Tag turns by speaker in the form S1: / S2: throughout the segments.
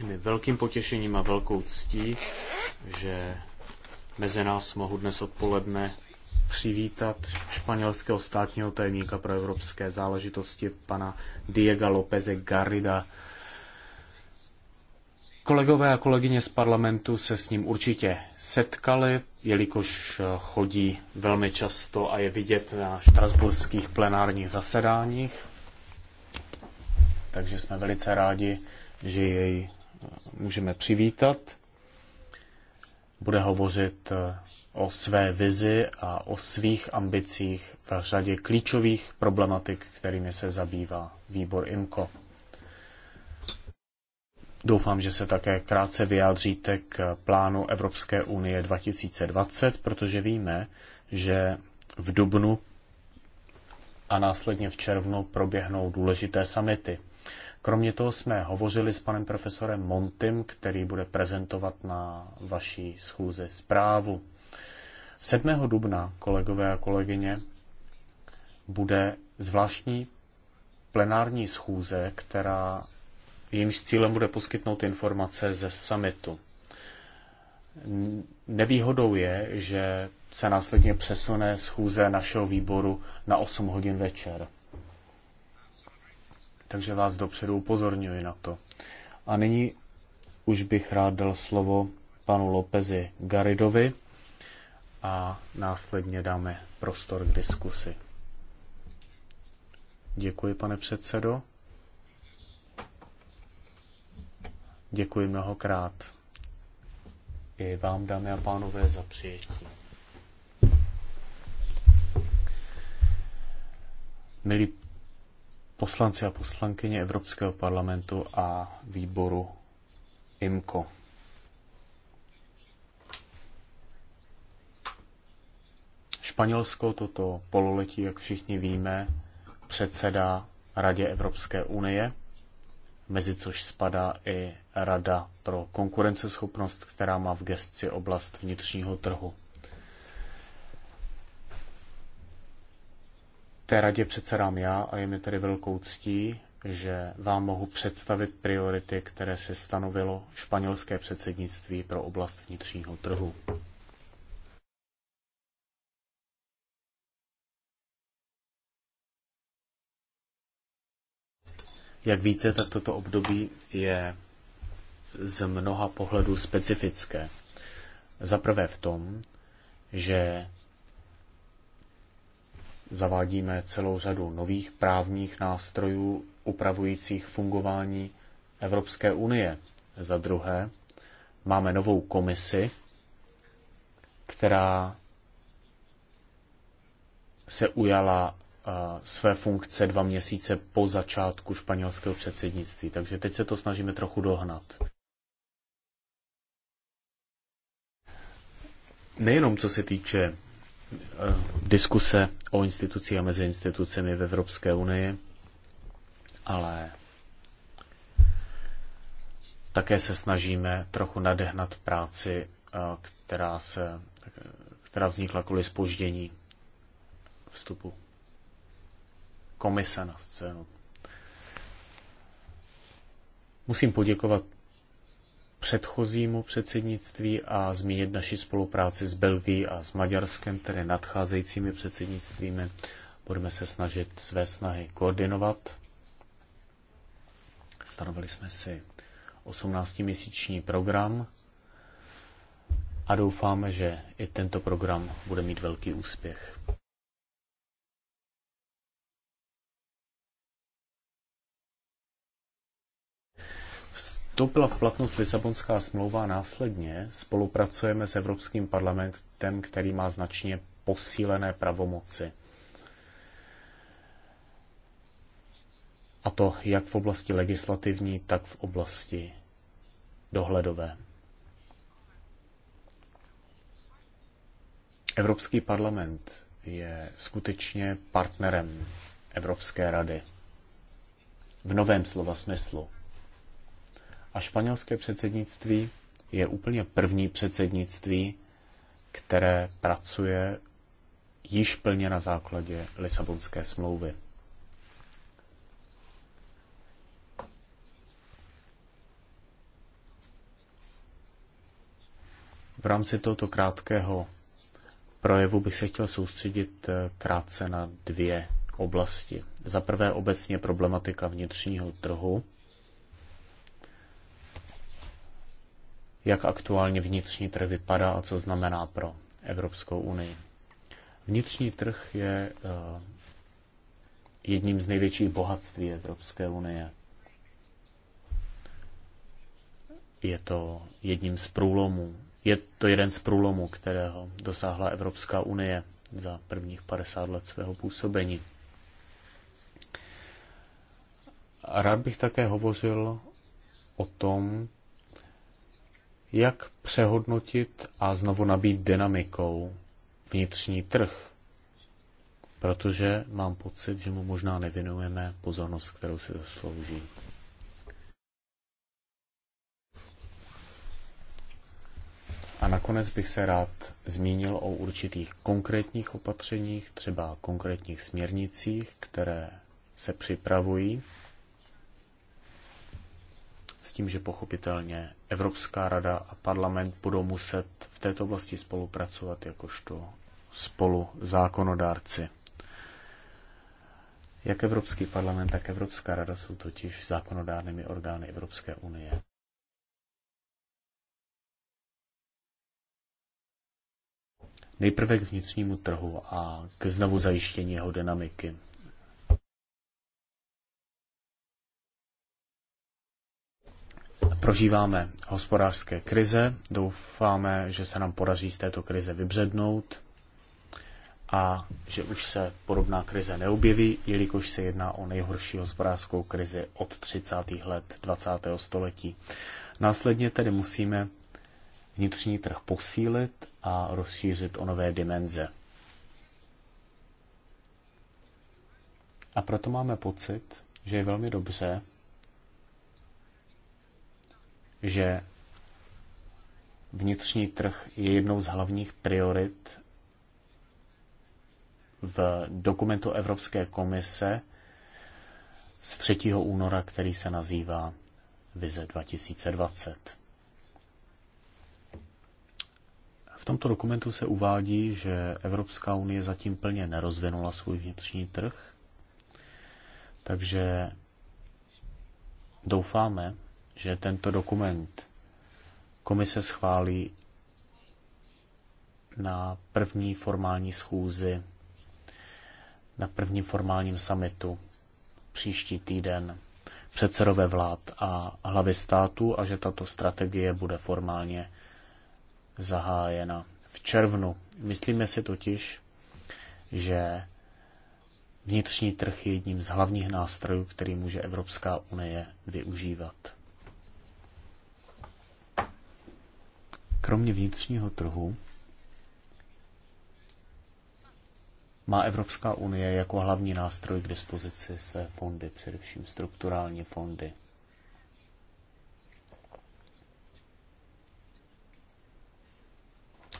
S1: Je mi velkým potěšením a velkou ctí, že mezi nás mohu dnes odpoledne přivítat španělského státního tajemníka pro evropské záležitosti, pana Diego Lópeze Garrida. Kolegové a kolegyně z parlamentu se s ním určitě setkali, jelikož chodí velmi často a je vidět na štrasburských plenárních zasedáních. Takže jsme velice rádi, že jej můžeme přivítat. Bude hovořit eh, o své vizi a o svých ambicích v řadě klíčových problematik, kterými se zabývá výbor IMCO. Doufám, že se také krátce vyjádříte k plánu Evropské unie 2020, protože víme, že v Dubnu a následně v červnu proběhnou důležité samity. Kromě toho jsme hovořili s panem profesorem Montym, který bude prezentovat na vaší schůzi zprávu. 7. dubna, kolegové a kolegyně, bude zvláštní plenární schůze, která jejímž cílem bude poskytnout informace ze summitu. Nevýhodou je, že se následně přesune schůze našeho výboru na 8 hodin večer takže vás dopředu upozorňuji na to. A nyní už bych rád dal slovo panu Lopezi Garidovi a následně dáme prostor k diskusi. Děkuji, pane předsedo. Děkuji mnohokrát i vám, dámy a pánové, za přijetí. Milí poslanci a poslankyně Evropského parlamentu a výboru IMCO. Španělsko toto pololetí, jak všichni víme, předsedá Radě Evropské unie, mezi což spadá i Rada pro konkurenceschopnost, která má v gestci oblast vnitřního trhu. Té radě předsedám já a je mi tedy velkou ctí, že vám mohu představit priority, které se stanovilo španělské předsednictví pro oblast vnitřního trhu. Jak víte, tak toto období je z mnoha pohledů specifické. Za prvé v tom, že Zavádíme celou řadu nových právních nástrojů upravujících fungování Evropské unie. Za druhé, máme novou komisi, která se ujala eh, své funkce dva měsíce po začátku španělského předsednictví. Takže teď se to snažíme trochu dohnat. Nejenom co se týče diskuse o institucích a mezi institucemi v Evropské unii, ale také se snažíme trochu nadehnat práci, eh, která, se, která vznikla kvůli spoždění vstupu komise na scénu. Musím poděkovat předchozímu předsednictví a zmínit naši spolupráci s Belgií a s Maďarskem, tedy nadcházejícími předsednictvími. Budeme se snažit své snahy koordinovat. Stanovili jsme si 18-měsíční program a doufáme, že i tento program bude mít velký úspěch. vstoupila v platnost Lisabonská smlouva následně, spolupracujeme s Evropským parlamentem, který má značně posílené pravomoci. A to jak v oblasti legislativní, tak v oblasti dohledové. Evropský parlament je skutečně partnerem Evropské rady. V novém slova smyslu. A španělské předsednictví je úplně první předsednictví, které pracuje již plně na základě Lisabonské smlouvy. V rámci tohoto krátkého projevu bych se chtěl soustředit eh, krátce na dvě oblasti. Za prvé obecně problematika vnitřního trhu jak aktuálně vnitřní trh vypadá a co znamená pro Evropskou unii. Vnitřní trh je eh, jedním z největších bohatství Evropské unie. Je to jedním z průlomů. Je to jeden z průlomů, kterého dosáhla Evropská unie za prvních 50 let svého působení. A rád bych také hovořil o tom, jak přehodnotit a znovu nabít dynamikou vnitřní trh, protože mám pocit, že mu možná nevěnujeme pozornost, kterou si zaslouží. A nakonec bych se rád zmínil o určitých konkrétních opatřeních, třeba konkrétních směrnicích, které se připravují s tím, že pochopitelně Evropská rada a parlament budou muset v této oblasti spolupracovat jakožto spolu zákonodárci. Jak Evropský parlament, tak Evropská rada jsou totiž zákonodárnými orgány Evropské unie. Nejprve k vnitřnímu trhu a k znovu zajištění jeho dynamiky. Prožíváme hospodářské krize, doufáme, že se nám podaří z této krize vybřednout a že už se podobná krize neobjeví, jelikož se jedná o nejhorší hospodářskou krizi od 30. let 20. století. Následně tedy musíme vnitřní trh posílit a rozšířit o nové dimenze. A proto máme pocit, že je velmi dobře, že vnitřní trh je jednou z hlavních priorit v dokumentu Evropské komise z 3. února, který se nazývá Vize 2020. V tomto dokumentu se uvádí, že Evropská unie zatím plně nerozvinula svůj vnitřní trh, takže doufáme, že tento dokument komise schválí na první formální schůzi, na prvním formálním summitu příští týden předsedové vlád a hlavy států a že tato strategie bude formálně zahájena v červnu. Myslíme si totiž, že vnitřní trh je jedním z hlavních nástrojů, který může Evropská unie využívat. Kromě vnitřního trhu má Evropská unie jako hlavní nástroj k dispozici své fondy, především strukturální fondy.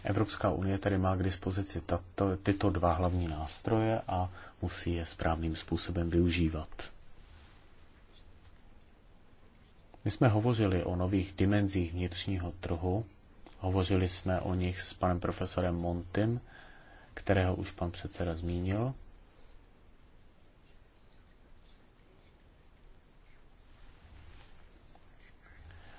S1: Evropská unie tedy má k dispozici tato, tyto dva hlavní nástroje a musí je správným způsobem využívat. My jsme hovořili o nových dimenzích vnitřního trhu Hovořili jsme o nich s panem profesorem Montym, kterého už pan předseda zmínil.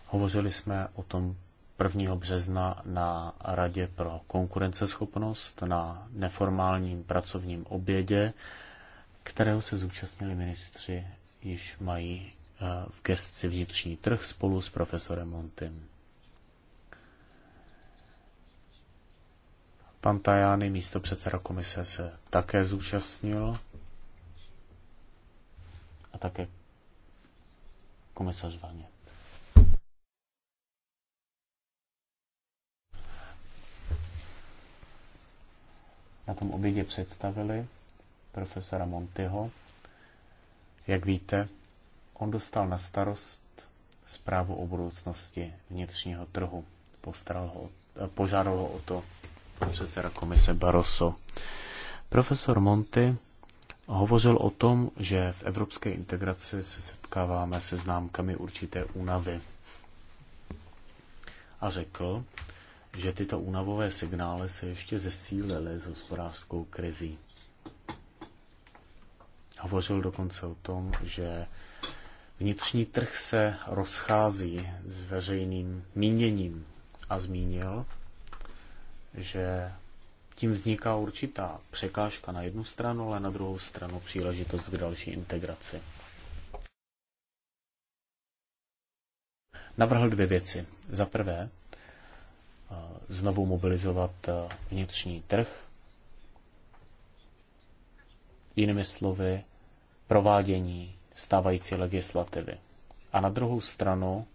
S1: Hovořili jsme o tom 1. března na Radě pro konkurenceschopnost na neformálním pracovním obědě, kterého se zúčastnili ministři, již mají eh, v gestci vnitřní trh spolu s profesorem Montym. Pan Tajány, místo předseda komise, se také zúčastnil a také komisař Vaně. Na tom obědě představili profesora Montyho. Jak víte, on dostal na starost zprávu o budoucnosti vnitřního trhu. Postaral ho, požádal ho o to předseda komise Barroso. Profesor Monty hovořil o tom, že v evropské integraci se setkáváme se známkami určité únavy. A řekl, že tyto únavové signály se ještě zesílily s hospodářskou krizí. Hovořil dokonce o tom, že vnitřní trh se rozchází s veřejným míněním a zmínil, že tím vzniká určitá překážka na jednu stranu, ale na druhou stranu příležitost k další integraci. Navrhl dvě věci. Za prvé, eh, znovu mobilizovat eh, vnitřní trh. Jinými slovy, provádění stávající legislativy. A na druhou stranu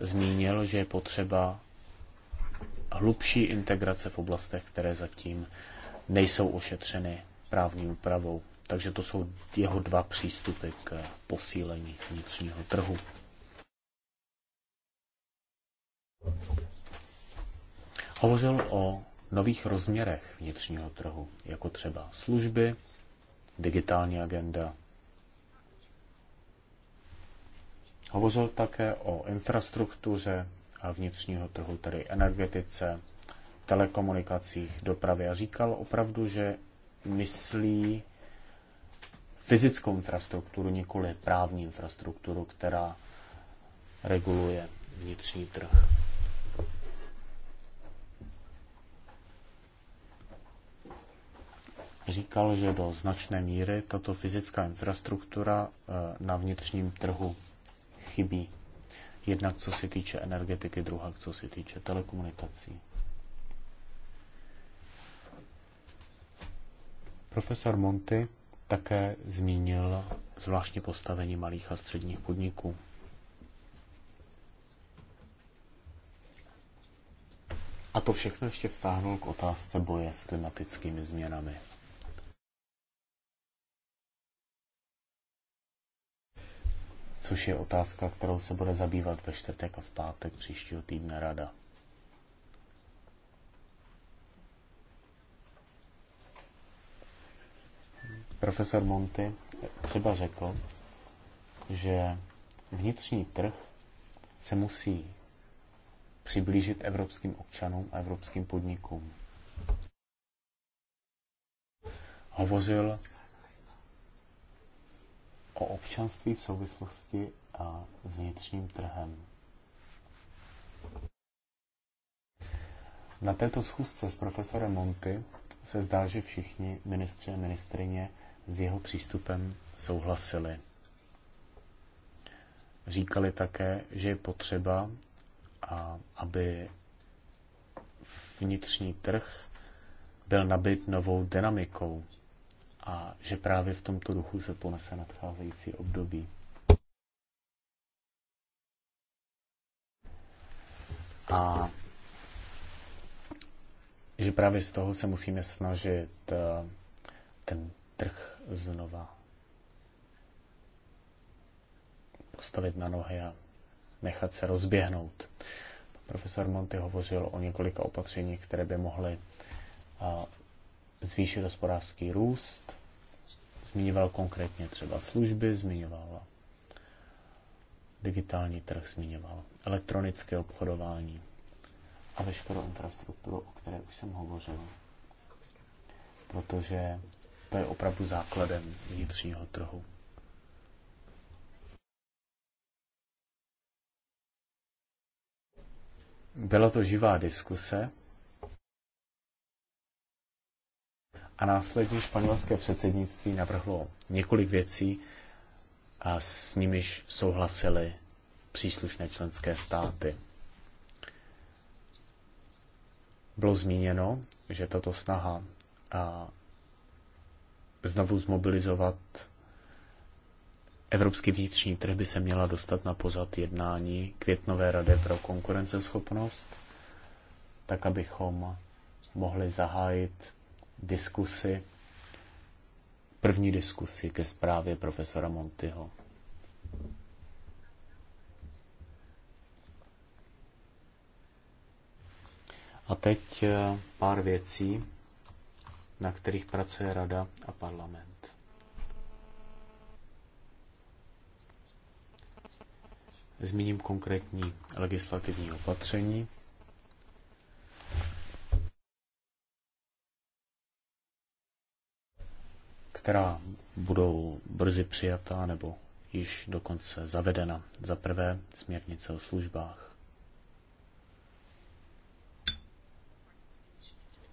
S1: zmínil, že je potřeba hlubší integrace v oblastech, které zatím nejsou ošetřeny právní úpravou. Takže to jsou jeho dva přístupy k posílení vnitřního trhu. Hovořil o nových rozměrech vnitřního trhu, jako třeba služby, digitální agenda. Hovořil také o infrastruktuře, vnitřního trhu, tedy energetice, telekomunikacích, dopravy. A říkal opravdu, že myslí fyzickou infrastrukturu, nikoli právní infrastrukturu, která reguluje vnitřní trh. Říkal, že do značné míry tato fyzická infrastruktura eh, na vnitřním trhu chybí. Jednak co se týče energetiky, druhá co se týče telekomunikací. Profesor Monty také zmínil zvláštní postavení malých a středních podniků. A to všechno ještě vztáhnul k otázce boje s klimatickými změnami. což je otázka, kterou se bude zabývat ve čtvrtek a v pátek příštího týdne rada. Profesor Monty třeba řekl, že vnitřní trh se musí přiblížit evropským občanům a evropským podnikům. Hovořil o občanství v souvislosti a s vnitřním trhem. Na této schůzce s profesorem Monty se zdá, že všichni ministři a ministrině s jeho přístupem souhlasili. Říkali také, že je potřeba, aby vnitřní trh byl nabit novou dynamikou, a že právě v tomto duchu se ponese nadcházející období. A že právě z toho se musíme snažit eh, ten trh znova postavit na nohy a nechat se rozběhnout. Profesor Monty hovořil o několika opatřeních, které by mohly eh, zvýšit hospodářský růst, Zmiňoval konkrétně třeba služby, zmiňoval digitální trh, zmiňoval elektronické obchodování a veškerou infrastrukturu, o které už jsem hovořil. Protože to je opravdu základem vnitřního trhu. Byla to živá diskuse, A následně španělské předsednictví navrhlo několik věcí, a s nimiž souhlasili příslušné členské státy. Bylo zmíněno, že tato snaha a znovu zmobilizovat evropský vnitřní trh by se měla dostat na pozad jednání Květnové rady pro konkurenceschopnost, tak abychom mohli zahájit diskusi, první diskusi ke zprávě profesora Montyho. A teď eh, pár věcí, na kterých pracuje Rada a parlament. Zmíním konkrétní legislativní opatření. která budou brzy přijatá nebo již dokonce zavedena. Za prvé směrnice o službách.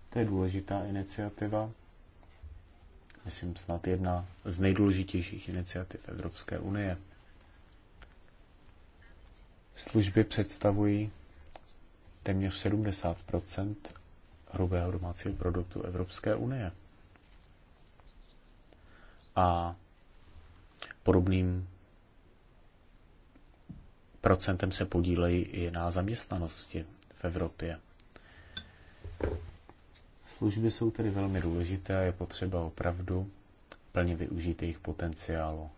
S1: To je důležitá iniciativa, myslím snad jedna z nejdůležitějších iniciativ Evropské unie. Služby představují téměř 70 hrubého domácího produktu Evropské unie a podobným procentem se podílejí i na zaměstnanosti v Evropě. Služby jsou tedy velmi důležité a je potřeba opravdu plně využít jejich potenciálu.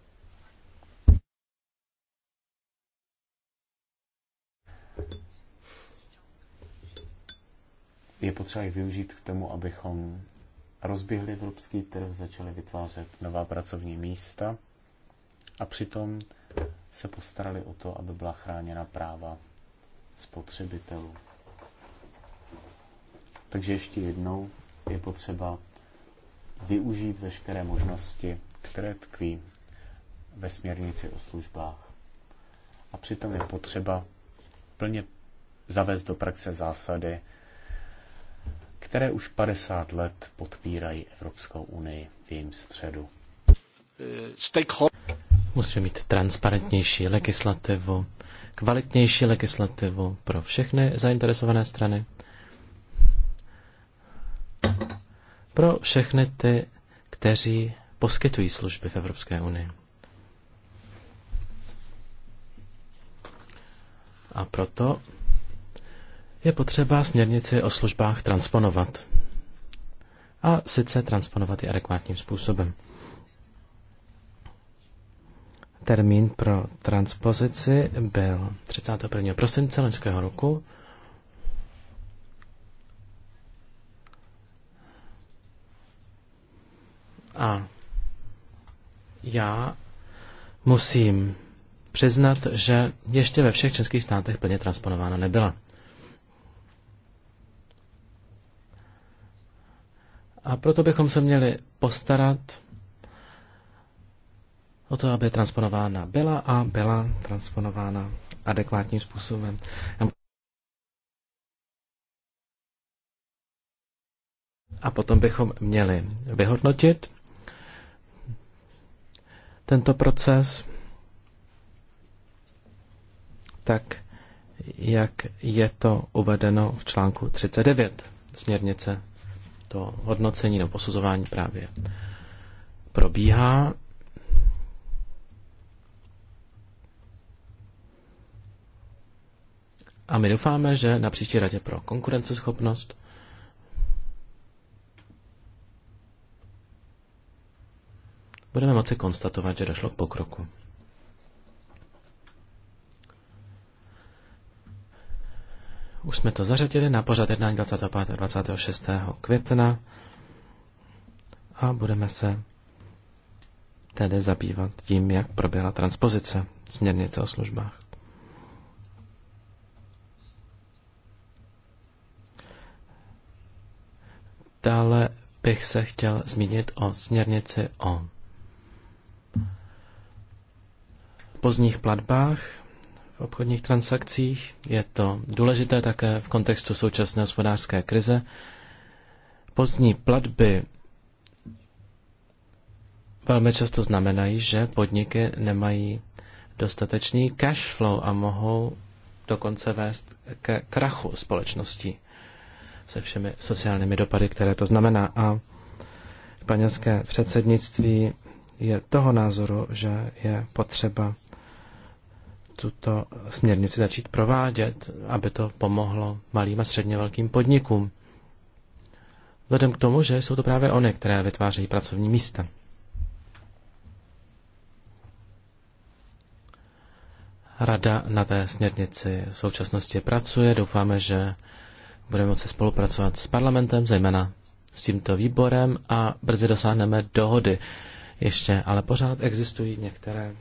S1: Je potřeba jich využít k tomu, abychom rozběhli evropský trh, začali vytvářet nová pracovní místa a přitom se postarali o to, aby byla chráněna práva spotřebitelů. Takže ještě jednou je potřeba využít veškeré možnosti, které tkví ve směrnici o službách. A přitom je potřeba plně zavést do praxe zásady které už 50 let podpírají Evropskou unii v jejím středu.
S2: Musíme mít transparentnější legislativu, kvalitnější legislativu pro všechny zainteresované strany, pro všechny ty, kteří poskytují služby v Evropské unii. A proto je potřeba směrnici o službách transponovat. A sice transponovat i adekvátním způsobem. Termín pro transpozici byl 31. prosince loňského roku. A já musím přiznat, že ještě ve všech českých státech plně transponována nebyla. A proto bychom se měli postarat o to, aby transponována byla a byla transponována adekvátním způsobem. A potom bychom měli vyhodnotit tento proces tak, jak je to uvedeno v článku 39 směrnice to hodnocení nebo posuzování právě probíhá. A my doufáme, že na příští radě pro konkurenceschopnost budeme moci konstatovat, že došlo k pokroku. Už jsme to zařadili na pořad jednání 25. a 26. května a budeme se tedy zabývat tím, jak proběhla transpozice směrnice o službách. Dále bych se chtěl zmínit o směrnici o pozdních platbách v obchodních transakcích. Je to důležité také v kontextu současné hospodářské krize. Pozdní platby velmi často znamenají, že podniky nemají dostatečný cash flow a mohou dokonce vést ke krachu společností se všemi sociálními dopady, které to znamená. A španělské předsednictví je toho názoru, že je potřeba tuto směrnici začít provádět, aby to pomohlo malým a středně velkým podnikům. Vzhledem k tomu, že jsou to právě ony, které vytvářejí pracovní místa. Rada na té směrnici v současnosti pracuje. Doufáme, že budeme moci spolupracovat s parlamentem, zejména s tímto výborem a brzy dosáhneme dohody. Ještě ale pořád existují některé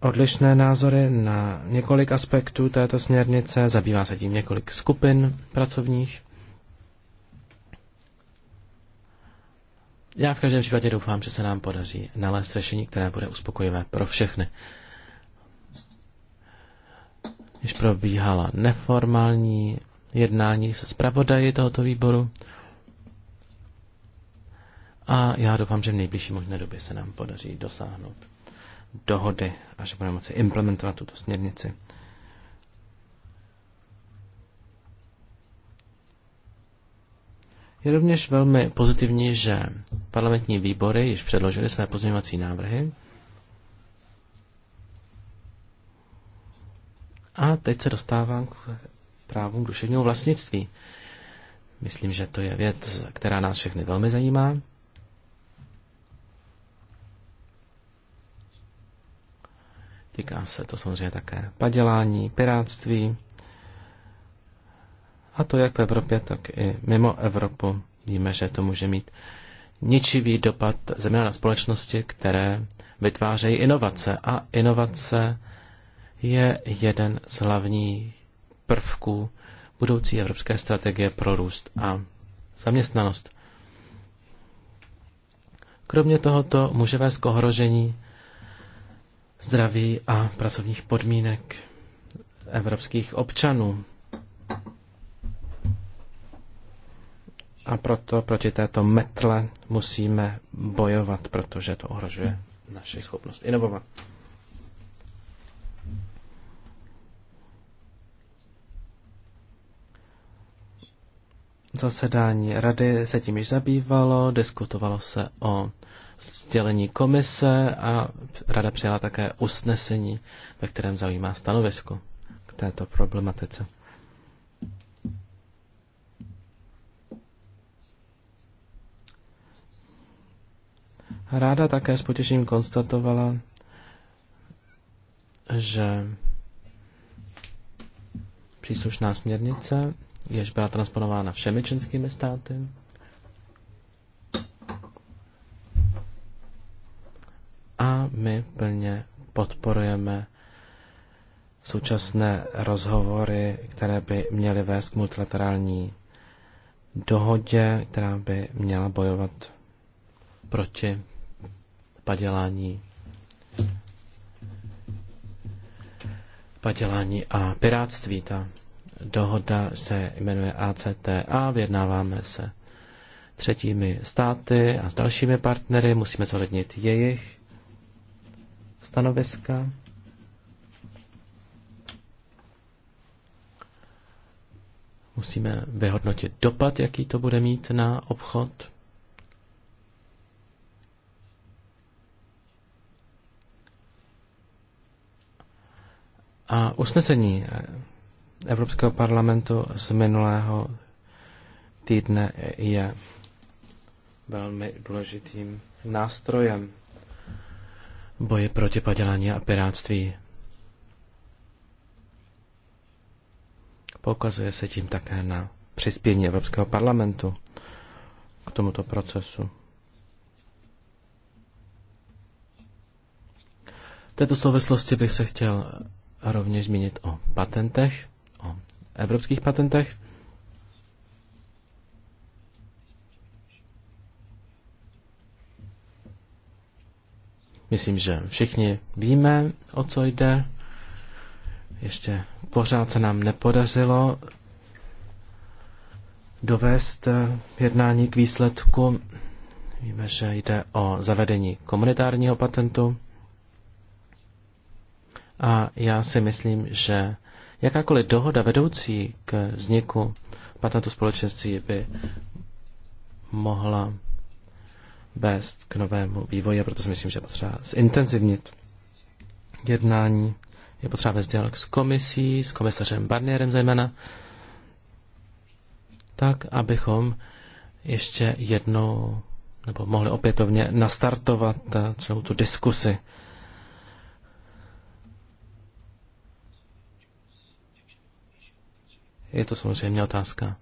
S2: odlišné názory na několik aspektů této směrnice, zabývá se tím několik skupin pracovních. Já v každém případě doufám, že se nám podaří nalézt řešení, které bude uspokojivé pro všechny. Když probíhala neformální jednání se zpravodaji tohoto výboru, a já doufám, že v nejbližší možné době se nám podaří dosáhnout dohody a že budeme moci implementovat tuto směrnici. Je rovněž velmi pozitivní, že parlamentní výbory již předložily své pozměňovací návrhy. A teď se dostávám k právům duševního vlastnictví. Myslím, že to je věc, která nás všechny velmi zajímá. Týká se to samozřejmě také padělání, piráctví. A to jak v Evropě, tak i mimo Evropu. Víme, že to může mít ničivý dopad zejména na společnosti, které vytvářejí inovace. A inovace je jeden z hlavních prvků budoucí evropské strategie pro růst a zaměstnanost. Kromě tohoto může vést k ohrožení zdraví a pracovních podmínek evropských občanů. A proto proti této metle musíme bojovat, protože to ohrožuje naši schopnost inovovat. Zasedání rady se tím již zabývalo, diskutovalo se o sdělení komise a rada přijala také usnesení, ve kterém zaujímá stanovisko k této problematice. Ráda také s potěšením konstatovala, že příslušná směrnice, jež byla transponována všemi členskými státy, a my plně podporujeme současné rozhovory, které by měly vést k multilaterální dohodě, která by měla bojovat proti padělání padělání a piráctví. Ta dohoda se jmenuje ACT a vyjednáváme se třetími státy a s dalšími partnery. Musíme zohlednit jejich stanoviska. Musíme vyhodnotit dopad, jaký to bude mít na obchod. A usnesení eh, Evropského parlamentu z minulého týdne je velmi důležitým nástrojem. Boje proti padělání a piráctví. Poukazuje se tím také na přispění Evropského parlamentu k tomuto procesu. V této souvislosti bych se chtěl rovněž zmínit o patentech, o evropských patentech. Myslím, že všichni víme, o co jde. Ještě pořád se nám nepodařilo dovést eh, jednání k výsledku. Víme, že jde o zavedení komunitárního patentu. A já si myslím, že jakákoliv dohoda vedoucí k vzniku patentu společenství by mohla vést k novému vývoji, a proto si myslím, že je potřeba zintenzivnit jednání, je potřeba vést dialog s komisí, s komisařem Barnierem zejména, tak, abychom ještě jednou nebo mohli opětovně nastartovat eh, celou tu diskusi. Je to samozřejmě otázka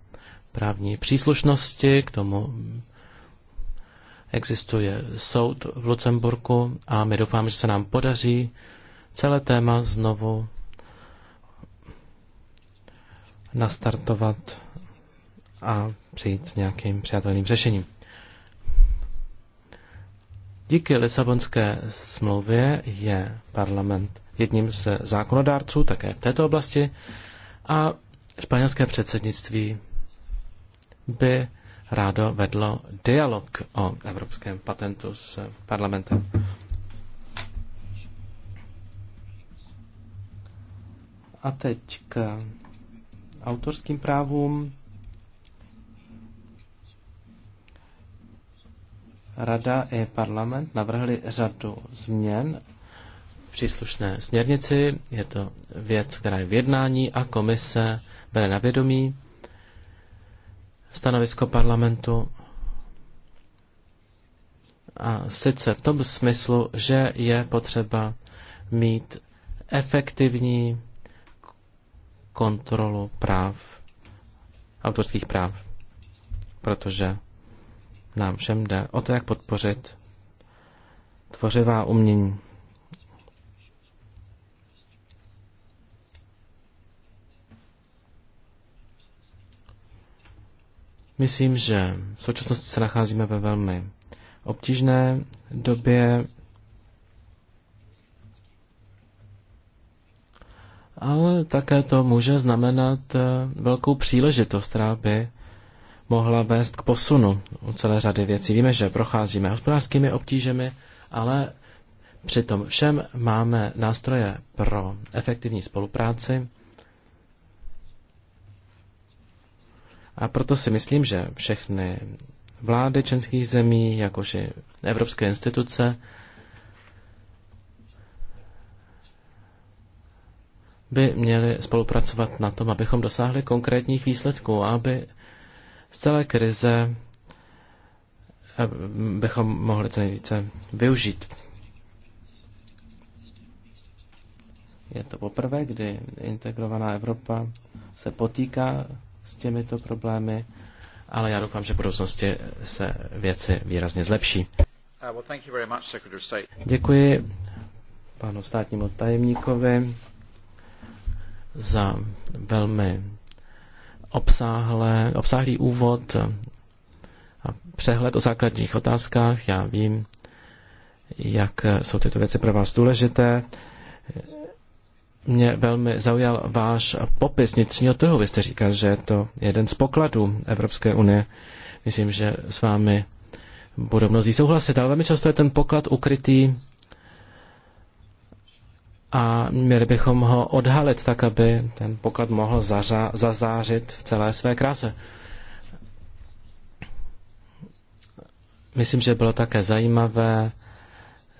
S2: právní příslušnosti, k tomu Existuje soud v Lucemburku a my doufáme, že se nám podaří celé téma znovu nastartovat a přijít s nějakým přijatelným řešením. Díky Lisabonské smlouvě je parlament jedním z zákonodárců také v této oblasti a španělské předsednictví by rádo vedlo dialog o evropském patentu s parlamentem. A teď k autorským právům. Rada i parlament navrhli řadu změn v příslušné směrnici. Je to věc, která je v jednání a komise bere na vědomí stanovisko parlamentu a sice v tom smyslu, že je potřeba mít efektivní kontrolu práv, autorských práv, protože nám všem jde o to, jak podpořit tvořivá umění. Myslím, že v současnosti se nacházíme ve velmi obtížné době. Ale také to může znamenat eh, velkou příležitost, která by mohla vést k posunu u celé řady věcí. Víme, že procházíme hospodářskými obtížemi, ale přitom všem máme nástroje pro efektivní spolupráci A proto si myslím, že všechny vlády členských zemí, jakož i evropské instituce, by měly spolupracovat na tom, abychom dosáhli konkrétních výsledků a aby z celé krize eh, bychom mohli to nejvíce využít. Je to poprvé, kdy integrovaná Evropa se potýká s těmito problémy, ale já doufám, že v budoucnosti se věci výrazně zlepší. Uh, Děkuji panu státnímu tajemníkovi za velmi obsáhlé, obsáhlý úvod a přehled o základních otázkách. Já vím, jak jsou tyto věci pro vás důležité mě velmi zaujal váš popis vnitřního trhu. Vy jste říkal, že je to jeden z pokladů Evropské unie. Myslím, že s vámi budou mnozí souhlasit, ale velmi často je ten poklad ukrytý a měli bychom ho odhalit tak, aby ten poklad mohl zazářit v celé své kráse. Myslím, že bylo také zajímavé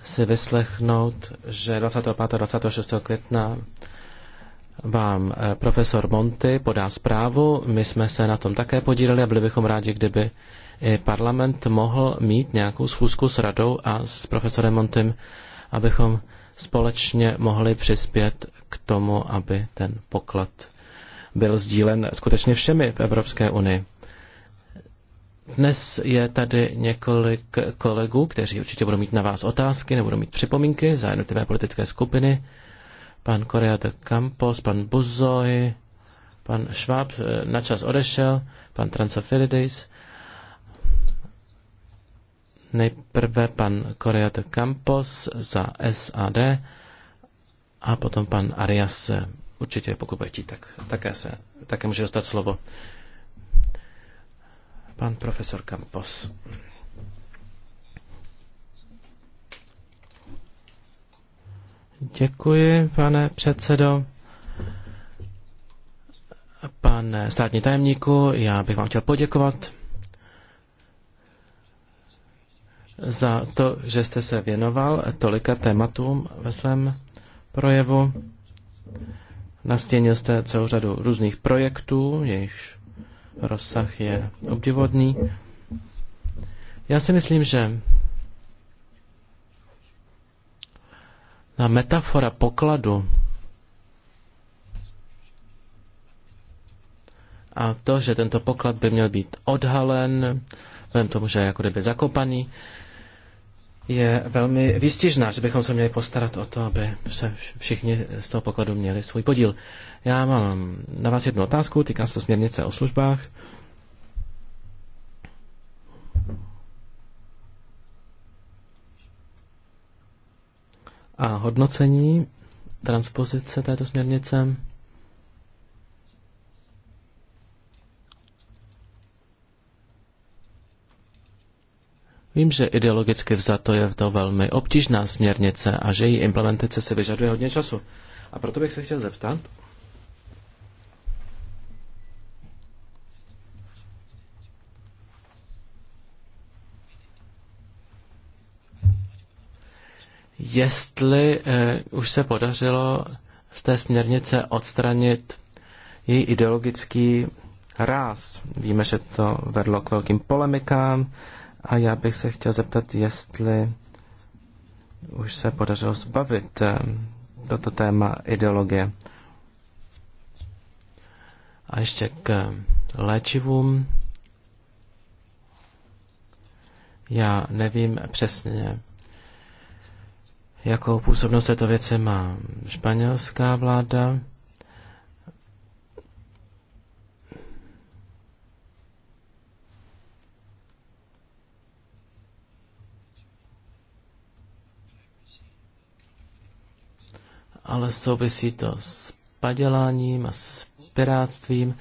S2: si vyslechnout, že 25. a 26. května vám eh, profesor Monty podá zprávu. My jsme se na tom také podíleli a byli bychom rádi, kdyby i parlament mohl mít nějakou schůzku s radou a s profesorem Montym, abychom společně mohli přispět k tomu, aby ten poklad byl sdílen skutečně všemi v Evropské unii. Dnes je tady několik kolegů, kteří určitě budou mít na vás otázky nebudou budou mít připomínky za jednotlivé politické skupiny. Pan Korea de Campos, pan Buzoj, pan Schwab eh, na čas odešel, pan Transafilides. Nejprve pan Korea de Campos za SAD a potom pan Arias. Eh, určitě, pokud bude chtít, tak také, se, také může dostat slovo. Pan profesor Campos. Děkuji, pane předsedo. Pane státní tajemníku, já bych vám chtěl poděkovat za to, že jste se věnoval tolika tématům ve svém projevu. Nastěnil jste celou řadu různých projektů, jejichž rozsah je obdivodný. Já si myslím, že ta metafora pokladu a to, že tento poklad by měl být odhalen, vzhledem tomu, že je jako kdyby zakopaný, je velmi výstižná, že bychom se měli postarat o to, aby se všichni z toho pokladu měli svůj podíl. Já mám na vás jednu otázku, týká se směrnice o službách. A hodnocení transpozice této směrnice. Vím, že ideologicky vzato je to velmi obtížná směrnice a že její implementace se vyžaduje hodně času. A proto bych se chtěl zeptat, jestli eh, už se podařilo z té směrnice odstranit její ideologický ráz. Víme, že to vedlo k velkým polemikám, a já bych se chtěl zeptat, jestli už se podařilo zbavit eh, toto téma ideologie. A ještě k léčivům. Já nevím přesně, jakou působnost této věci má španělská vláda. ale souvisí to s paděláním a s piráctvím.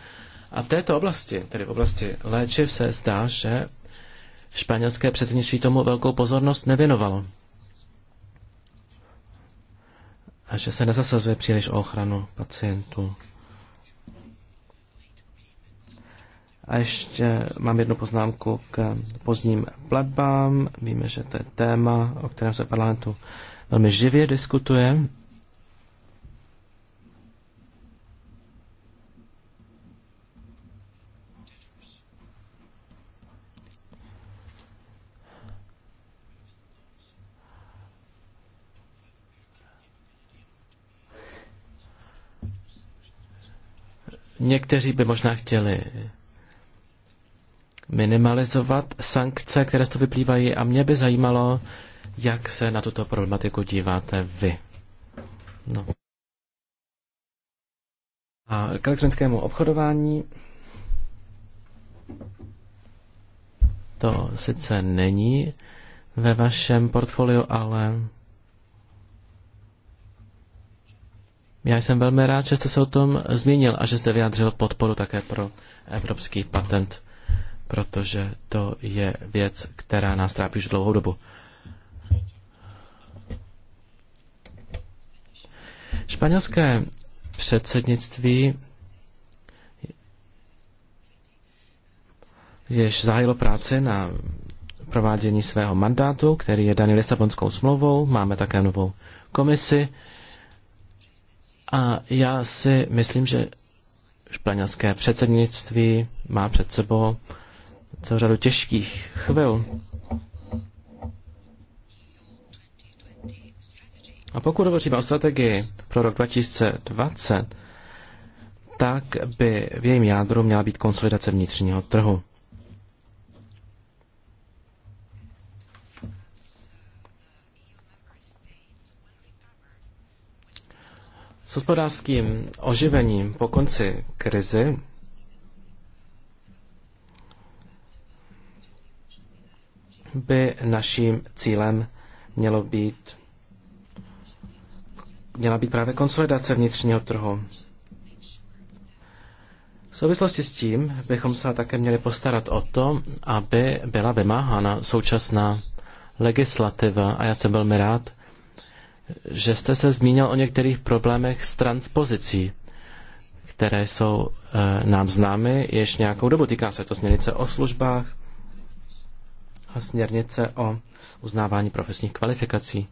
S2: A v této oblasti, tedy v oblasti léčiv, se zdá, že španělské předsednictví tomu velkou pozornost nevěnovalo. A že se nezasazuje příliš o ochranu pacientů. A ještě mám jednu poznámku k pozdním platbám, Víme, že to je téma, o kterém se parlamentu velmi živě diskutuje. Někteří by možná chtěli minimalizovat sankce, které z toho vyplývají a mě by zajímalo, jak se na tuto problematiku díváte vy. No. A k elektronickému obchodování to sice není ve vašem portfoliu, ale Já jsem velmi rád, že jste se o tom zmínil a že jste vyjádřil podporu také pro evropský patent, protože to je věc, která nás trápí už dlouhou dobu. Španělské předsednictví jež zahájilo práci na provádění svého mandátu, který je daný Lisabonskou smlouvou. Máme také novou komisi, a já si myslím, že španělské předsednictví má před sebou celou řadu těžkých chvil. A pokud hovoříme o strategii pro rok 2020, tak by v jejím jádru měla být konsolidace vnitřního trhu. hospodářským oživením po konci krizi by naším cílem mělo být, měla být právě konsolidace vnitřního trhu. V souvislosti s tím bychom se také měli postarat o to, aby byla vymáhána současná legislativa. A já jsem velmi rád, že jste se zmínil o některých problémech s transpozicí, které jsou eh, nám známy již nějakou dobu. Týká se to směrnice o službách a směrnice o uznávání profesních kvalifikací.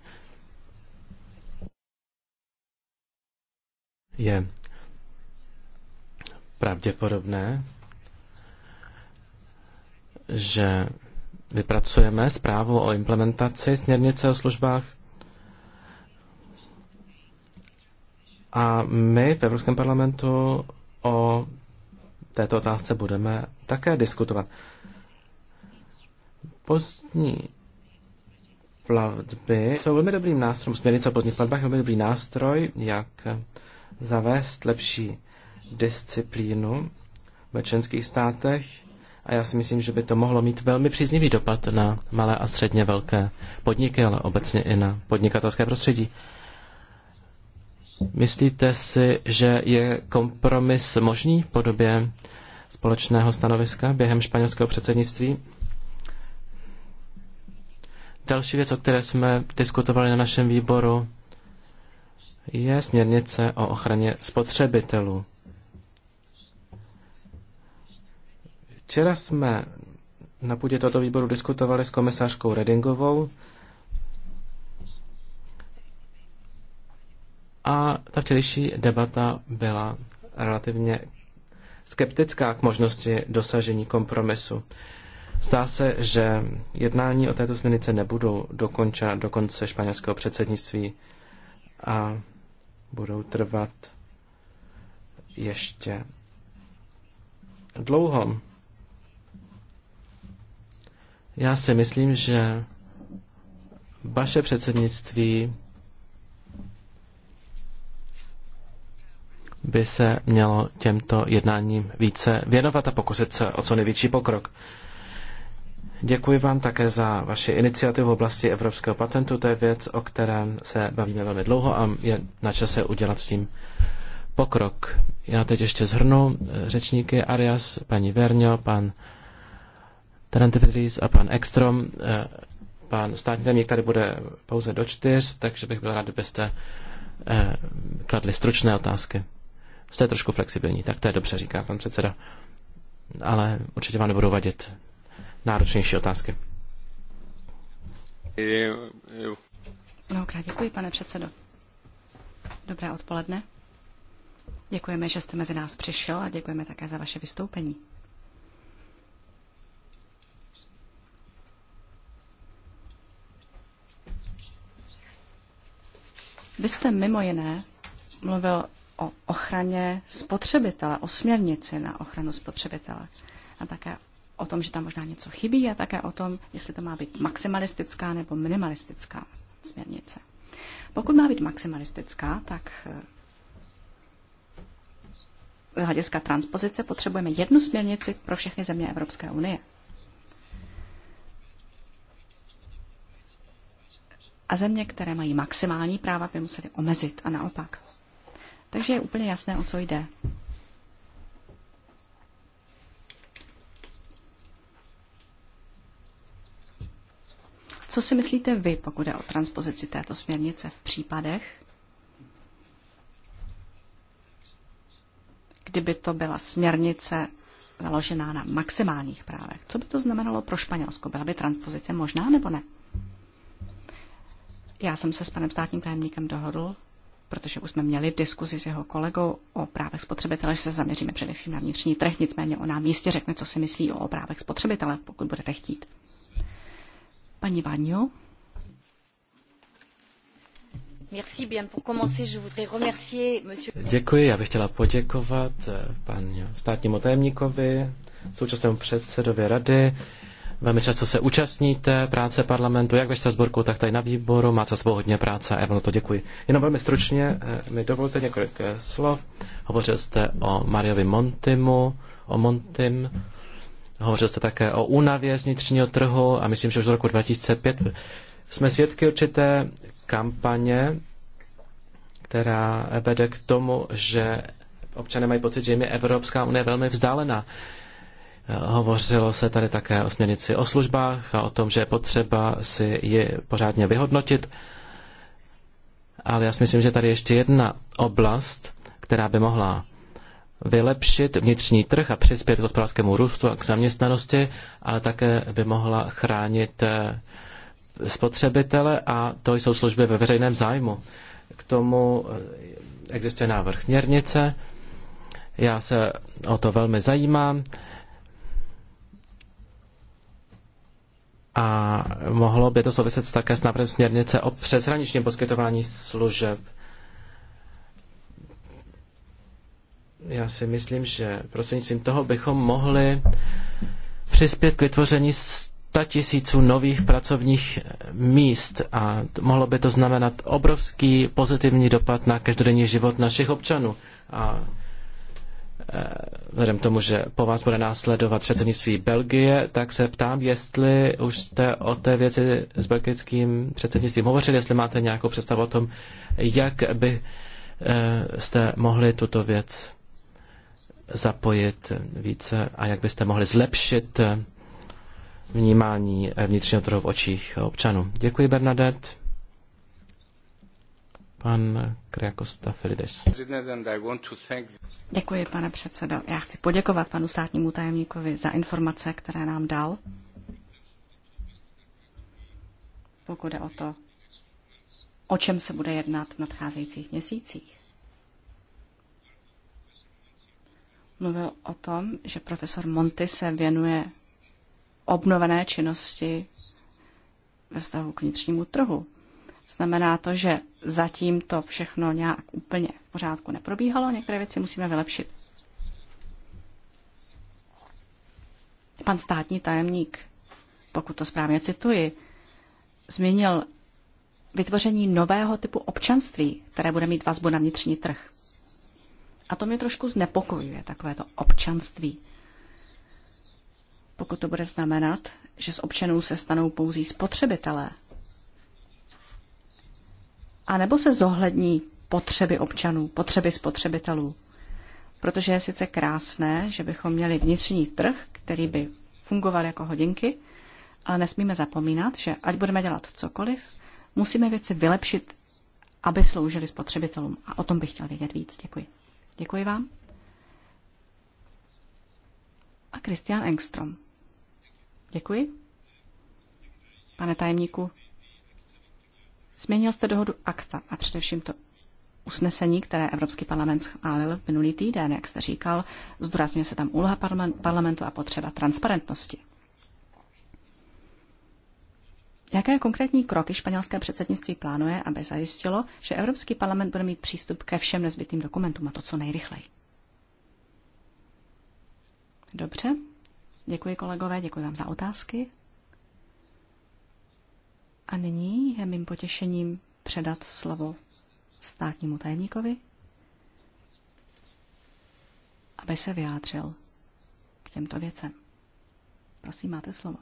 S2: Je pravděpodobné, že vypracujeme zprávu o implementaci směrnice o službách A my v Evropském parlamentu o této otázce budeme také diskutovat. Pozdní platby jsou velmi dobrým nástrojem. Směrnice o pozdních platbách je velmi dobrý nástroj, jak zavést lepší disciplínu ve členských státech a já si myslím, že by to mohlo mít velmi příznivý dopad na malé a středně velké podniky, ale obecně i na podnikatelské prostředí. Myslíte si, že je kompromis možný v podobě společného stanoviska během španělského předsednictví? Další věc, o které jsme diskutovali na našem výboru, je směrnice o ochraně spotřebitelů. Včera jsme na půdě tohoto výboru diskutovali s komisařkou Redingovou A ta včerejší debata byla relativně skeptická k možnosti dosažení kompromisu. Zdá se, že jednání o této směrnice nebudou dokončena do konce španělského předsednictví a budou trvat ještě dlouho. Já si myslím, že vaše předsednictví by se mělo těmto jednáním více věnovat a pokusit se o co největší pokrok. Děkuji vám také za vaši iniciativu v oblasti evropského patentu. To je věc, o které se bavíme velmi dlouho a je na čase udělat s tím pokrok. Já teď ještě zhrnu eh, řečníky Arias, paní Verňo, pan Tarantifidis a pan Ekstrom. Eh, pan státní tajemník tady bude pouze do čtyř, takže bych byl rád, kdybyste eh, kladli stručné otázky jste trošku flexibilní. Tak to je dobře, říká pan předseda. Ale určitě vám nebudou vadit náročnější otázky.
S3: Mnohokrát děkuji, pane předsedo. Dobré odpoledne. Děkujeme, že jste mezi nás přišel a děkujeme také za vaše vystoupení. Vy jste mimo jiné mluvil o ochraně spotřebitele, o směrnici na ochranu spotřebitele a také o tom, že tam možná něco chybí a také o tom, jestli to má být maximalistická nebo minimalistická směrnice. Pokud má být maximalistická, tak eh, z hlediska transpozice potřebujeme jednu směrnici pro všechny země Evropské unie. A země, které mají maximální práva, by museli omezit a naopak. Takže je úplně jasné, o co jde. Co si myslíte vy, pokud je o transpozici této směrnice v případech, kdyby to byla směrnice založená na maximálních právech? Co by to znamenalo pro Španělsko? Byla by transpozice možná nebo ne? Já jsem se s panem státním tajemníkem dohodl, protože už jsme měli diskuzi s jeho kolegou o právech spotřebitele, že se zaměříme především na vnitřní trh, nicméně on nám jistě řekne, co si myslí o právech spotřebitele, pokud budete chtít. Paní Váňo.
S2: Děkuji, já bych chtěla poděkovat eh, paní státnímu tajemníkovi, současnému předsedovi rady. Velmi často se účastníte práce parlamentu, jak ve Štrasburku, tak tady na výboru. Máte za sebou hodně práce a to děkuji. Jenom velmi stručně eh, mi dovolte několik eh, slov. Hovořil jste o Mariovi Montimu, o Montim. Hovořil jste také o únavě z vnitřního trhu a myslím, že už do roku 2005 jsme svědky určité kampaně, která vede k tomu, že občané mají pocit, že jim je Evropská unie velmi vzdálená. Hovořilo se tady také o směrnici o službách a o tom, že je potřeba si ji pořádně vyhodnotit. Ale já si myslím, že tady ještě jedna oblast, která by mohla vylepšit vnitřní trh a přispět k hospodářskému růstu a k zaměstnanosti, ale také by mohla chránit eh, spotřebitele a to jsou služby ve veřejném zájmu. K tomu eh, existuje návrh směrnice, já se o to velmi zajímám. A mohlo by to souviset také s návrhem směrnice o přeshraničním poskytování služeb. Já si myslím, že prostřednictvím toho bychom mohli přispět k vytvoření tisíců nových pracovních míst a mohlo by to znamenat obrovský pozitivní dopad na každodenní život našich občanů. A Eh, vzhledem k tomu, že po vás bude následovat předsednictví Belgie, tak se ptám, jestli už jste o té věci s belgickým předsednictvím hovořili, jestli máte nějakou představu o tom, jak by eh, jste mohli tuto věc zapojit více a jak byste mohli zlepšit eh, vnímání vnitřního trhu v očích občanů. Děkuji, Bernadette. Pan
S3: Děkuji, pane předsedo. Já chci poděkovat panu státnímu tajemníkovi za informace, které nám dal. Pokud je o to, o čem se bude jednat v nadcházejících měsících. Mluvil o tom, že profesor Monty se věnuje obnovené činnosti ve vztahu k vnitřnímu trhu. Znamená to, že zatím to všechno nějak úplně v pořádku neprobíhalo, některé věci musíme vylepšit. Pan státní tajemník, pokud to správně cituji, změnil vytvoření nového typu občanství, které bude mít vazbu na vnitřní trh. A to mě trošku znepokojuje, takovéto občanství. Pokud to bude znamenat, že z občanů se stanou pouzí spotřebitelé, a nebo se zohlední potřeby občanů, potřeby spotřebitelů. Protože je sice krásné, že bychom měli vnitřní trh, který by fungoval jako hodinky, ale nesmíme zapomínat, že ať budeme dělat cokoliv, musíme věci vylepšit, aby sloužily spotřebitelům. A o tom bych chtěl vědět víc. Děkuji. Děkuji vám. A Christian Engstrom. Děkuji. Pane tajemníku, Změnil jste dohodu akta a především to usnesení, které Evropský parlament schválil minulý týden, jak jste říkal, zdůrazňuje se tam úloha parlamentu a potřeba transparentnosti. Jaké konkrétní kroky španělské předsednictví plánuje, aby zajistilo, že Evropský parlament bude mít přístup ke všem nezbytným dokumentům a to co nejrychleji? Dobře. Děkuji kolegové, děkuji vám za otázky. A nyní je mým potěšením předat slovo státnímu tajemníkovi, aby se vyjádřil k těmto věcem. Prosím, máte slovo.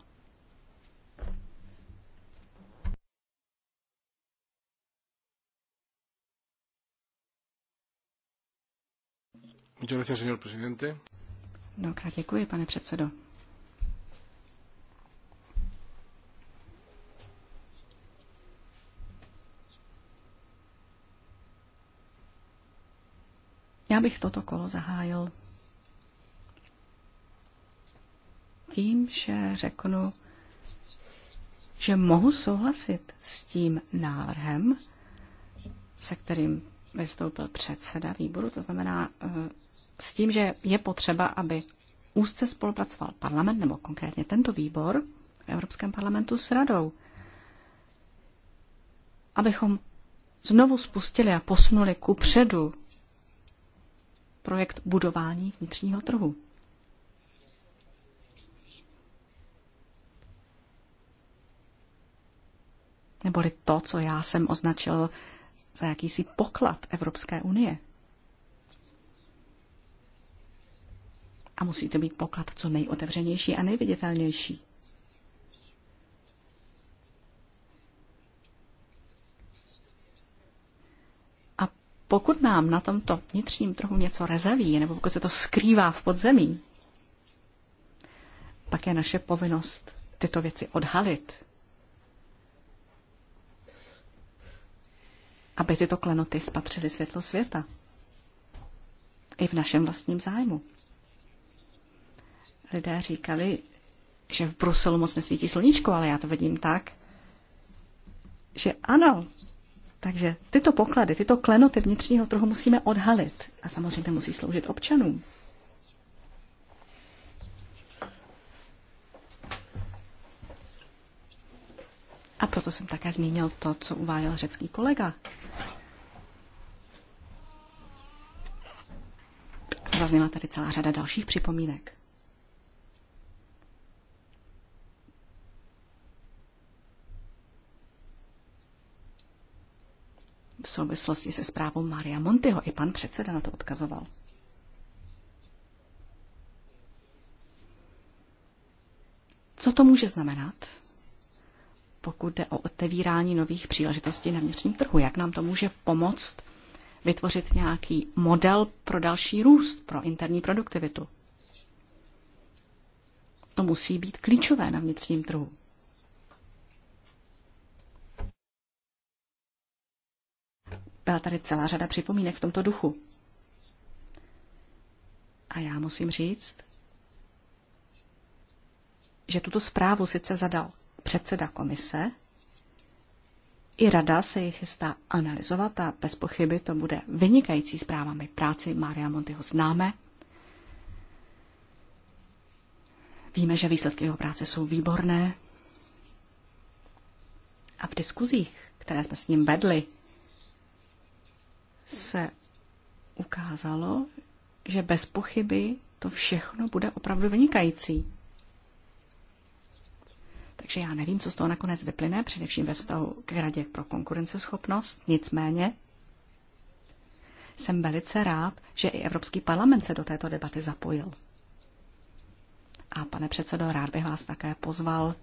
S2: Mnohokrát
S3: děkuji, pane předsedo. Já bych toto kolo zahájil tím, že řeknu, že mohu souhlasit s tím návrhem, se kterým vystoupil předseda výboru, to znamená eh, s tím, že je potřeba, aby úzce spolupracoval parlament, nebo konkrétně tento výbor v Evropském parlamentu s radou, abychom znovu spustili a posunuli ku předu projekt budování vnitřního trhu. Neboli to, co já jsem označil za jakýsi poklad Evropské unie. A musí to být poklad co nejotevřenější a nejviditelnější. Pokud nám na tomto vnitřním trhu něco rezaví, nebo pokud se to skrývá v podzemí, pak je naše povinnost tyto věci odhalit. Aby tyto klenoty spatřily světlo světa. I v našem vlastním zájmu. Lidé říkali, že v Bruselu moc nesvítí sluníčko, ale já to vidím tak, že ano, takže tyto poklady, tyto klenoty vnitřního trhu musíme odhalit a samozřejmě musí sloužit občanům. A proto jsem také zmínil to, co uváděl řecký kolega. Zazněla tady celá řada dalších připomínek. v souvislosti se zprávou Maria Montyho. I pan předseda na to odkazoval. Co to může znamenat, pokud jde o otevírání nových příležitostí na vnitřním trhu? Jak nám to může pomoct vytvořit nějaký model pro další růst, pro interní produktivitu? To musí být klíčové na vnitřním trhu. Byla tady celá řada připomínek v tomto duchu. A já musím říct, že tuto zprávu sice zadal předseda komise, i rada se ji chystá analyzovat a bez pochyby to bude vynikající zpráva. My práci Mária Montyho známe. Víme, že výsledky jeho práce jsou výborné. A v diskuzích, které jsme s ním vedli, se ukázalo, že bez pochyby to všechno bude opravdu vynikající. Takže já nevím, co z toho nakonec vyplyne, především ve vztahu k Radě pro konkurenceschopnost. Nicméně jsem velice rád, že i Evropský parlament se do této debaty zapojil. A pane předsedo, rád bych vás také pozval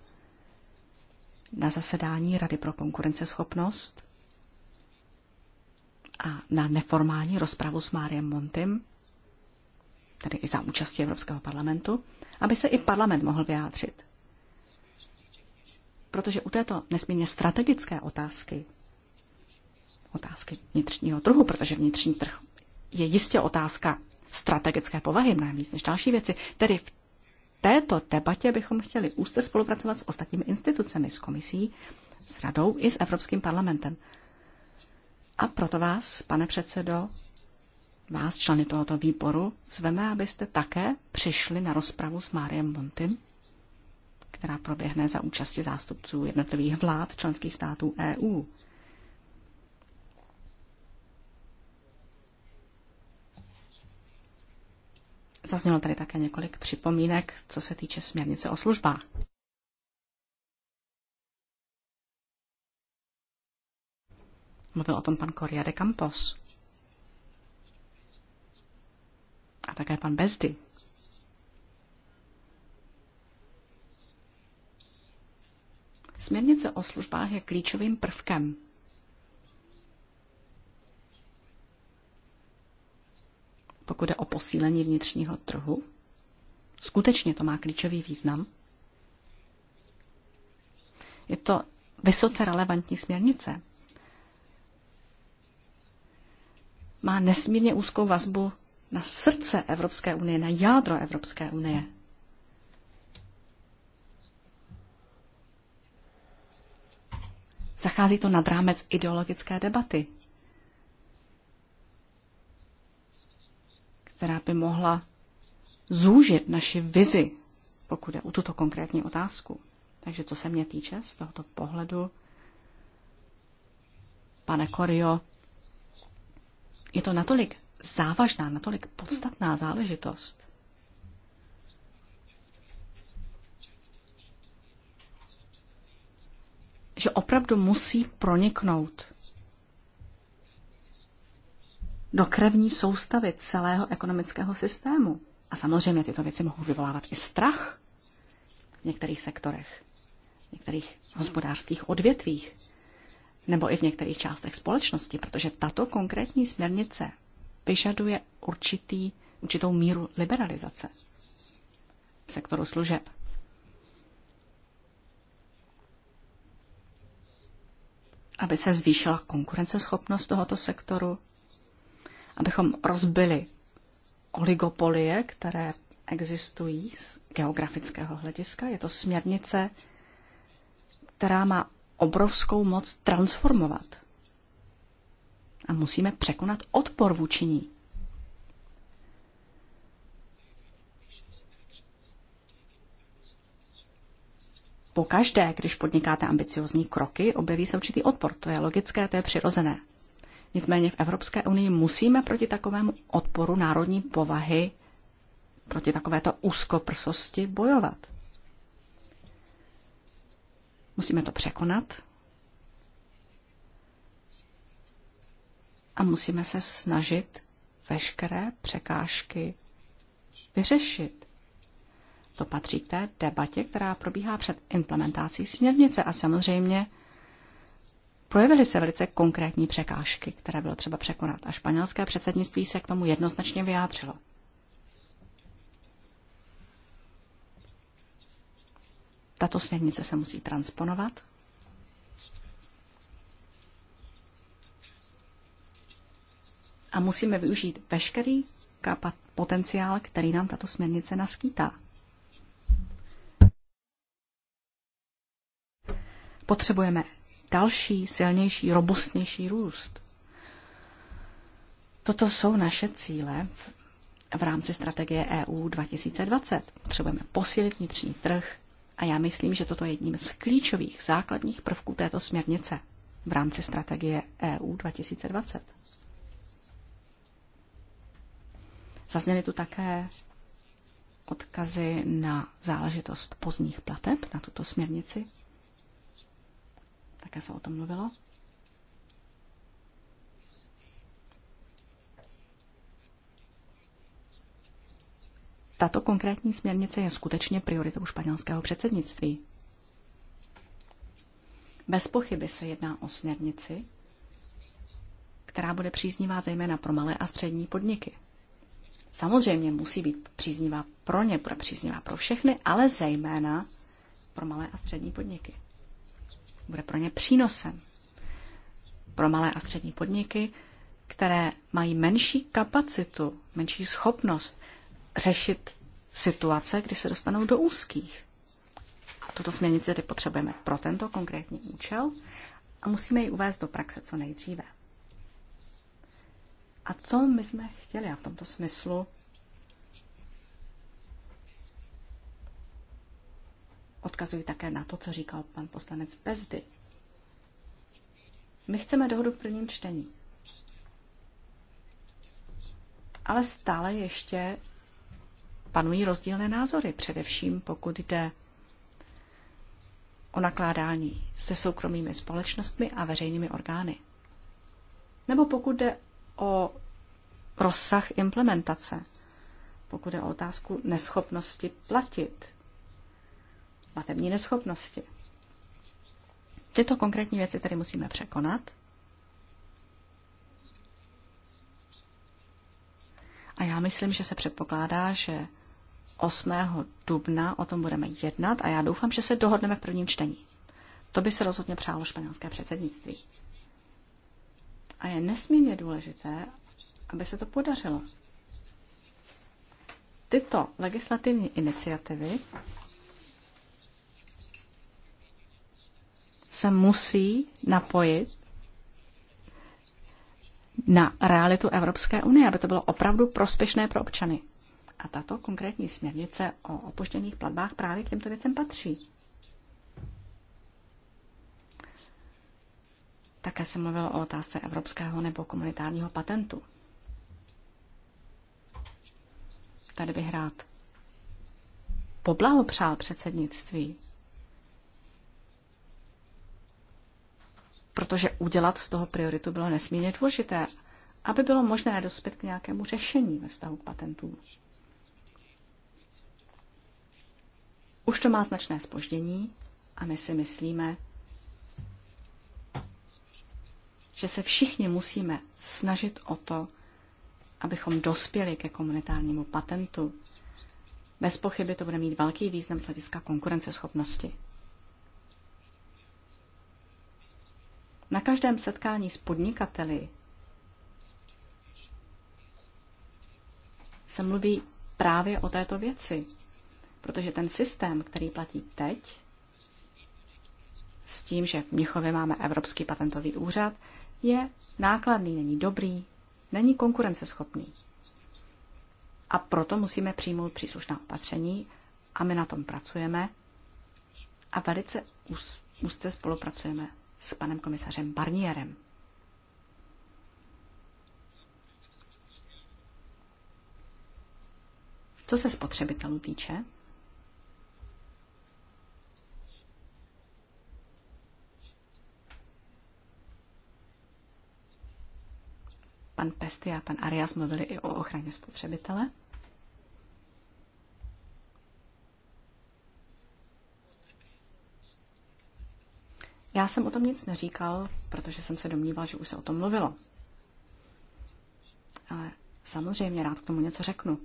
S3: na zasedání Rady pro konkurenceschopnost a na neformální rozpravu s Máriem Montym, tedy i za účastí Evropského parlamentu, aby se i parlament mohl vyjádřit. Protože u této nesmírně strategické otázky, otázky vnitřního trhu, protože vnitřní trh je jistě otázka strategické povahy mnohem víc než další věci, tedy v této debatě bychom chtěli úzce spolupracovat s ostatními institucemi, s komisí, s radou i s Evropským parlamentem. A proto vás, pane předsedo, vás, členy tohoto výboru, zveme, abyste také přišli na rozpravu s Máriem Montym, která proběhne za účasti zástupců jednotlivých vlád členských států EU. Zaznělo tady také několik připomínek, co se týče směrnice o službách. Mluvil o tom pan Coria de Campos. A také pan Bezdy. Směrnice o službách je klíčovým prvkem pokud jde o posílení vnitřního trhu. Skutečně to má klíčový význam. Je to vysoce relevantní směrnice, má nesmírně úzkou vazbu na srdce Evropské unie, na jádro Evropské unie. Zachází to nad rámec ideologické debaty, která by mohla zúžit naši vizi, pokud je o tuto konkrétní otázku. Takže co se mě týče z tohoto pohledu, pane Korio, je to natolik závažná, natolik podstatná záležitost, že opravdu musí proniknout do krevní soustavy celého ekonomického systému. A samozřejmě tyto věci mohou vyvolávat i strach v některých sektorech, v některých hospodářských odvětvích nebo i v některých částech společnosti, protože tato konkrétní směrnice vyžaduje určitý, určitou míru liberalizace v sektoru služeb. Aby se zvýšila konkurenceschopnost tohoto sektoru, abychom rozbili oligopolie, které existují z geografického hlediska. Je to směrnice, která má obrovskou moc transformovat. A musíme překonat odpor vůči ní. Pokaždé, když podnikáte ambiciozní kroky, objeví se určitý odpor. To je logické, to je přirozené. Nicméně v Evropské unii musíme proti takovému odporu národní povahy, proti takovéto úzkoprsosti bojovat. Musíme to překonat a musíme se snažit veškeré překážky vyřešit. To patří k té debatě, která probíhá před implementací směrnice a samozřejmě projevily se velice konkrétní překážky, které bylo třeba překonat a španělské předsednictví se k tomu jednoznačně vyjádřilo. Tato směrnice se musí transponovat. A musíme využít veškerý potenciál, který nám tato směrnice naskýtá. Potřebujeme další, silnější, robustnější růst. Toto jsou naše cíle v rámci strategie EU 2020. Potřebujeme posílit vnitřní trh, a já myslím, že toto je jedním z klíčových základních prvků této směrnice v rámci strategie EU 2020. Zazněly tu také odkazy na záležitost pozdních plateb, na tuto směrnici. Také se o tom mluvilo. Tato konkrétní směrnice je skutečně prioritou španělského předsednictví. Bez pochyby se jedná o směrnici, která bude příznivá zejména pro malé a střední podniky. Samozřejmě musí být příznivá pro ně, bude příznivá pro všechny, ale zejména pro malé a střední podniky. Bude pro ně přínosem. Pro malé a střední podniky, které mají menší kapacitu, menší schopnost řešit situace, kdy se dostanou do úzkých. A tuto směrnici tedy potřebujeme pro tento konkrétní účel a musíme ji uvést do praxe co nejdříve. A co my jsme chtěli? A v tomto smyslu odkazuji také na to, co říkal pan poslanec Bezdy. My chceme dohodu v prvním čtení. Ale stále ještě panují rozdílné názory, především pokud jde o nakládání se soukromými společnostmi a veřejnými orgány. Nebo pokud jde o rozsah implementace, pokud jde o otázku neschopnosti platit, platební neschopnosti. Tyto konkrétní věci tedy musíme překonat. A já myslím, že se předpokládá, že 8. dubna o tom budeme jednat a já doufám, že se dohodneme v prvním čtení. To by se rozhodně přálo španělské předsednictví. A je nesmírně důležité, aby se to podařilo. Tyto legislativní iniciativy se musí napojit na realitu Evropské unie, aby to bylo opravdu prospěšné pro občany. A tato konkrétní směrnice o opuštěných platbách právě k těmto věcem patří. Také se mluvilo o otázce evropského nebo komunitárního patentu. Tady bych rád poblahopřál předsednictví, protože udělat z toho prioritu bylo nesmírně důležité, aby bylo možné dospět k nějakému řešení ve vztahu k patentům. Už to má značné spoždění a my si myslíme, že se všichni musíme snažit o to, abychom dospěli ke komunitárnímu patentu. Bez pochyby to bude mít velký význam z hlediska konkurenceschopnosti. Na každém setkání s podnikateli se mluví právě o této věci. Protože ten systém, který platí teď, s tím, že v Měchově máme Evropský patentový úřad, je nákladný, není dobrý, není konkurenceschopný. A proto musíme přijmout příslušná opatření a my na tom pracujeme a velice úzce spolupracujeme s panem komisařem Barnierem. Co se spotřebitelů týče, Pan Pesty a pan Arias mluvili i o ochraně spotřebitele. Já jsem o tom nic neříkal, protože jsem se domníval, že už se o tom mluvilo. Ale samozřejmě rád k tomu něco řeknu,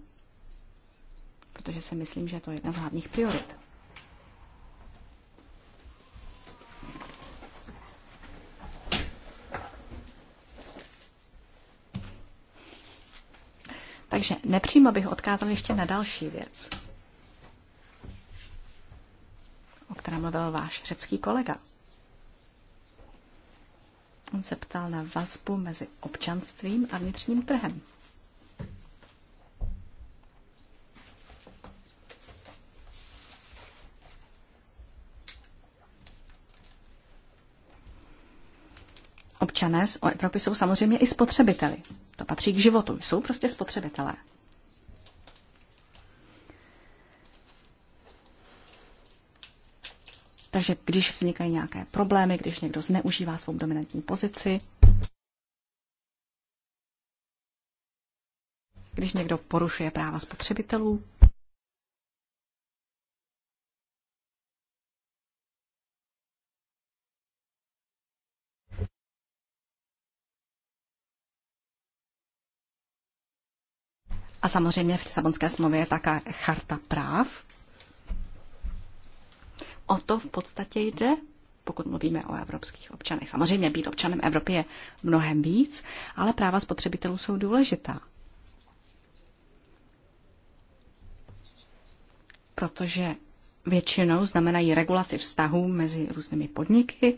S3: protože si myslím, že to je jedna z hlavních priorit. Takže nepřímo bych odkázal ještě na další věc, o které mluvil váš řecký kolega. On se ptal na vazbu mezi občanstvím a vnitřním trhem. občané z Evropy jsou samozřejmě i spotřebiteli. To patří k životu. Jsou prostě spotřebitelé. Takže když vznikají nějaké problémy, když někdo zneužívá svou dominantní pozici, když někdo porušuje práva spotřebitelů, A samozřejmě v Lisabonské smlouvě je také charta práv. O to v podstatě jde, pokud mluvíme o evropských občanech. Samozřejmě být občanem Evropy je mnohem víc, ale práva spotřebitelů jsou důležitá. Protože většinou znamenají regulaci vztahů mezi různými podniky,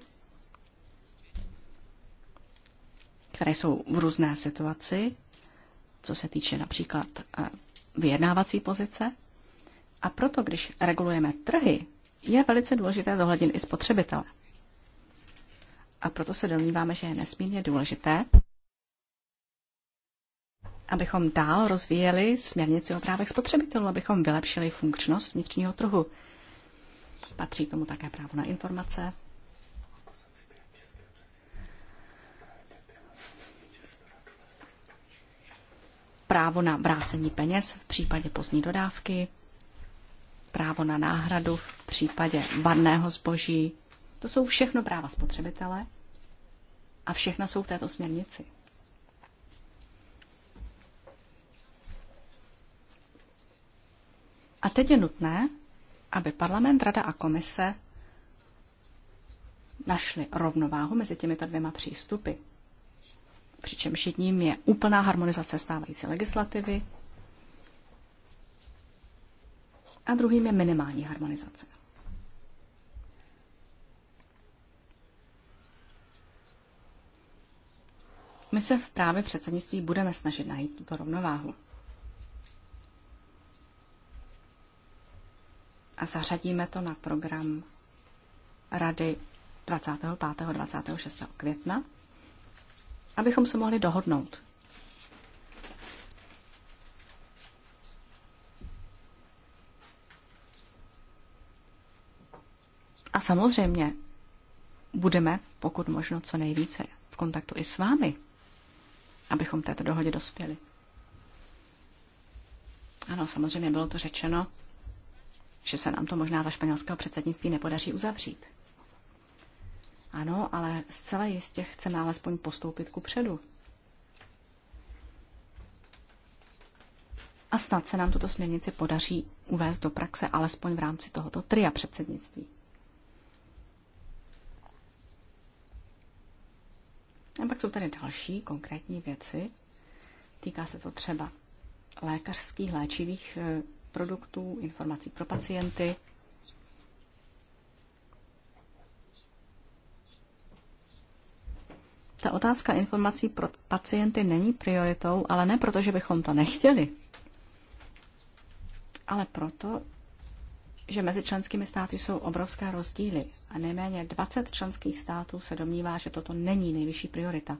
S3: které jsou v různé situaci co se týče například eh, vyjednávací pozice. A proto, když regulujeme trhy, je velice důležité zohlednit i spotřebitele. A proto se domníváme, že je nesmírně důležité, abychom dál rozvíjeli směrnici o právech spotřebitelů, abychom vylepšili funkčnost vnitřního trhu. Patří tomu také právo na informace, právo na vrácení peněz v případě pozdní dodávky, právo na náhradu v případě vadného zboží. To jsou všechno práva spotřebitele a všechna jsou v této směrnici. A teď je nutné, aby parlament, rada a komise našli rovnováhu mezi těmito dvěma přístupy přičemž jedním je úplná harmonizace stávající legislativy a druhým je minimální harmonizace. My se v právě předsednictví budeme snažit najít tuto rovnováhu. A zařadíme to na program Rady 25. 26. května abychom se mohli dohodnout. A samozřejmě budeme, pokud možno, co nejvíce v kontaktu i s vámi, abychom této dohodě dospěli. Ano, samozřejmě bylo to řečeno, že se nám to možná za španělského předsednictví nepodaří uzavřít. Ano, ale zcela jistě chceme alespoň postoupit ku předu. A snad se nám tuto směrnici podaří uvést do praxe alespoň v rámci tohoto tria předsednictví. A pak jsou tady další konkrétní věci. Týká se to třeba lékařských léčivých eh, produktů, informací pro pacienty, Ta otázka informací pro pacienty není prioritou, ale ne proto, že bychom to nechtěli, ale proto, že mezi členskými státy jsou obrovské rozdíly a nejméně 20 členských států se domnívá, že toto není nejvyšší priorita.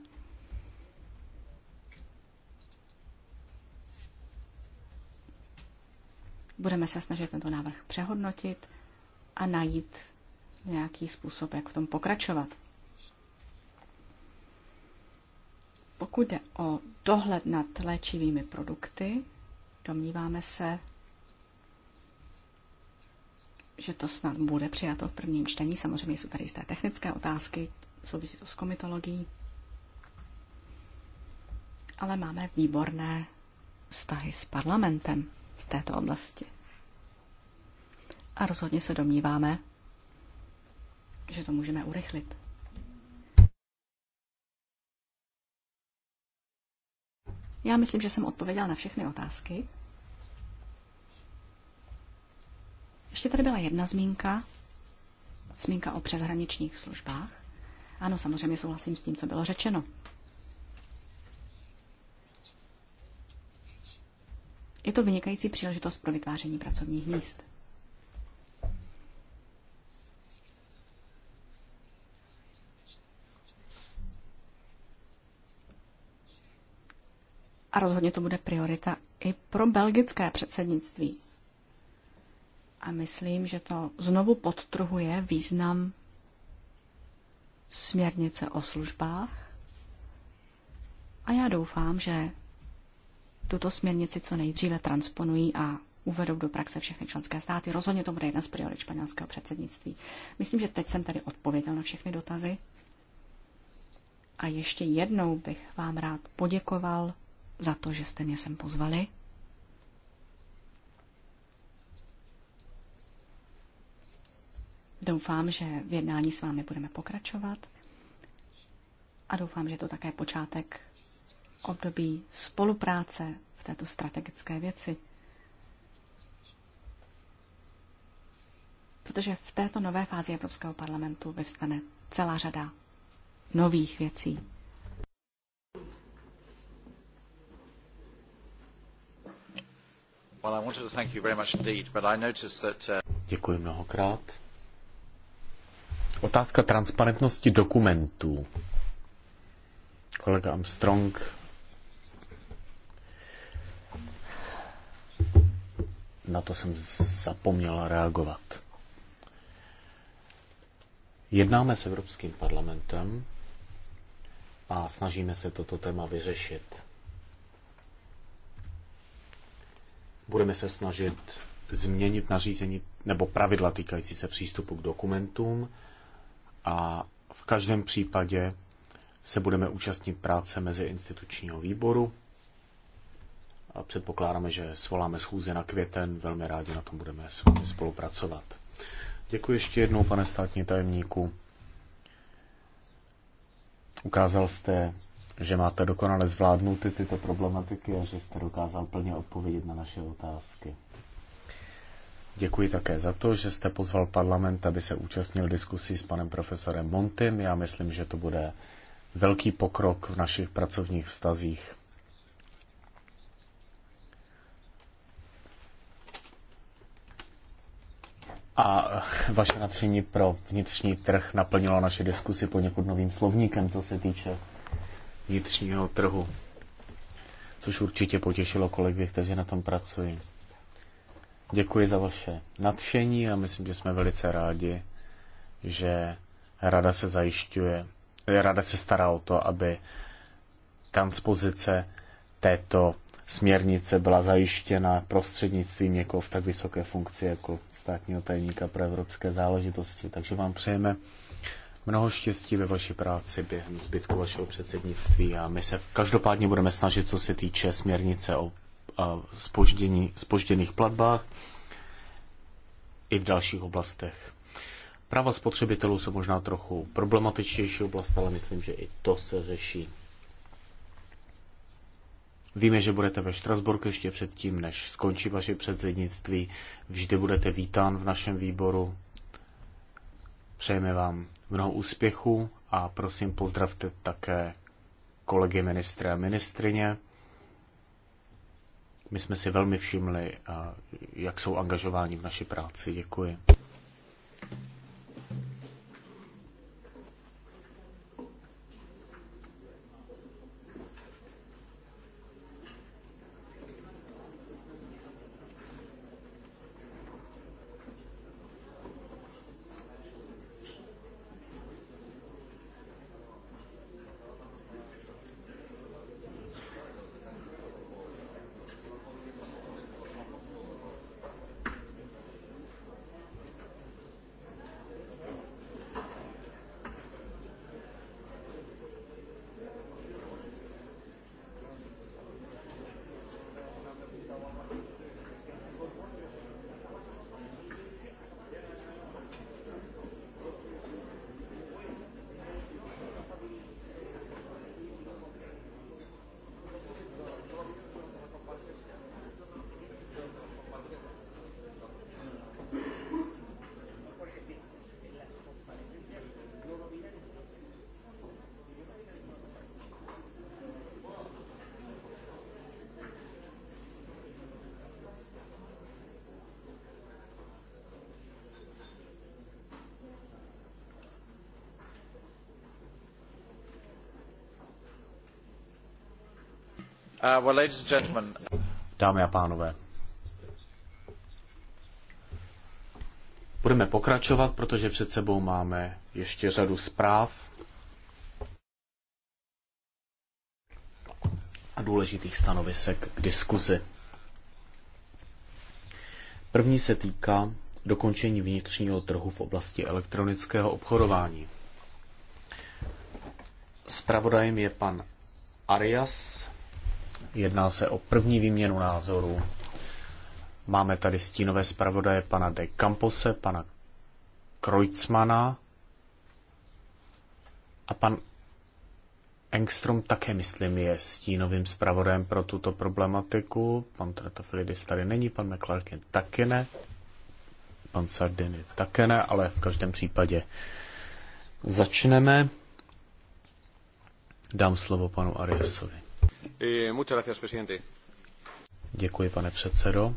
S3: Budeme se snažit tento návrh přehodnotit a najít nějaký způsob, jak v tom pokračovat. Pokud jde o dohled nad léčivými produkty, domníváme se, že to snad bude přijato v prvním čtení. Samozřejmě jsou tady jisté technické otázky, souvisí to s komitologií. Ale máme výborné vztahy s parlamentem v této oblasti. A rozhodně se domníváme, že to můžeme urychlit. Já myslím, že jsem odpověděla na všechny otázky. Ještě tady byla jedna zmínka, zmínka o přeshraničních službách. Ano, samozřejmě souhlasím s tím, co bylo řečeno. Je to vynikající příležitost pro vytváření pracovních míst. A rozhodně to bude priorita i pro belgické předsednictví. A myslím, že to znovu podtrhuje význam směrnice o službách. A já doufám, že tuto směrnici co nejdříve transponují a uvedou do praxe všechny členské státy. Rozhodně to bude jedna z priorit španělského předsednictví. Myslím, že teď jsem tady odpověděl na všechny dotazy. A ještě jednou bych vám rád poděkoval za to, že jste mě sem pozvali. Doufám, že v jednání s vámi budeme pokračovat a doufám, že to také počátek období spolupráce v této strategické věci. Protože v této nové fázi Evropského parlamentu vyvstane celá řada nových věcí.
S1: Děkuji mnohokrát. Otázka transparentnosti dokumentů. Kolega Armstrong. Na to jsem zapomněla reagovat. Jednáme s Evropským parlamentem a snažíme se toto téma vyřešit. Budeme se snažit změnit nařízení nebo pravidla týkající se přístupu k dokumentům a v každém případě se budeme účastnit práce mezi institučního výboru. A předpokládáme, že svoláme schůze na květen, velmi rádi na tom budeme s vámi spolupracovat. Děkuji ještě jednou, pane státní tajemníku. Ukázal jste že máte dokonale zvládnuty tyto problematiky a že jste dokázal plně odpovědět na naše otázky. Děkuji také za to, že jste pozval parlament, aby se účastnil diskusí s panem profesorem Montym. Já myslím, že to bude velký pokrok v našich pracovních vztazích. A vaše natření pro vnitřní trh naplnilo naše diskusy poněkud novým slovníkem, co se týče vnitřního trhu, což určitě potěšilo kolegy, kteří na tom pracují. Děkuji za vaše nadšení a myslím, že jsme velice rádi, že rada se zajišťuje, rada se stará o to, aby transpozice této směrnice byla zajištěna prostřednictvím někoho v tak vysoké funkci jako státního tajníka pro evropské záležitosti. Takže vám přejeme Mnoho štěstí ve vaší práci během zbytku vašeho předsednictví a my se každopádně budeme snažit, co se týče směrnice o spoždění, spožděných platbách i v dalších oblastech. Práva spotřebitelů jsou možná trochu problematičtější oblast, ale myslím, že i to se řeší. Víme, že budete ve Štrasburku ještě předtím, než skončí vaše předsednictví. Vždy budete vítán v našem výboru. Přejeme vám mnoho úspěchu a prosím pozdravte také kolegy ministry a ministrině. My jsme si velmi všimli, eh, jak jsou angažováni v naší práci. Děkuji. Uh, Dámy a pánové, budeme pokračovat, protože před sebou máme ještě řadu zpráv a důležitých stanovisek k diskuzi. První se týká dokončení vnitřního trhu v oblasti elektronického obchodování. Spravodajem je pan Arias, Jedná se o první výměnu názorů. Máme tady stínové zpravodaje pana De Campose, pana Kreutzmana a pan Engstrom také, myslím, je stínovým zpravodajem pro tuto problematiku. Pan Tratofilidis tady není, pan McClarkin také ne, pan Sardiny také ne, ale v každém případě začneme. Dám slovo panu Ariasovi. Eh, Děkuji, pane předsedo.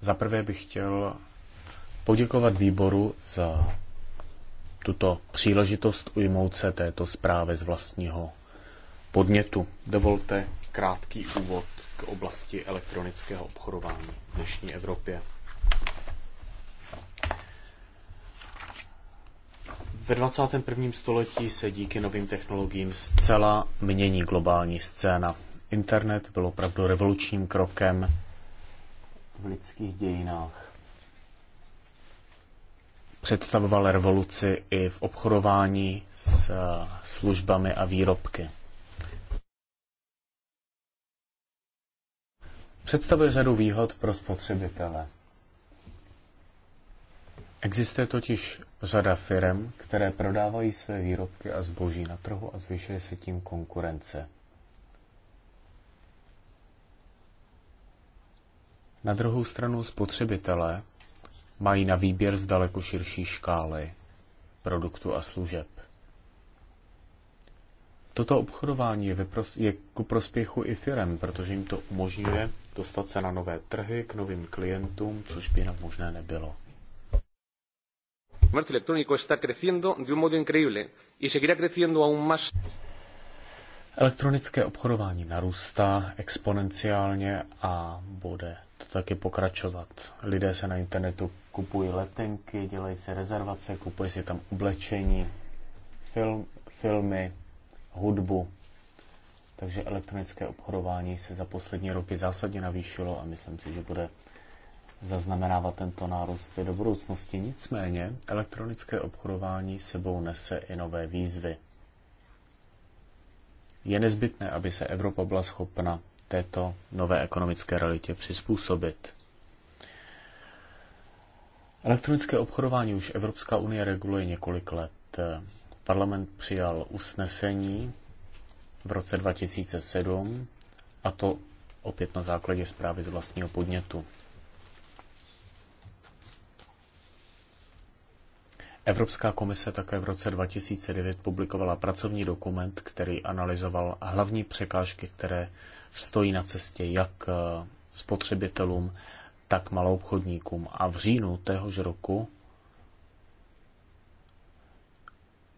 S1: Za prvé bych chtěl poděkovat výboru za tuto příležitost ujmout se této zprávy z vlastního podnětu. Dovolte krátký úvod k oblasti elektronického obchodování v dnešní Evropě. Ve 21. století se díky novým technologiím zcela mění globální scéna. Internet byl opravdu revolučním krokem v lidských dějinách. Představoval revoluci i v obchodování s eh, službami a výrobky. Představuje řadu výhod pro spotřebitele. Existuje totiž řada firm, které prodávají své výrobky a zboží na trhu a zvyšuje se tím konkurence. Na druhou stranu spotřebitelé mají na výběr z daleko širší škály produktů a služeb. Toto obchodování je, vypros- je ku prospěchu i firem, protože jim to umožňuje dostat se na nové trhy, k novým klientům, což by jinak možné nebylo comercio electrónico está creciendo de un modo increíble y seguirá creciendo aún más. Elektronické obchodování narůstá exponenciálně a bude to taky pokračovat. Lidé se na internetu kupují letenky, dělají si rezervace, kupují si tam oblečení, film, filmy, hudbu. Takže elektronické obchodování se za poslední roky zásadně navýšilo a myslím si, že bude zaznamenávat tento nárůst i do budoucnosti. Nicméně elektronické obchodování sebou nese i nové výzvy. Je nezbytné, aby se Evropa byla schopna této nové ekonomické realitě přizpůsobit. Elektronické obchodování už Evropská unie reguluje několik let. Parlament přijal usnesení v roce 2007 a to opět na základě zprávy z vlastního podnětu. Evropská komise také v roce 2009 publikovala pracovní dokument, který analyzoval hlavní překážky, které stojí na cestě jak eh, spotřebitelům, tak maloobchodníkům. A v říjnu téhož roku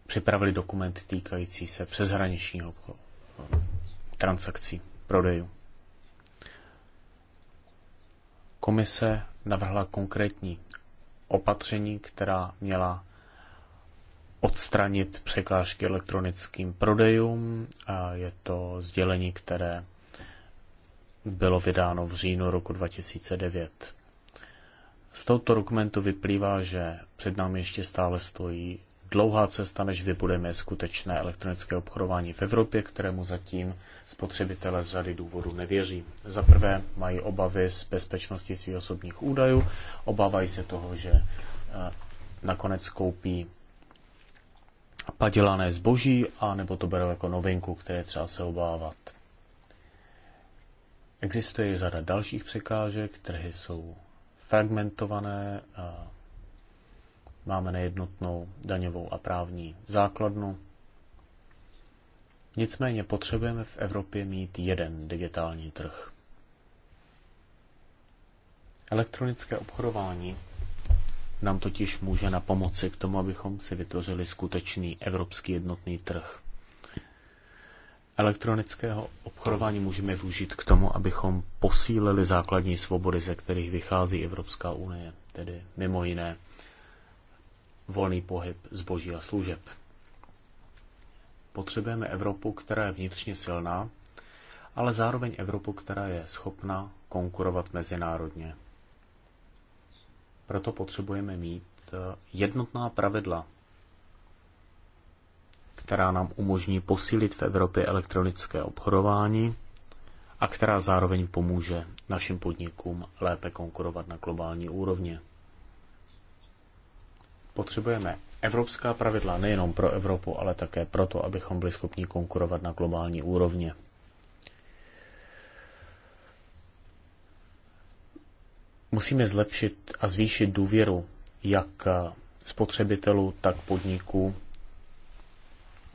S1: připravili dokument týkající se přeshraničního transakcí, prodejů. Komise navrhla konkrétní opatření, která měla odstranit překážky elektronickým prodejům a je to sdělení, které bylo vydáno v říjnu roku 2009. Z tohoto dokumentu vyplývá, že před námi ještě stále stojí dlouhá cesta, než vybudeme skutečné elektronické obchodování v Evropě, kterému zatím spotřebitele z řady důvodů nevěří. Za prvé mají obavy z bezpečnosti svých osobních údajů, obávají se toho, že eh, nakonec koupí padělané zboží, a nebo to berou jako novinku, které třeba se obávat. Existuje řada dalších překážek, trhy jsou fragmentované, a máme nejednotnou daňovou a právní základnu. Nicméně potřebujeme v Evropě mít jeden digitální trh. Elektronické obchodování nám totiž může na pomoci k tomu, abychom si vytvořili skutečný evropský jednotný trh. Elektronického obchodování můžeme využít k tomu, abychom posílili základní svobody, ze kterých vychází Evropská unie, tedy mimo jiné volný pohyb zboží a služeb. Potřebujeme Evropu, která je vnitřně silná, ale zároveň Evropu, která je schopna konkurovat mezinárodně. Proto potřebujeme mít eh, jednotná pravidla, která nám umožní posílit v Evropě elektronické obchodování a která zároveň pomůže našim podnikům lépe konkurovat na globální úrovni. Potřebujeme evropská pravidla nejenom pro Evropu, ale také proto, abychom byli schopni konkurovat na globální úrovně. Musíme zlepšit a zvýšit důvěru jak eh, spotřebitelů, tak podniků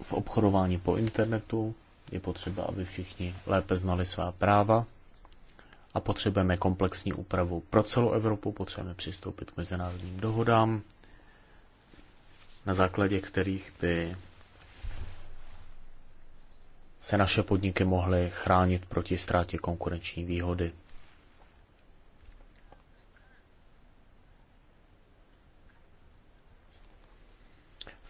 S1: v obchodování po internetu. Je potřeba, aby všichni lépe znali svá práva a potřebujeme komplexní úpravu pro celou Evropu, potřebujeme přistoupit k mezinárodním dohodám, na základě kterých by se naše podniky mohly chránit proti ztrátě konkurenční výhody.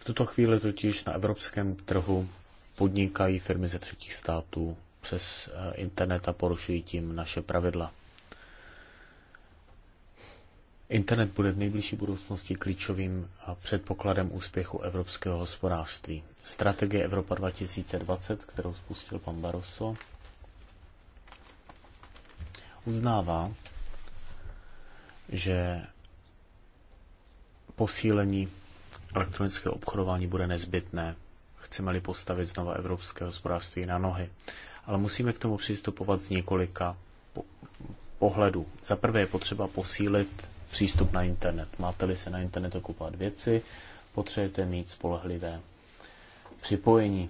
S1: V tuto chvíli totiž na evropském trhu podnikají firmy ze třetích států přes eh, internet a porušují tím naše pravidla. Internet bude v nejbližší budoucnosti klíčovým eh, předpokladem úspěchu evropského hospodářství. Strategie Evropa 2020, kterou spustil pan Barroso, uznává, že posílení elektronické obchodování bude nezbytné. Chceme-li postavit znova evropské hospodářství na nohy. Ale musíme k tomu přistupovat z několika pohledů. Za prvé je potřeba posílit přístup na internet. Máte-li se na internetu kupovat věci, potřebujete mít spolehlivé připojení.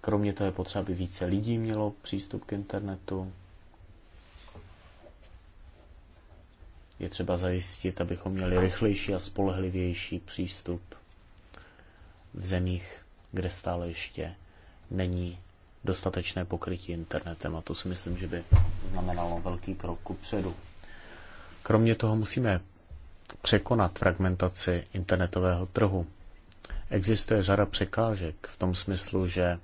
S1: Kromě toho je potřeba, aby více lidí mělo přístup k internetu, Je třeba zajistit, abychom měli rychlejší a spolehlivější přístup v zemích, kde stále ještě není dostatečné pokrytí internetem a to si myslím, že by znamenalo velký krok ku předu. Kromě toho musíme překonat fragmentaci internetového trhu. Existuje řada překážek v tom smyslu, že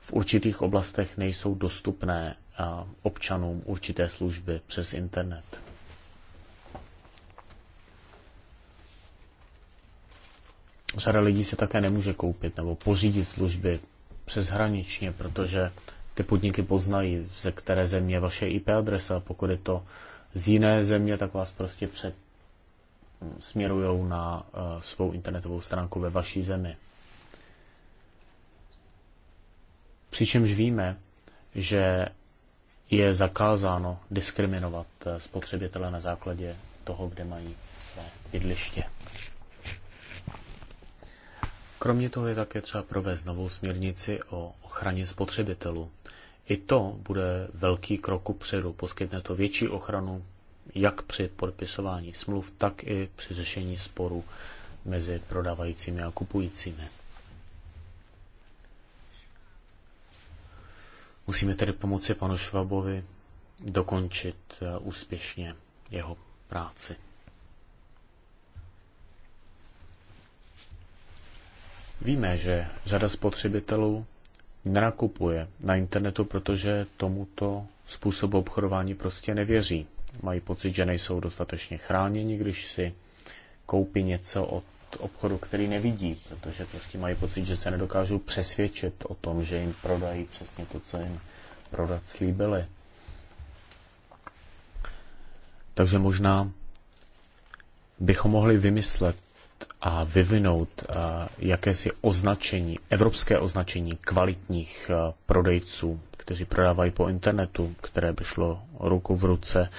S1: v určitých oblastech nejsou dostupné občanům určité služby přes internet. řada lidí se také nemůže koupit nebo pořídit služby přeshraničně, protože ty podniky poznají, ze které země vaše IP adresa. Pokud je to z jiné země, tak vás prostě před směrujou na eh, svou internetovou stránku ve vaší zemi. Přičemž víme, že je zakázáno diskriminovat eh, spotřebitele na základě toho, kde mají své bydliště. Kromě toho je také třeba provést novou směrnici o ochraně spotřebitelů. I to bude velký krok předu, poskytne to větší ochranu jak při podpisování smluv, tak i při řešení sporů mezi prodávajícími a kupujícími. Musíme tedy pomoci panu Švabovi dokončit eh, úspěšně jeho práci. Víme, že řada spotřebitelů nenakupuje na internetu, protože tomuto způsobu obchodování prostě nevěří. Mají pocit, že nejsou dostatečně chráněni, když si koupí něco od obchodu, který nevidí, protože prostě mají pocit, že se nedokážou přesvědčit o tom, že jim prodají přesně to, co jim prodat slíbili. Takže možná bychom mohli vymyslet a vyvinout eh, jakési označení, evropské označení kvalitních eh, prodejců, kteří prodávají po internetu, které by šlo ruku v ruce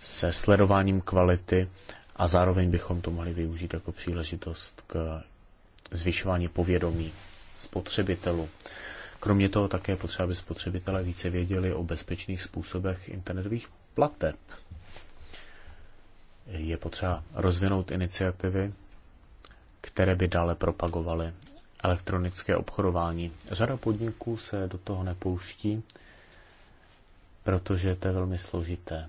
S1: se sledováním kvality a zároveň bychom to mohli využít jako příležitost k zvyšování povědomí spotřebitelů. Kromě toho také potřeba, aby spotřebitelé více věděli o bezpečných způsobech internetových plateb. Je potřeba rozvinout iniciativy, které by dále propagovaly elektronické obchodování. Řada podniků se do toho nepouští, protože to je velmi složité.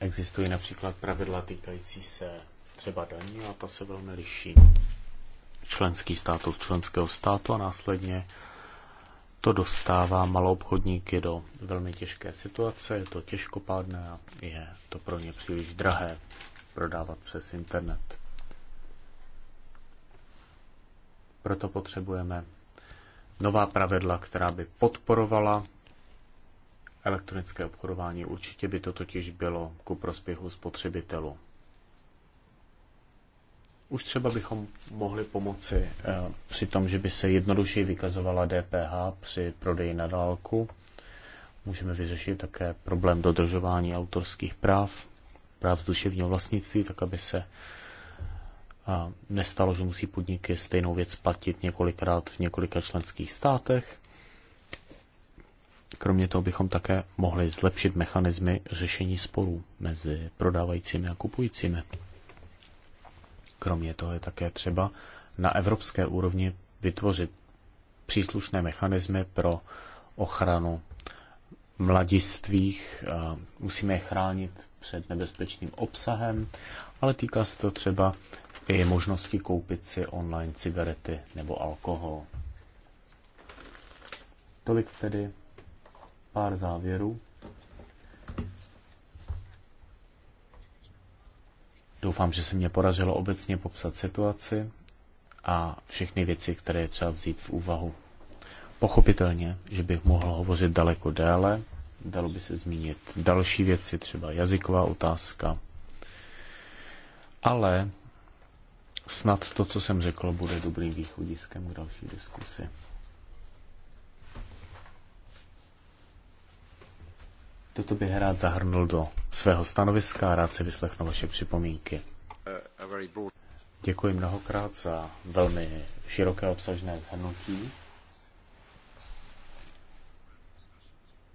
S1: Existují například pravidla týkající se třeba daní a ta se velmi liší členský stát od členského státu a následně to dostává maloobchodníky do velmi těžké situace, je to těžkopádné a je to pro ně příliš drahé prodávat přes internet. Proto potřebujeme nová pravidla, která by podporovala elektronické obchodování. Určitě by to totiž bylo ku prospěchu spotřebitelů. Už třeba bychom mohli pomoci eh, při tom, že by se jednodušeji vykazovala DPH při prodeji na dálku. Můžeme vyřešit také problém dodržování autorských práv, práv z duševního vlastnictví, tak aby se eh, nestalo, že musí podniky stejnou věc platit několikrát v několika členských státech. Kromě toho bychom také mohli zlepšit mechanismy řešení sporů mezi prodávajícími a kupujícími. Kromě toho je také třeba na evropské úrovni vytvořit příslušné mechanismy pro ochranu mladistvých. Musíme je chránit před nebezpečným obsahem, ale týká se to třeba i možnosti koupit si online cigarety nebo alkohol. Tolik tedy pár závěrů. Doufám, že se mě podařilo obecně popsat situaci a všechny věci, které je třeba vzít v úvahu. Pochopitelně, že bych mohl hovořit daleko déle, dalo by se zmínit další věci, třeba jazyková otázka. Ale snad to, co jsem řekl, bude dobrým východiskem k další diskusi. Toto bych rád zahrnul do svého stanoviska a rád si vyslechnu vaše připomínky. Děkuji mnohokrát za velmi široké obsažné zhrnutí.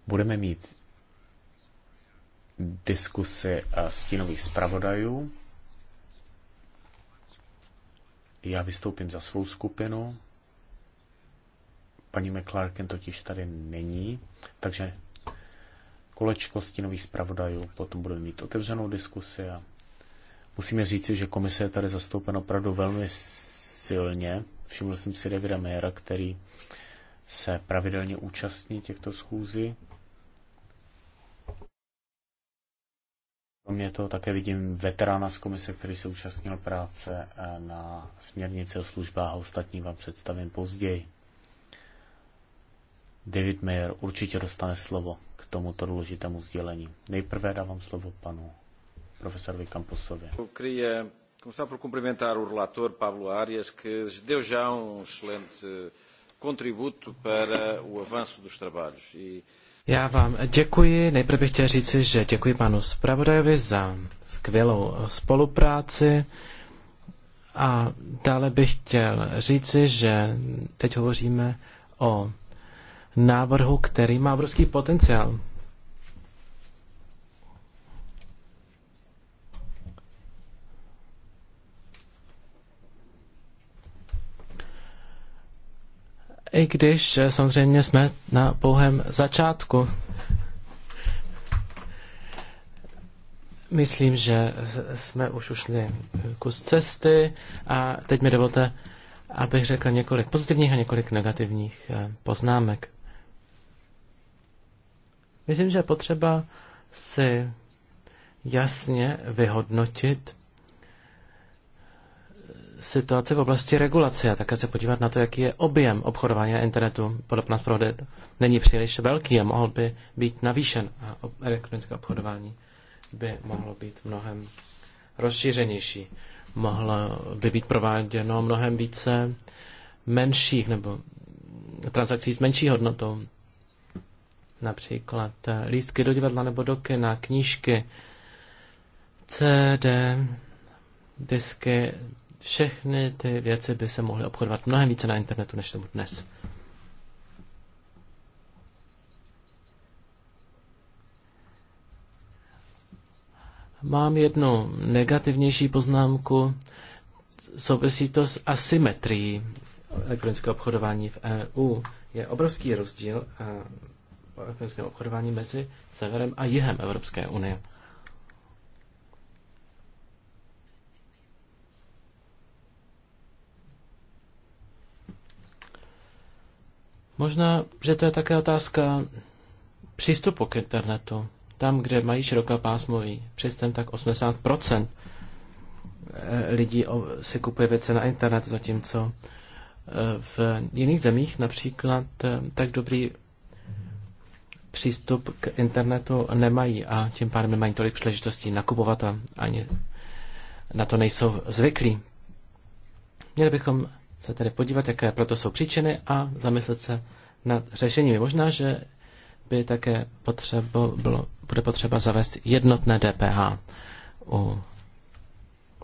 S1: Budeme mít diskusy stínových zpravodajů. Já vystoupím za svou skupinu. Paní McClarken totiž tady není, takže kolečko stínových zpravodajů, potom budeme mít otevřenou diskusi a musíme říci, že komise je tady zastoupena opravdu velmi silně. Všiml jsem si Davida Mayera, který se pravidelně účastní těchto schůzí. Kromě toho také vidím veterána z komise, který se účastnil práce eh, na směrnici o službách a ostatní vám představím později. David Mayer určitě dostane slovo tomuto důležitému sdělení. Nejprve dávám slovo panu profesorovi Camposovi.
S2: Queria começar por cumprimentar o relator Pablo
S1: Arias, que deu já um excelente contributo para o avanço
S2: dos trabalhos. E... Já vám děkuji. Nejprve bych chtěl říci, že děkuji panu zpravodajovi za skvělou spolupráci. A dále bych chtěl říci, že teď hovoříme o návrhu, který má obrovský potenciál. I když eh, samozřejmě jsme na pouhém začátku. Myslím, že jsme už ušli kus cesty a teď mi dovolte, abych řekl několik pozitivních a několik negativních eh, poznámek. Myslím, že je potřeba si jasně vyhodnotit situaci v oblasti regulace a také se podívat na to, jaký je objem obchodování na internetu. Podle nás prohled není příliš velký a mohl by být navýšen a elektronické obchodování by mohlo být mnohem rozšířenější. Mohlo by být prováděno mnohem více menších nebo transakcí s menší hodnotou například eh, lístky do divadla nebo do kina, knížky, CD, disky, všechny ty věci by se mohly obchodovat mnohem více na internetu, než tomu dnes. Mám jednu negativnější poznámku. Souvisí to s asymetrií elektronického obchodování v EU. Je obrovský rozdíl a eh, ekonomickém obchodování mezi severem a jihem Evropské unie. Možná, že to je také otázka přístupu k internetu. Tam, kde mají široká přes přístup, tak 80% eh, lidí si kupuje věci na internetu, zatímco eh, v jiných zemích například eh, tak dobrý přístup k internetu nemají a tím pádem nemají tolik příležitostí nakupovat a ani na to nejsou zvyklí. Měli bychom se tedy podívat, jaké proto jsou příčiny a zamyslet se nad řešeními. Možná, že by také potřebo, bylo, bude potřeba zavést jednotné DPH u,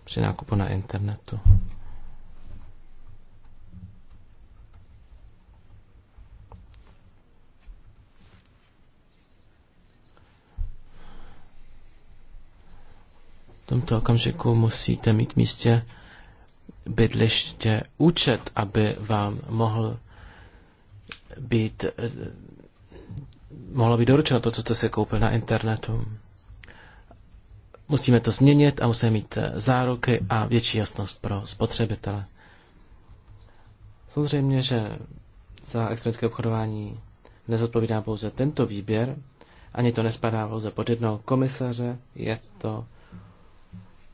S2: při nákupu na internetu. tomto okamžiku musíte mít místě bydliště účet, aby vám mohl být, mohlo být doručeno to, co jste si koupil na internetu. Musíme to změnit a musíme mít záruky a větší jasnost pro spotřebitele. Samozřejmě, že za elektronické obchodování nezodpovídá pouze tento výběr, ani to nespadá pouze pod jednou komisaře, je to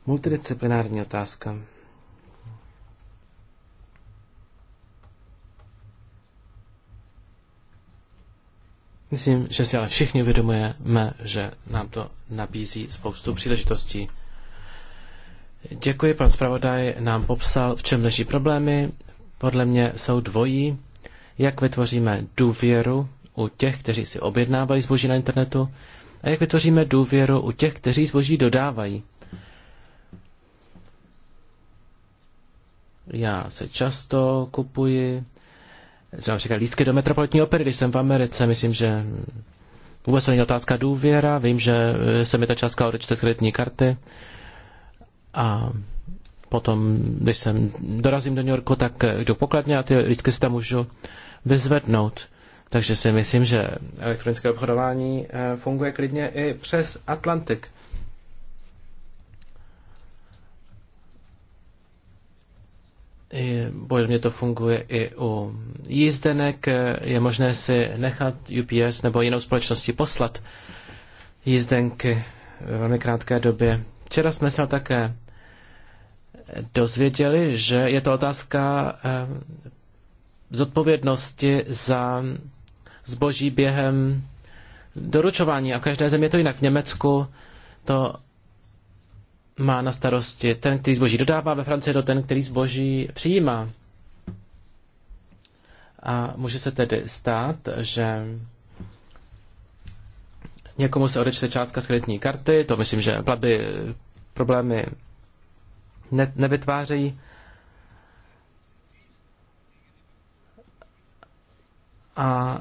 S2: Multidisciplinární otázka. Myslím, že si ale všichni uvědomujeme, že nám to nabízí spoustu příležitostí. Děkuji, pan zpravodaj nám popsal, v čem leží problémy. Podle mě jsou dvojí. Jak vytvoříme důvěru u těch, kteří si objednávají zboží na internetu a jak vytvoříme důvěru u těch, kteří zboží dodávají. Já se často kupuji třeba například lístky do metropolitní opery, když jsem v Americe, myslím, že vůbec není otázka důvěra, vím, že eh, se mi ta částka odečte z kreditní karty a potom, když jsem dorazím do New Yorku, tak eh, jdu pokladně a ty lístky si tam můžu vyzvednout. Takže si myslím, že elektronické obchodování eh, funguje klidně i přes Atlantik. mě to funguje i u jízdenek. Je možné si nechat UPS nebo jinou společností poslat jízdenky ve velmi krátké době. Včera jsme se také dozvěděli, že je to otázka eh, zodpovědnosti za zboží během doručování a v každé země to jinak. V Německu to má na starosti ten, který zboží dodává ve Francii, do ten, který zboží přijímá. A může se tedy stát, že někomu se odečte částka z kreditní karty, to myslím, že platby eh, problémy ne- nevytvářejí. A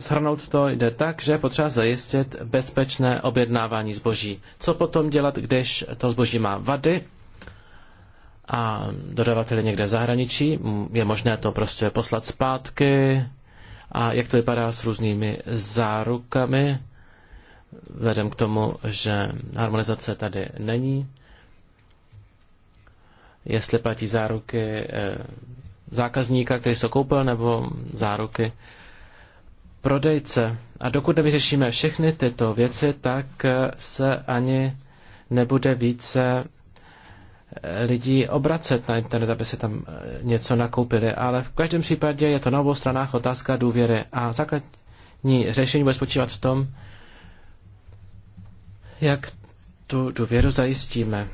S2: shrnout to jde tak, že potřeba zajistit bezpečné objednávání zboží. Co potom dělat, když to zboží má vady a dodavatel někde v zahraničí? Je možné to prostě poslat zpátky? A jak to vypadá s různými zárukami? Vzhledem k tomu, že harmonizace tady není, jestli platí záruky eh, zákazníka, který se koupil, nebo záruky prodejce. A dokud nevyřešíme všechny tyto věci, tak eh, se ani nebude více eh, lidí obracet na internet, aby si tam eh, něco nakoupili. Ale v každém případě je to na obou stranách otázka důvěry. A základní řešení bude spočívat v tom, jak tu důvěru zajistíme.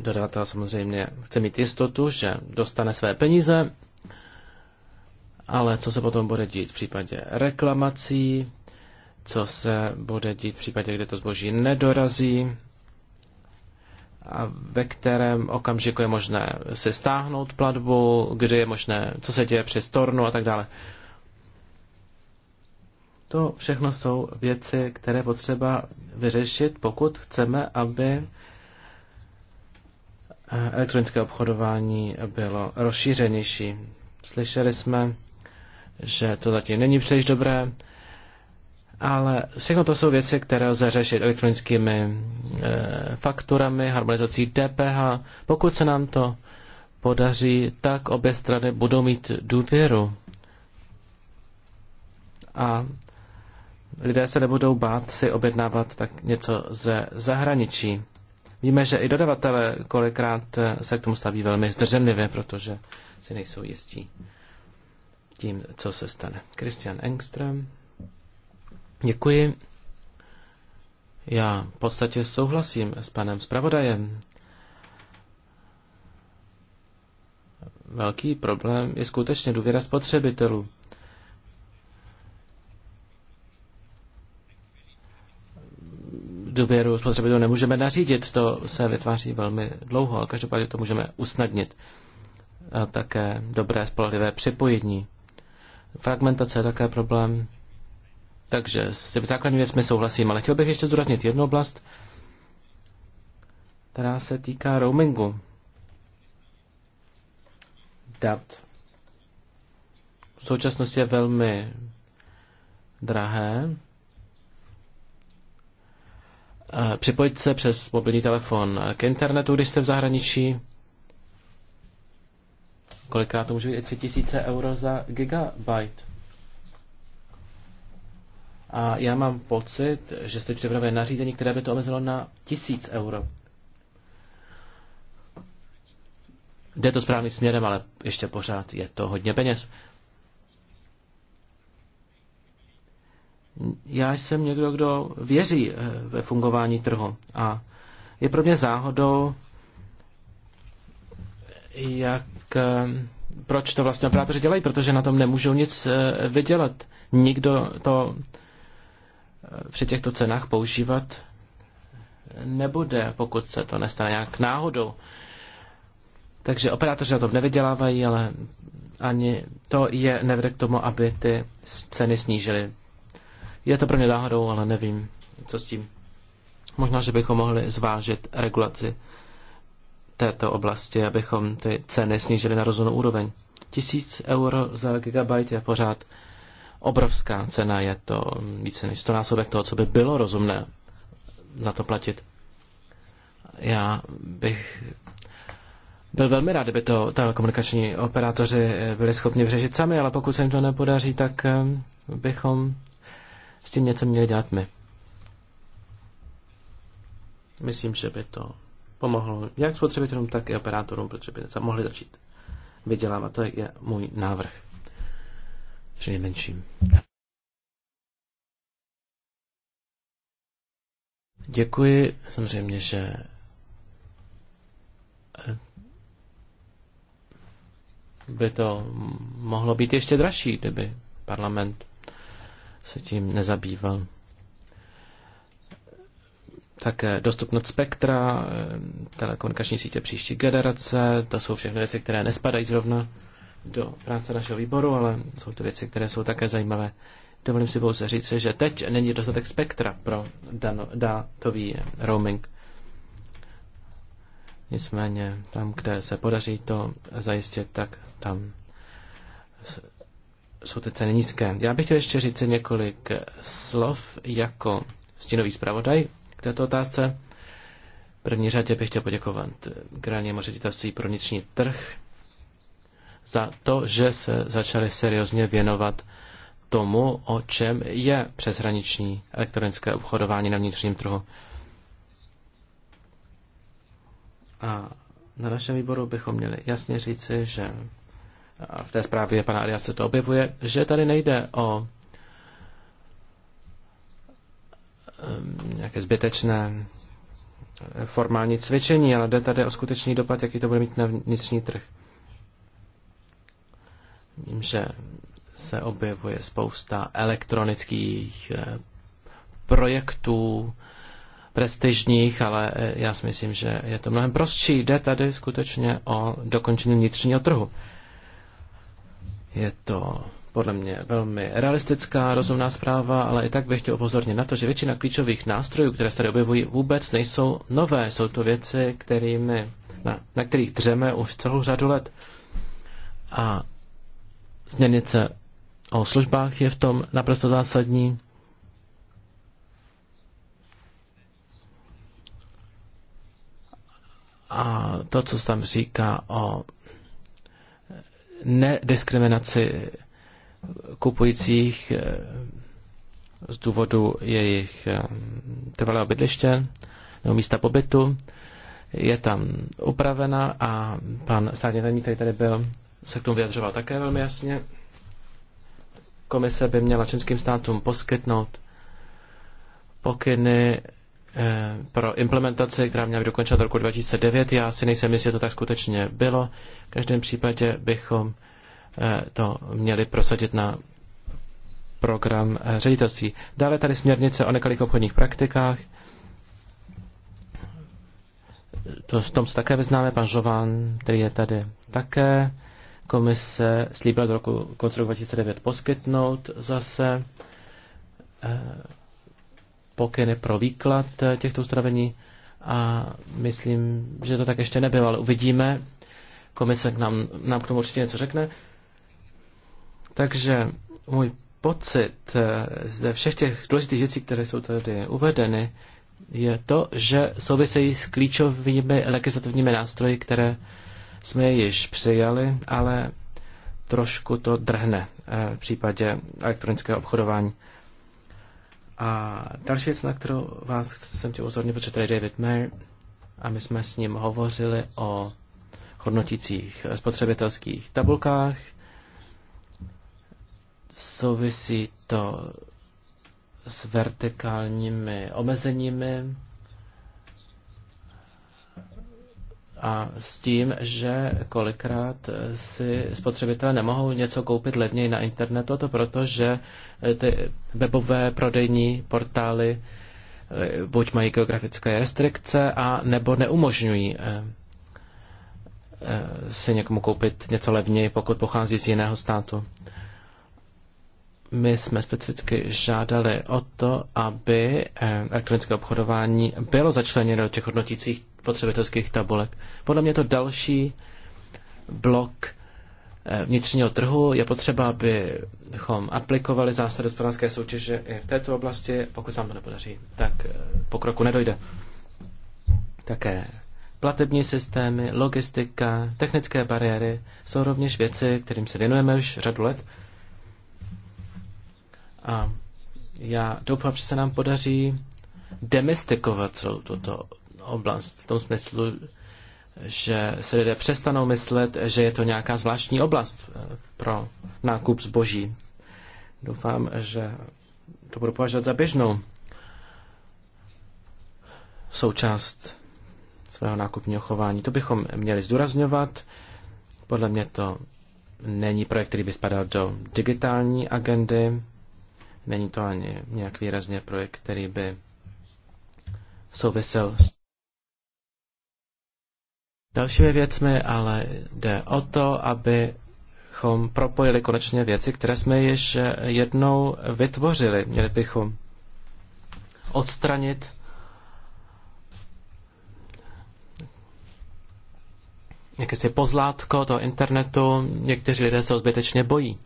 S2: Dodavatel samozřejmě chce mít jistotu, že dostane své peníze, ale co se potom bude dít v případě reklamací, co se bude dít v případě, kde to zboží nedorazí a ve kterém okamžiku je možné se stáhnout platbu, kdy je možné, co se děje při stornu a tak dále. To všechno jsou věci, které potřeba vyřešit, pokud chceme, aby elektronické obchodování bylo rozšířenější. Slyšeli jsme že to zatím není příliš dobré, ale všechno to jsou věci, které lze řešit elektronickými e, fakturami, harmonizací DPH. Pokud se nám to podaří, tak obě strany budou mít důvěru. A lidé se nebudou bát si objednávat tak něco ze zahraničí. Víme, že i dodavatele kolikrát eh, se k tomu staví velmi zdrženlivě, protože si nejsou jistí tím, co se stane. Christian Engström. Děkuji. Já v podstatě souhlasím s panem zpravodajem. Velký problém je skutečně důvěra spotřebitelů. Důvěru spotřebitelů nemůžeme nařídit, to se vytváří velmi dlouho, ale každopádně to můžeme usnadnit. A také dobré spolehlivé připojení Fragmentace je také problém. Takže s základní věcmi souhlasím, ale chtěl bych ještě zdůraznit jednu oblast, která se týká roamingu. Dat. V současnosti je velmi drahé. Eh, připojit se přes mobilní telefon k internetu, když jste v zahraničí, Kolikrát to může být i 3000 euro za gigabyte. A já mám pocit, že jste připravili nařízení, které by to omezilo na 1000 euro. Jde to správným směrem, ale ještě pořád je to hodně peněz. Já jsem někdo, kdo věří eh, ve fungování trhu a je pro mě záhodou, jak k, proč to vlastně operátoři dělají, protože na tom nemůžou nic eh, vydělat. Nikdo to eh, při těchto cenách používat nebude, pokud se to nestane nějak náhodou. Takže operátoři na tom nevydělávají, ale ani to je nevede k tomu, aby ty ceny snížily. Je to pro mě náhodou, ale nevím, co s tím. Možná, že bychom mohli zvážit regulaci této oblasti, abychom ty ceny snížili na rozumnou úroveň. Tisíc euro za gigabyte je pořád obrovská cena, je to více než stonásobek toho, co by bylo rozumné za to platit. Já bych byl velmi rád, kdyby to telekomunikační operátoři byli schopni vyřešit sami, ale pokud se jim to nepodaří, tak eh, bychom s tím něco měli dělat my. Myslím, že by to pomohlo jak spotřebitelům, tak i operátorům, protože by mohli začít vydělávat. To je můj návrh. Při menším. Děkuji. Samozřejmě, že eh, by to mohlo být ještě dražší, kdyby parlament se tím nezabýval také dostupnost spektra, eh, telekomunikační sítě příští generace, to jsou všechny věci, které nespadají zrovna do práce našeho výboru, ale jsou to věci, které jsou také zajímavé. Dovolím si pouze říct, že teď není dostatek spektra pro dano, dátový roaming. Nicméně tam, kde se podaří to zajistit, tak tam jsou ty ceny nízké. Já bych chtěl ještě říct několik slov jako stínový zpravodaj této otázce. V první řadě bych chtěl poděkovat generálnímu ředitelství pro vnitřní trh za to, že se začali seriózně věnovat tomu, o čem je přeshraniční elektronické obchodování na vnitřním trhu. A na našem výboru bychom měli jasně říci, že v té zprávě pana Aliase to objevuje, že tady nejde o Ehm, nějaké zbytečné eh, formální cvičení, ale jde tady o skutečný dopad, jaký to bude mít na vnitřní trh. Vím, že se objevuje spousta elektronických eh, projektů, prestižních, ale eh, já si myslím, že je to mnohem prostší. Jde tady skutečně o dokončení vnitřního trhu. Je to podle mě velmi realistická, rozumná zpráva, ale i tak bych chtěl upozornit na to, že většina klíčových nástrojů, které se tady objevují, vůbec nejsou nové. Jsou to věci, kterými, na, na kterých dřeme už celou řadu let. A směrnice o službách je v tom naprosto zásadní. A to, co se tam říká o nediskriminaci kupujících eh, z důvodu jejich eh, trvalého bydliště nebo místa pobytu. Je tam upravena a pan státní tajemník, který tady byl, se k tomu vyjadřoval také velmi jasně. Komise by měla členským státům poskytnout pokyny eh, pro implementaci, která měla být dokončena do roku 2009. Já si nejsem jistý, to tak skutečně bylo. V každém případě bychom Eh, to měli prosadit na program eh, ředitelství. Dále tady směrnice o nekalých obchodních praktikách. To, v tom se také vyznáme, pan Žován, který je tady také. Komise slíbila do roku, konce roku 2009 poskytnout zase eh, pokyny pro výklad těchto ustanovení a myslím, že to tak ještě nebylo, ale uvidíme. Komise k nám, nám k tomu určitě něco řekne. Takže můj pocit eh, ze všech těch důležitých věcí, které jsou tady uvedeny, je to, že souvisejí s klíčovými legislativními nástroji, které jsme již přijali, ale trošku to drhne eh, v případě elektronického obchodování. A další věc, na kterou vás jsem tě upozornil, protože tady je David Mayer a my jsme s ním hovořili o hodnotících spotřebitelských tabulkách, Souvisí to s vertikálními omezeními a s tím, že kolikrát si spotřebitelé nemohou něco koupit levněji na internetu, a to proto, že ty webové prodejní portály eh, buď mají geografické restrikce a nebo neumožňují eh, eh, si někomu koupit něco levněji, pokud pochází z jiného státu my jsme specificky žádali o to, aby eh, elektronické obchodování bylo začleněno do těch hodnotících potřebitelských tabulek. Podle mě to další blok eh, vnitřního trhu. Je potřeba, abychom aplikovali zásady hospodářské soutěže i v této oblasti. Pokud se nám to nepodaří, tak eh, pokroku nedojde. Také platební systémy, logistika, technické bariéry jsou rovněž věci, kterým se věnujeme už řadu let a já doufám, že se nám podaří demystikovat celou tuto oblast v tom smyslu, že se lidé přestanou myslet, že je to nějaká zvláštní oblast eh, pro nákup zboží. Doufám, že to budu považovat za běžnou součást svého nákupního chování. To bychom měli zdůrazňovat. Podle mě to není projekt, který by spadal do digitální agendy. Není to ani nějak výrazně projekt, který by souvisel s dalšími věcmi, ale jde o to, abychom propojili konečně věci, které jsme již jednou vytvořili. Měli bychom odstranit jakési pozlátko toho internetu. Někteří lidé se zbytečně bojí.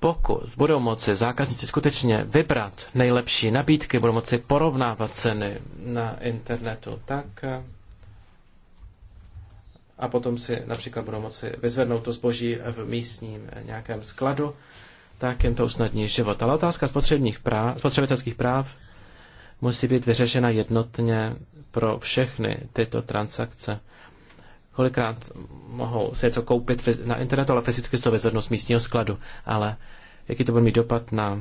S2: pokud budou moci zákazníci skutečně vybrat nejlepší nabídky, budou moci porovnávat ceny na internetu, tak eh, a potom si například budou moci vyzvednout to zboží v místním nějakém skladu, tak jim to usnadní život. Ale otázka spotřebních práv, spotřebitelských práv musí být vyřešena jednotně pro všechny tyto transakce. Kolikrát mohou si něco koupit na internetu, ale fyzicky se to vyzvednou z místního skladu. Ale jaký to bude mít dopad na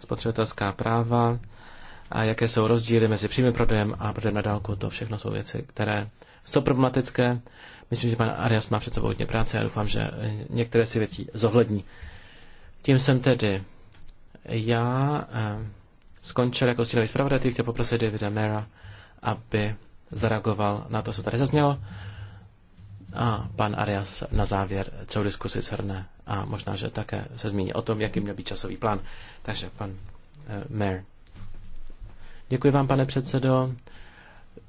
S2: spotřebitelská práva a jaké jsou rozdíly mezi přímým prodejem a prodejem na dálku, to všechno jsou věci, které jsou problematické. Myslím, že pan Arias má před sebou hodně práce a doufám, že některé si věci zohlední. Tím jsem tedy já eh, skončil jako stínový zpravodaj, chtěl poprosit Davida Mera, aby zareagoval na to, co tady zaznělo. A pan Arias na závěr celou diskusi shrne a možná, že také se zmíní o tom, jaký měl být časový plán. Takže pan uh, Mayor. Děkuji vám, pane předsedo.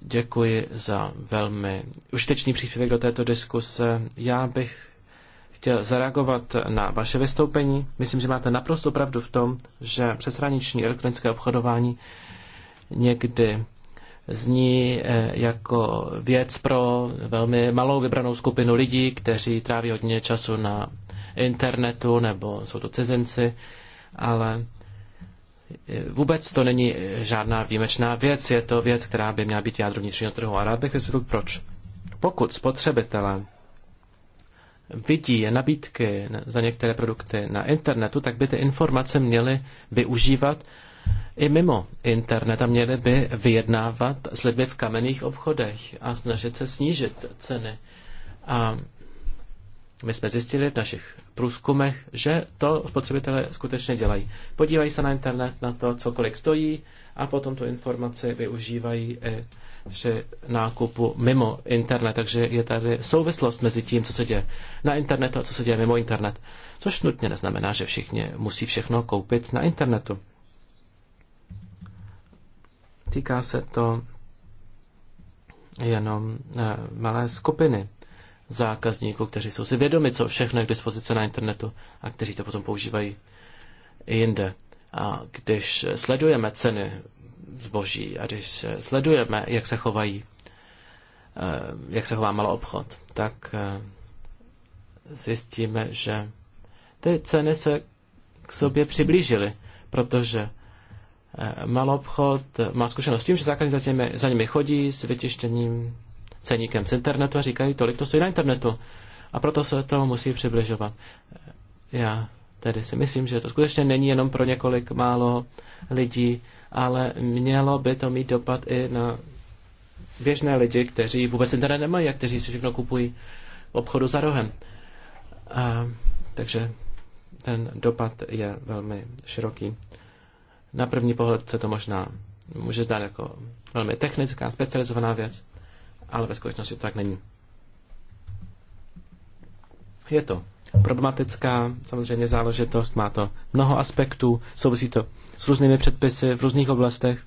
S2: Děkuji za velmi užitečný příspěvek do této diskuse. Já bych chtěl zareagovat na vaše vystoupení. Myslím, že máte naprosto pravdu v tom, že přeshraniční elektronické obchodování někdy zní eh, jako věc pro velmi malou vybranou skupinu lidí, kteří tráví hodně času na internetu nebo jsou to cizinci, ale eh, vůbec to není žádná výjimečná věc, je to věc, která by měla být jádro vnitřního trhu. A rád bych vysvětlil, proč. Pokud spotřebitelé vidí nabídky za některé produkty na internetu, tak by ty informace měli využívat i mimo internet a měli by vyjednávat s lidmi v kamenných obchodech a snažit se snížit ceny. A my jsme zjistili v našich průzkumech, že to spotřebitelé skutečně dělají. Podívají se na internet, na to, co kolik stojí a potom tu informaci využívají i při nákupu mimo internet. Takže je tady souvislost mezi tím, co se děje na internetu a co se děje mimo internet. Což nutně neznamená, že všichni musí všechno koupit na internetu. Týká se to jenom eh, malé skupiny zákazníků, kteří jsou si vědomi, co všechno je k dispozici na internetu a kteří to potom používají i jinde. A když sledujeme ceny zboží a když sledujeme, jak se chovají, eh, jak se chová malý obchod, tak eh, zjistíme, že ty ceny se k sobě přiblížily, protože Eh, obchod má zkušenost s tím, že zákazníci za, těmi, za nimi chodí s vytištěním ceníkem z internetu a říkají, tolik to stojí na internetu. A proto se to musí přibližovat. Eh, já tedy si myslím, že to skutečně není jenom pro několik málo lidí, ale mělo by to mít dopad i na běžné lidi, kteří vůbec internet nemají a kteří si všechno kupují v obchodu za rohem. A, eh, takže ten dopad je velmi široký. Na první pohled se to možná může zdát jako velmi technická, specializovaná věc, ale ve skutečnosti to tak není. Je to problematická samozřejmě záležitost, má to mnoho aspektů, souvisí to s různými předpisy v různých oblastech,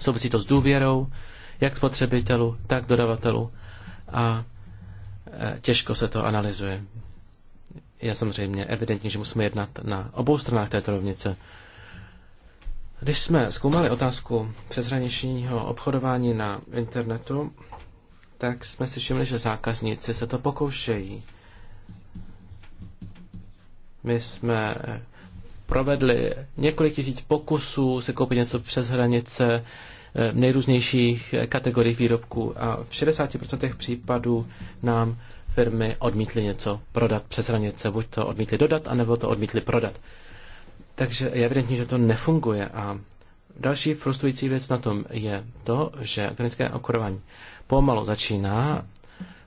S2: souvisí to s důvěrou, jak spotřebitelů, tak dodavatelů a e, těžko se to analyzuje. Je samozřejmě evidentní, že musíme jednat na obou stranách této rovnice. Když jsme zkoumali otázku přeshraničního obchodování na internetu, tak jsme si všimli, že zákazníci se to pokoušejí. My jsme eh, provedli několik tisíc pokusů se koupit něco přes hranice eh, v nejrůznějších eh, kategoriích výrobků a v 60% případů nám firmy odmítly něco prodat přes hranice. Buď to odmítly dodat, anebo to odmítly prodat. Takže je evidentní, že to nefunguje. A další frustrující věc na tom je to, že klinické okurování pomalu začíná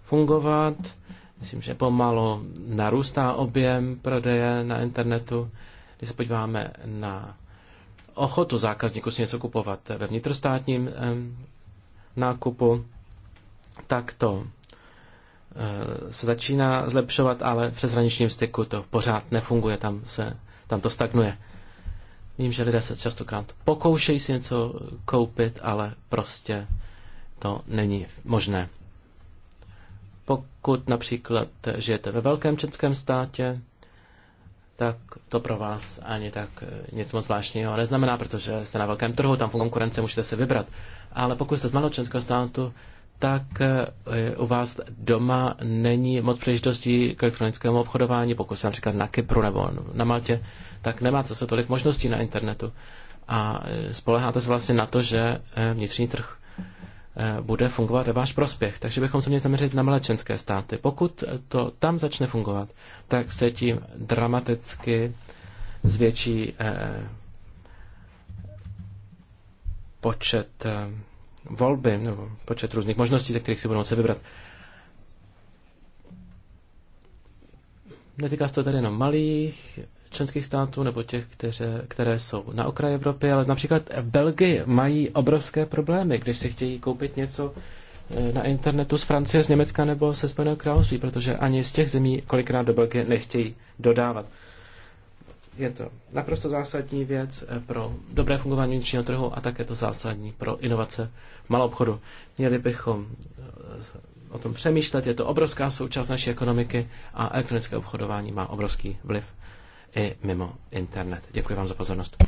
S2: fungovat. Myslím, že pomalu narůstá objem prodeje na internetu. Když se podíváme na ochotu zákazníků si něco kupovat ve vnitrostátním nákupu, tak to eh, se začíná zlepšovat, ale v přeshraničním styku to pořád nefunguje, tam se tam to stagnuje. Vím, že lidé se častokrát pokoušejí si něco koupit, ale prostě to není možné. Pokud například žijete ve velkém českém státě, tak to pro vás ani tak nic moc zvláštního neznamená, protože jste na velkém trhu, tam v konkurence můžete se vybrat. Ale pokud jste z maločenského státu, tak eh, u vás doma není moc příležitostí k elektronickému obchodování, pokud se například na Kypru nebo na Maltě, tak nemáte zase tolik možností na internetu a eh, spoleháte se vlastně na to, že eh, vnitřní trh bude fungovat ve váš prospěch. Takže bychom se měli zaměřit na malé členské státy. Pokud to tam začne fungovat, tak se tím dramaticky zvětší počet volby, nebo počet různých možností, ze kterých si budou moci vybrat. Netýká se to tady jenom malých členských států nebo těch, které, které jsou na okraji Evropy, ale například v Belgii mají obrovské problémy, když si chtějí koupit něco eh, na internetu z Francie, z Německa nebo se Spojeného království, protože ani z těch zemí kolikrát do Belgie nechtějí dodávat. Je to naprosto zásadní věc eh, pro dobré fungování vnitřního trhu a také to zásadní pro inovace malou obchodu. Měli bychom eh, o tom přemýšlet, je to obrovská součást naší ekonomiky a elektronické obchodování má obrovský vliv i mimo internet. Děkuji vám za pozornost.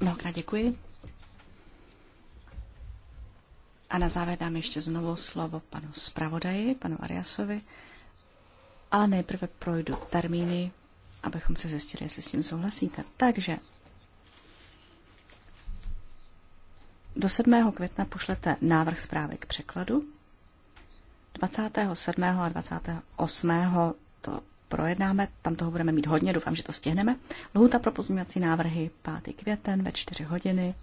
S3: Mnohokrát děkuji. A na závěr dám ještě znovu slovo panu zpravodaji, panu Ariasovi, ale nejprve projdu termíny abychom se zjistili, jestli s tím souhlasíte. Takže do 7. května pošlete návrh zprávy k překladu. 27. a 28. to projednáme, tam toho budeme mít hodně, doufám, že to stihneme. Lhuta pro pozměňovací návrhy 5. květen ve 4 hodiny.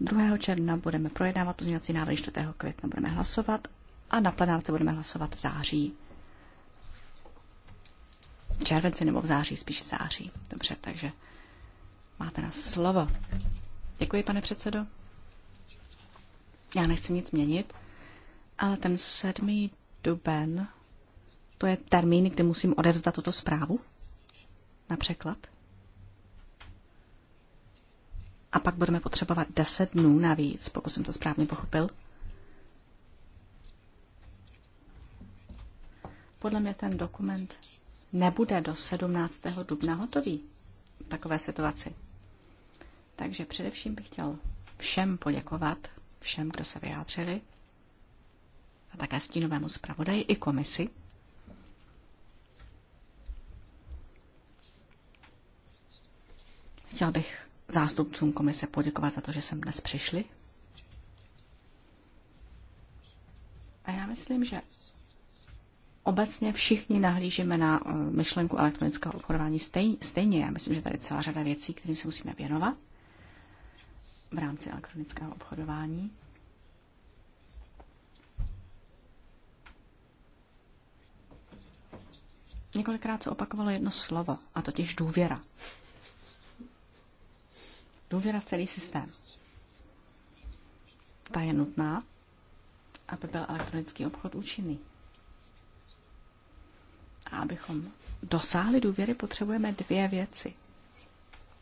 S3: 2. června budeme projednávat pozměňovací návrhy, 4. května budeme hlasovat a na plenárce budeme hlasovat v září červenci nebo v září, spíš v září. Dobře, takže máte na slovo. Děkuji, pane předsedo. Já nechci nic měnit, ale ten 7. duben, to je termín, kdy musím odevzdat tuto zprávu na překlad. A pak budeme potřebovat 10 dnů navíc, pokud jsem to správně pochopil. Podle mě ten dokument nebude do 17. dubna hotový v takové situaci. Takže především bych chtěl všem poděkovat, všem, kdo se vyjádřili, a také stínovému zpravodaji i komisi. Chtěl bych zástupcům komise poděkovat za to, že sem dnes přišli. A já myslím, že obecně všichni nahlížíme na eh, myšlenku elektronického obchodování stejně. Já myslím, že tady je celá řada věcí, kterým se musíme věnovat v rámci elektronického obchodování. Několikrát se opakovalo jedno slovo, a totiž důvěra. Důvěra v celý systém. Ta je nutná, aby byl elektronický obchod účinný. A abychom dosáhli důvěry, potřebujeme dvě věci.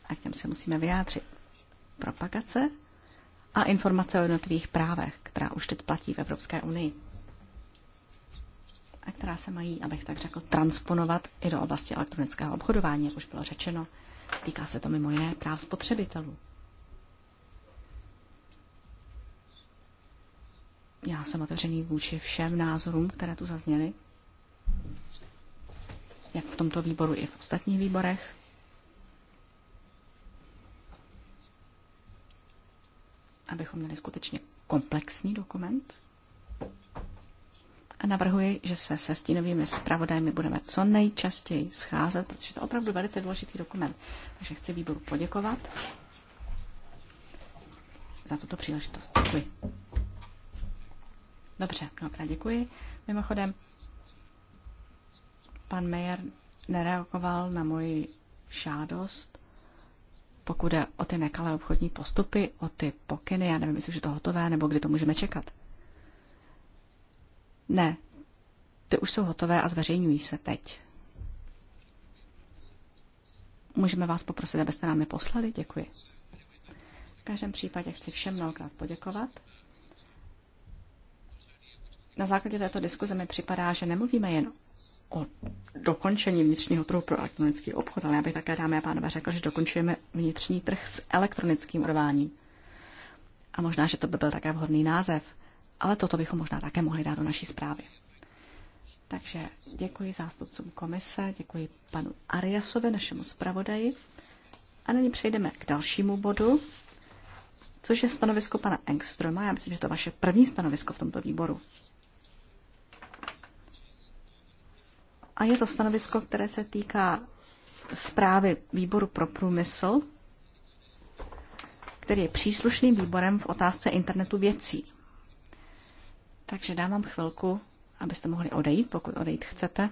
S3: A k těm se musíme vyjádřit. Propagace a informace o jednotlivých právech, která už teď platí v Evropské unii a která se mají, abych tak řekl, transponovat i do oblasti elektronického obchodování, jak už bylo řečeno. Týká se to mimo jiné práv spotřebitelů. Já jsem otevřený vůči všem názorům, které tu zazněly jak v tomto výboru, i v ostatních výborech. Abychom měli skutečně komplexní dokument. A navrhuji, že se se stínovými zpravodajmi budeme co nejčastěji scházet, protože to je opravdu velice důležitý dokument. Takže chci výboru poděkovat za tuto příležitost. Děkuji. Dobře, mnohokrát děkuji. Mimochodem, Pan Meyer nereagoval na moji žádost, pokud je o ty nekalé obchodní postupy, o ty pokyny, já nevím, jestli už je to hotové, nebo kdy to můžeme čekat. Ne, ty už jsou hotové a zveřejňují se teď. Můžeme vás poprosit, abyste nám je poslali? Děkuji. V každém případě chci všem mnohokrát poděkovat. Na základě této diskuze mi připadá, že nemluvíme jen o dokončení vnitřního trhu pro elektronický obchod, ale já bych také, dámy a pánové, řekl, že dokončujeme vnitřní trh s elektronickým urváním. A možná, že to by byl také vhodný název, ale toto bychom možná také mohli dát do naší zprávy. Takže děkuji zástupcům komise, děkuji panu Ariasovi, našemu zpravodaji. A nyní přejdeme k dalšímu bodu, což je stanovisko pana Engströma. Já myslím, že to je vaše první stanovisko v tomto výboru. A je to stanovisko, které se týká zprávy výboru pro průmysl, který je příslušným výborem v otázce internetu věcí. Takže dám vám chvilku, abyste mohli odejít, pokud odejít chcete.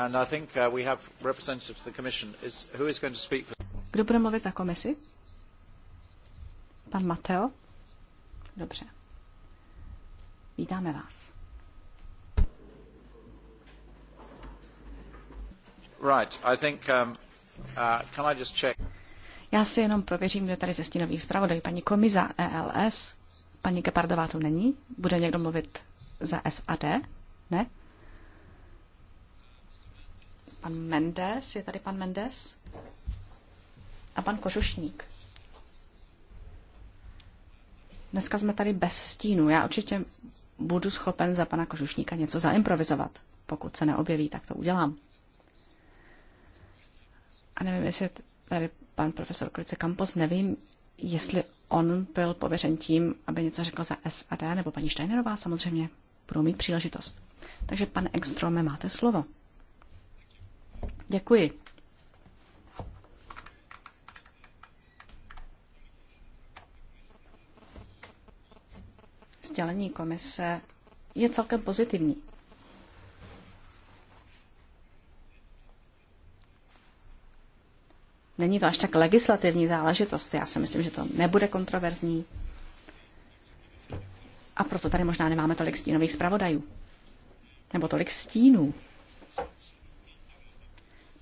S3: And I think uh, we have representatives of the Commission. Is, who is going to speak for... Kdo bude mluvit za komisi? Pan Mateo? Dobře. Vítáme vás. Right, I think, um, uh, can I just check? Já si jenom prověřím, kde tady ze stínových zpravodají. Paní Komiza ELS, paní Gepardová tu není. Bude někdo mluvit za SAD? Ne? Pan Mendes, je tady pan Mendes? A pan Kožušník. Dneska jsme tady bez stínu. Já určitě budu schopen za pana Kožušníka něco zaimprovizovat. Pokud se neobjeví, tak to udělám. A nevím, jestli tady pan profesor Klice Campos, nevím, jestli on byl pověřen tím, aby něco řekl za SAD, nebo paní Steinerová samozřejmě budou mít příležitost. Takže pane Extrome, máte slovo. Děkuji. Sdělení komise je celkem pozitivní. Není to až tak legislativní záležitost, já si myslím, že to nebude kontroverzní. A proto tady možná nemáme tolik stínových zpravodajů. Nebo tolik stínů.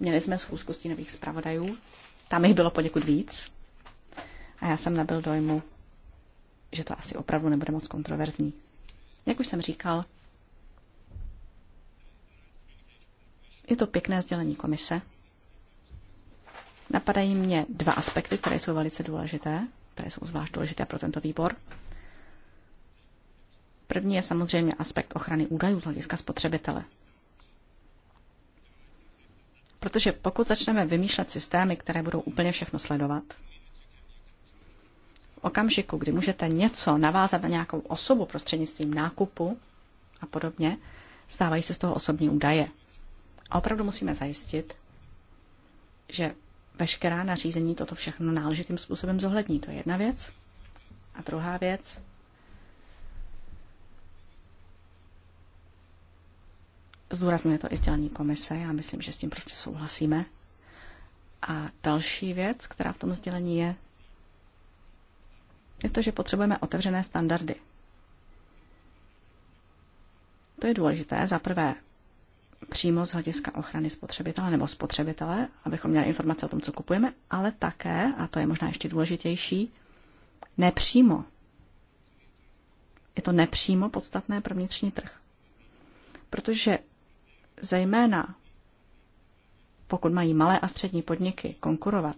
S3: Měli jsme schůzku stínových zpravodajů, tam jich bylo poněkud víc a já jsem nabil dojmu, že to asi opravdu nebude moc kontroverzní. Jak už jsem říkal, je to pěkné sdělení komise. Napadají mě dva aspekty, které jsou velice důležité, které jsou zvlášť důležité pro tento výbor. První je samozřejmě aspekt ochrany údajů z hlediska spotřebitele. Protože pokud začneme vymýšlet systémy, které budou úplně všechno sledovat, v okamžiku, kdy můžete něco navázat na nějakou osobu prostřednictvím nákupu a podobně, stávají se z toho osobní údaje. A opravdu musíme zajistit, že veškerá nařízení toto všechno náležitým způsobem zohlední. To je jedna věc. A druhá věc, Zdůrazňuje to i sdělení komise, já myslím, že s tím prostě souhlasíme. A další věc, která v tom sdělení je, je to, že potřebujeme otevřené standardy. To je důležité. Za prvé, přímo z hlediska ochrany spotřebitele nebo spotřebitele, abychom měli informace o tom, co kupujeme, ale také, a to je možná ještě důležitější, nepřímo. Je to nepřímo podstatné pro vnitřní trh. Protože zejména pokud mají malé a střední podniky konkurovat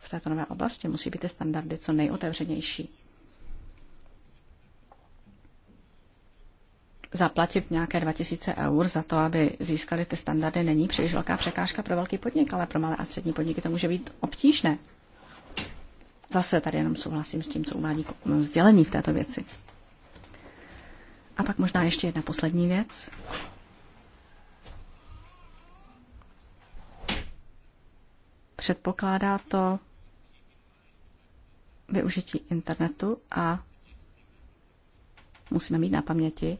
S3: v této nové oblasti, musí být ty standardy co nejotevřenější. Zaplatit nějaké 2000 eur za to, aby získali ty standardy, není příliš velká překážka pro velký podnik, ale pro malé a střední podniky to může být obtížné. Zase tady jenom souhlasím s tím, co uvádí no, sdělení v této věci. A pak možná ještě jedna poslední věc, Předpokládá to využití internetu a musíme mít na paměti,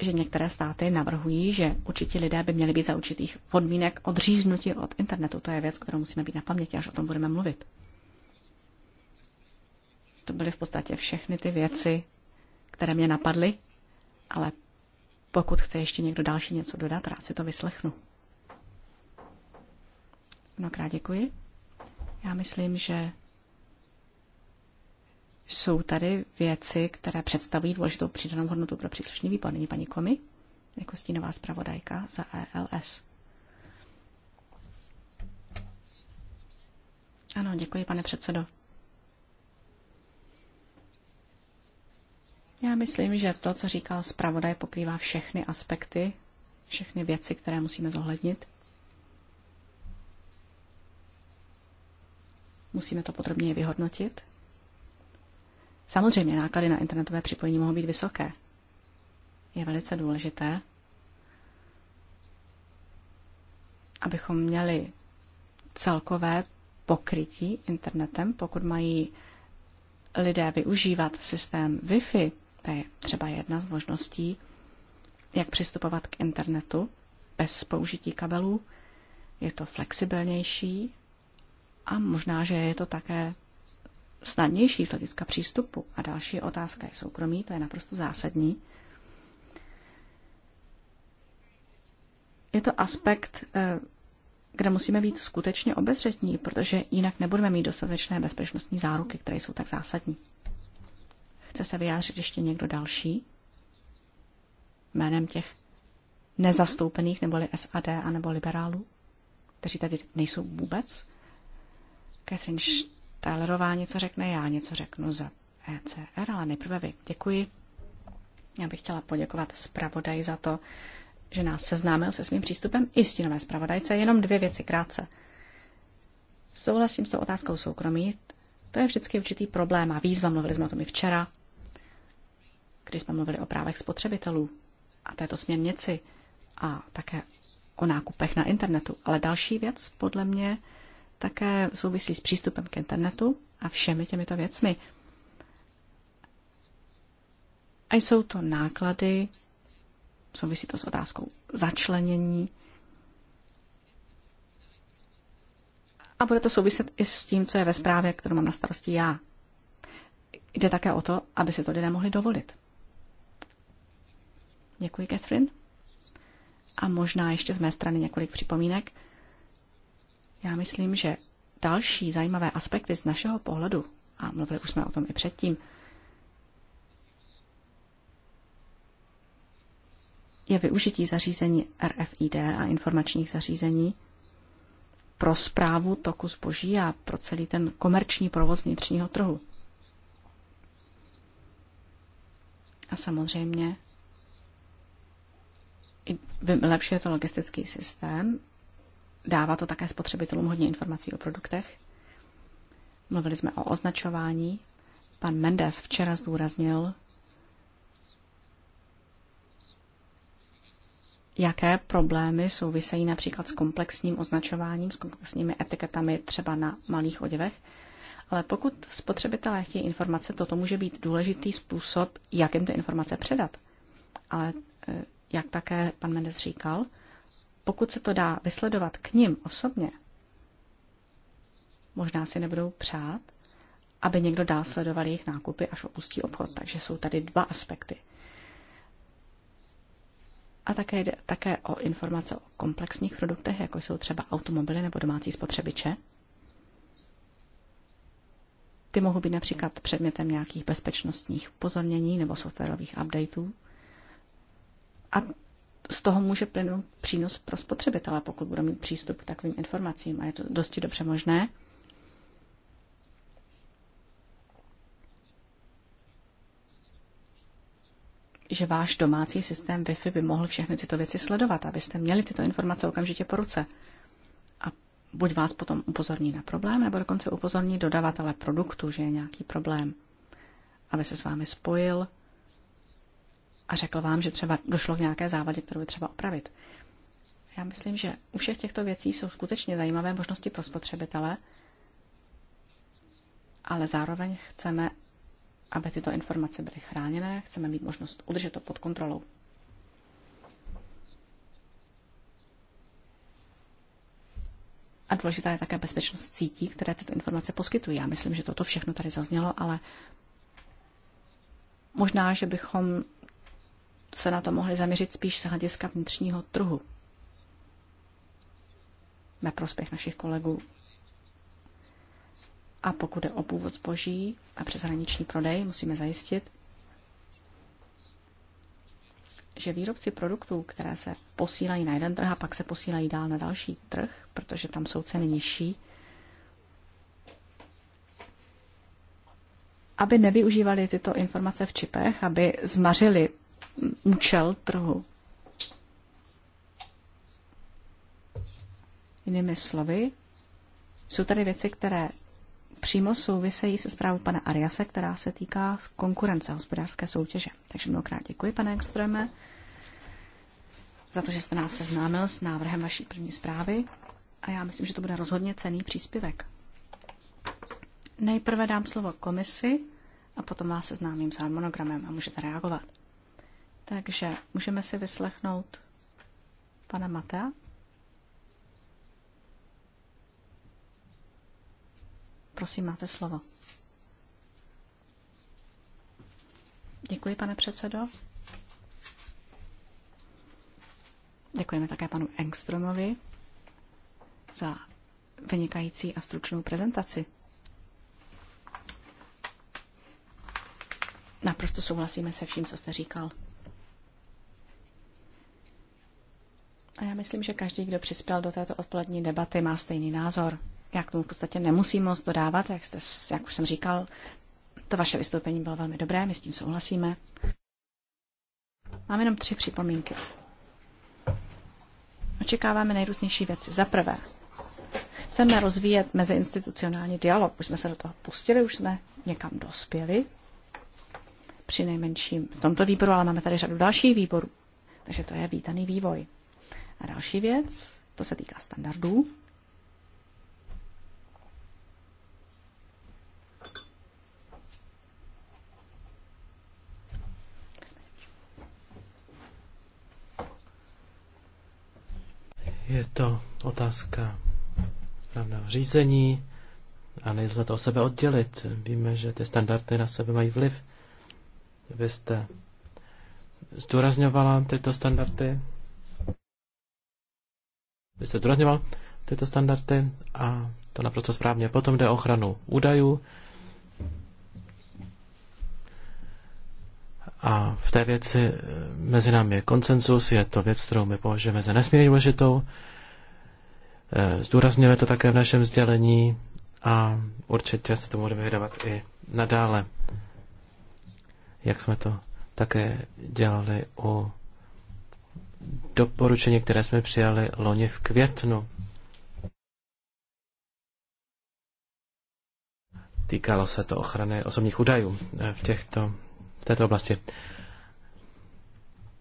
S3: že některé státy navrhují, že určití lidé by měli být za určitých podmínek odříznuti od internetu. To je věc, kterou musíme být na paměti, až o tom budeme mluvit. To byly v podstatě všechny ty věci, které mě napadly, ale pokud chce ještě někdo další něco dodat, rád si to vyslechnu. Mnohokrát děkuji. Já myslím, že jsou tady věci, které představují důležitou přidanou hodnotu pro příslušný výbor. Nyní paní Komi, jako stínová zpravodajka za ELS. Ano, děkuji, pane předsedo. Já myslím, že to, co říkal zpravodaj, pokrývá všechny aspekty, všechny věci, které musíme zohlednit. Musíme to podrobněji vyhodnotit. Samozřejmě náklady na internetové připojení mohou být vysoké. Je velice důležité, abychom měli celkové pokrytí internetem, pokud mají lidé využívat systém Wi-Fi, to je třeba jedna z možností, jak přistupovat k internetu bez použití kabelů. Je to flexibilnější a možná, že je to také snadnější z hlediska přístupu. A další otázka je soukromí, to je naprosto zásadní. Je to aspekt, eh, kde musíme být skutečně obezřetní, protože jinak nebudeme mít dostatečné bezpečnostní záruky, které jsou tak zásadní. Chce se vyjádřit ještě někdo další? Jménem těch nezastoupených, neboli SAD a nebo liberálů, kteří tady nejsou vůbec? Katrin Štálerová něco řekne, já něco řeknu za ECR, ale nejprve vy. Děkuji. Já bych chtěla poděkovat zpravodaji za to, že nás seznámil se svým přístupem i stínové zpravodajce. Jenom dvě věci krátce. Souhlasím s tou otázkou soukromí. To je vždycky určitý problém a výzva. Mluvili jsme o tom i včera, když jsme mluvili o právech spotřebitelů a této směrnici a také o nákupech na internetu. Ale další věc, podle mě, také souvisí s přístupem k internetu a všemi těmito věcmi. A jsou to náklady, souvisí to s otázkou začlenění. A bude to souviset i s tím, co je ve zprávě, kterou mám na starosti já. Jde také o to, aby si to lidé mohli dovolit. Děkuji, Catherine. A možná ještě z mé strany několik připomínek. Já myslím, že další zajímavé aspekty z našeho pohledu, a mluvili už jsme o tom i předtím, je využití zařízení RFID a informačních zařízení pro zprávu toku zboží a pro celý ten komerční provoz vnitřního trhu. A samozřejmě lepší je to logistický systém dává to také spotřebitelům hodně informací o produktech. Mluvili jsme o označování. Pan Mendes včera zdůraznil, jaké problémy souvisejí například s komplexním označováním, s komplexními etiketami třeba na malých oděvech. Ale pokud spotřebitelé chtějí informace, toto může být důležitý způsob, jak jim ty informace předat. Ale eh, jak také pan Mendes říkal, pokud se to dá vysledovat k ním osobně, možná si nebudou přát, aby někdo dál sledoval jejich nákupy, až opustí obchod. Takže jsou tady dva aspekty. A také jde také o informace o komplexních produktech, jako jsou třeba automobily nebo domácí spotřebiče. Ty mohou být například předmětem nějakých bezpečnostních pozornění nebo softwarových updateů. A z toho může plynout přínos pro spotřebitele, pokud budou mít přístup k takovým informacím a je to dosti dobře možné. že váš domácí systém Wi-Fi by mohl všechny tyto věci sledovat, abyste měli tyto informace okamžitě po ruce. A buď vás potom upozorní na problém, nebo dokonce upozorní dodavatele produktu, že je nějaký problém, aby se s vámi spojil a řekl vám, že třeba došlo k nějaké závadě, kterou je třeba opravit. Já myslím, že u všech těchto věcí jsou skutečně zajímavé možnosti pro spotřebitele, ale zároveň chceme, aby tyto informace byly chráněné, chceme mít možnost udržet to pod kontrolou. A důležitá je také bezpečnost sítí, které tyto informace poskytují. Já myslím, že toto všechno tady zaznělo, ale možná, že bychom se na to mohli zaměřit spíš z hlediska vnitřního trhu na prospěch našich kolegů. A pokud je o původ zboží a přeshraniční prodej, musíme zajistit, že výrobci produktů, které se posílají na jeden trh a pak se posílají dál na další trh, protože tam jsou ceny nižší, aby nevyužívali tyto informace v čipech, aby zmařili účel trhu. Jinými slovy, jsou tady věci, které přímo souvisejí se zprávou pana Ariase, která se týká konkurence hospodářské soutěže. Takže mnohokrát děkuji, pane Extreme, za to, že jste nás seznámil s návrhem vaší první zprávy a já myslím, že to bude rozhodně cený příspěvek. Nejprve dám slovo komisi a potom vás seznámím s harmonogramem a můžete reagovat. Takže můžeme si vyslechnout pana Matea. Prosím, máte slovo. Děkuji, pane předsedo. Děkujeme také panu Engstromovi za vynikající a stručnou prezentaci. Naprosto souhlasíme se vším, co jste říkal. A já myslím, že každý, kdo přispěl do této odpolední debaty, má stejný názor. Já k tomu v podstatě nemusím moc dodávat, jak, jste, jak už jsem říkal, to vaše vystoupení bylo velmi dobré, my s tím souhlasíme. Mám jenom tři připomínky. Očekáváme nejrůznější věci. Za prvé, chceme rozvíjet meziinstitucionální dialog. Už jsme se do toho pustili, už jsme někam dospěli. Při nejmenším v tomto výboru, ale máme tady řadu dalších výborů. Takže to je vítaný vývoj. A další věc, to se týká standardů.
S2: Je to otázka správného řízení a nejde to o sebe oddělit. Víme, že ty standardy na sebe mají vliv. Vy jste zdůrazňovala tyto standardy by se zdůrazňoval tyto standardy a to naprosto správně. Potom jde o ochranu údajů a v té věci eh, mezi námi je konsenzus, je to věc, kterou my považujeme za nesmírně důležitou. Eh, zdůrazňujeme to také v našem sdělení a určitě se to budeme vydávat i nadále, jak jsme to také dělali u doporučení, které jsme přijali loni v květnu. Týkalo se to ochrany osobních údajů eh, v, těchto, v této oblasti.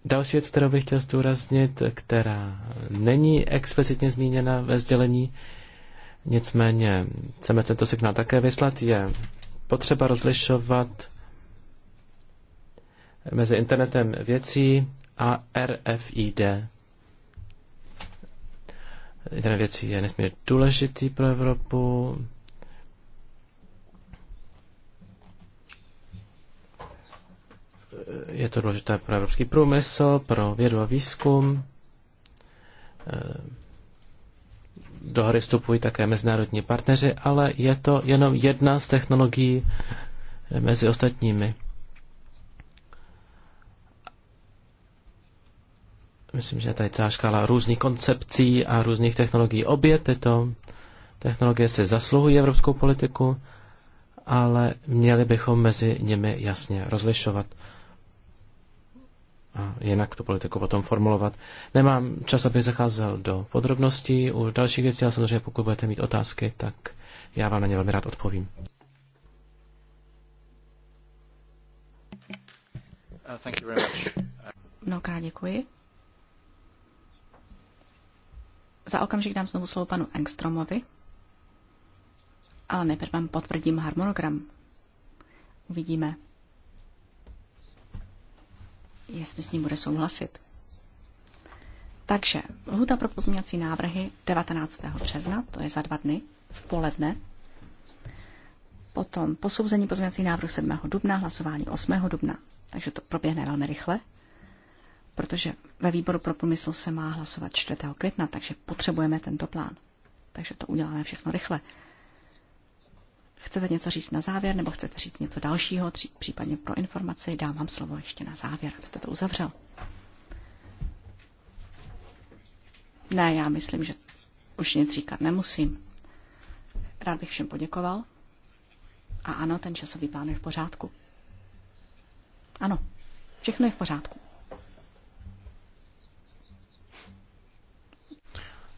S2: Další věc, kterou bych chtěl zdůraznit, která není explicitně zmíněna ve sdělení, nicméně chceme tento signál také vyslat, je potřeba rozlišovat mezi internetem věcí, a RFID. Jeden věcí je nesmírně důležitý pro Evropu. Je to důležité pro evropský průmysl, pro vědu a výzkum. Do hry vstupují také mezinárodní partneři, ale je to jenom jedna z technologií mezi ostatními. Myslím, že tady celá škála různých koncepcí a různých technologií. Obě tyto technologie se zasluhují evropskou politiku, ale měli bychom mezi nimi jasně rozlišovat. A jinak tu politiku potom formulovat. Nemám čas, abych zacházel do podrobností u dalších věcí, ale samozřejmě pokud budete mít otázky, tak já vám na ně velmi rád odpovím. Uh,
S3: Mnohokrát děkuji. Za okamžik dám znovu slovo panu Engstromovi, ale nejprve vám potvrdím harmonogram. Uvidíme, jestli s ním bude souhlasit. Takže lhuta pro pozměňovací návrhy 19. března, to je za dva dny, v poledne. Potom posouzení pozměňovací návrhu 7. dubna, hlasování 8. dubna. Takže to proběhne velmi rychle protože ve výboru pro průmysl se má hlasovat 4. května, takže potřebujeme tento plán. Takže to uděláme všechno rychle. Chcete něco říct na závěr, nebo chcete říct něco dalšího, případně pro informaci, dám vám slovo ještě na závěr, abyste to uzavřel. Ne, já myslím, že už nic říkat nemusím. Rád bych všem poděkoval. A ano, ten časový plán je v pořádku. Ano, všechno je v pořádku.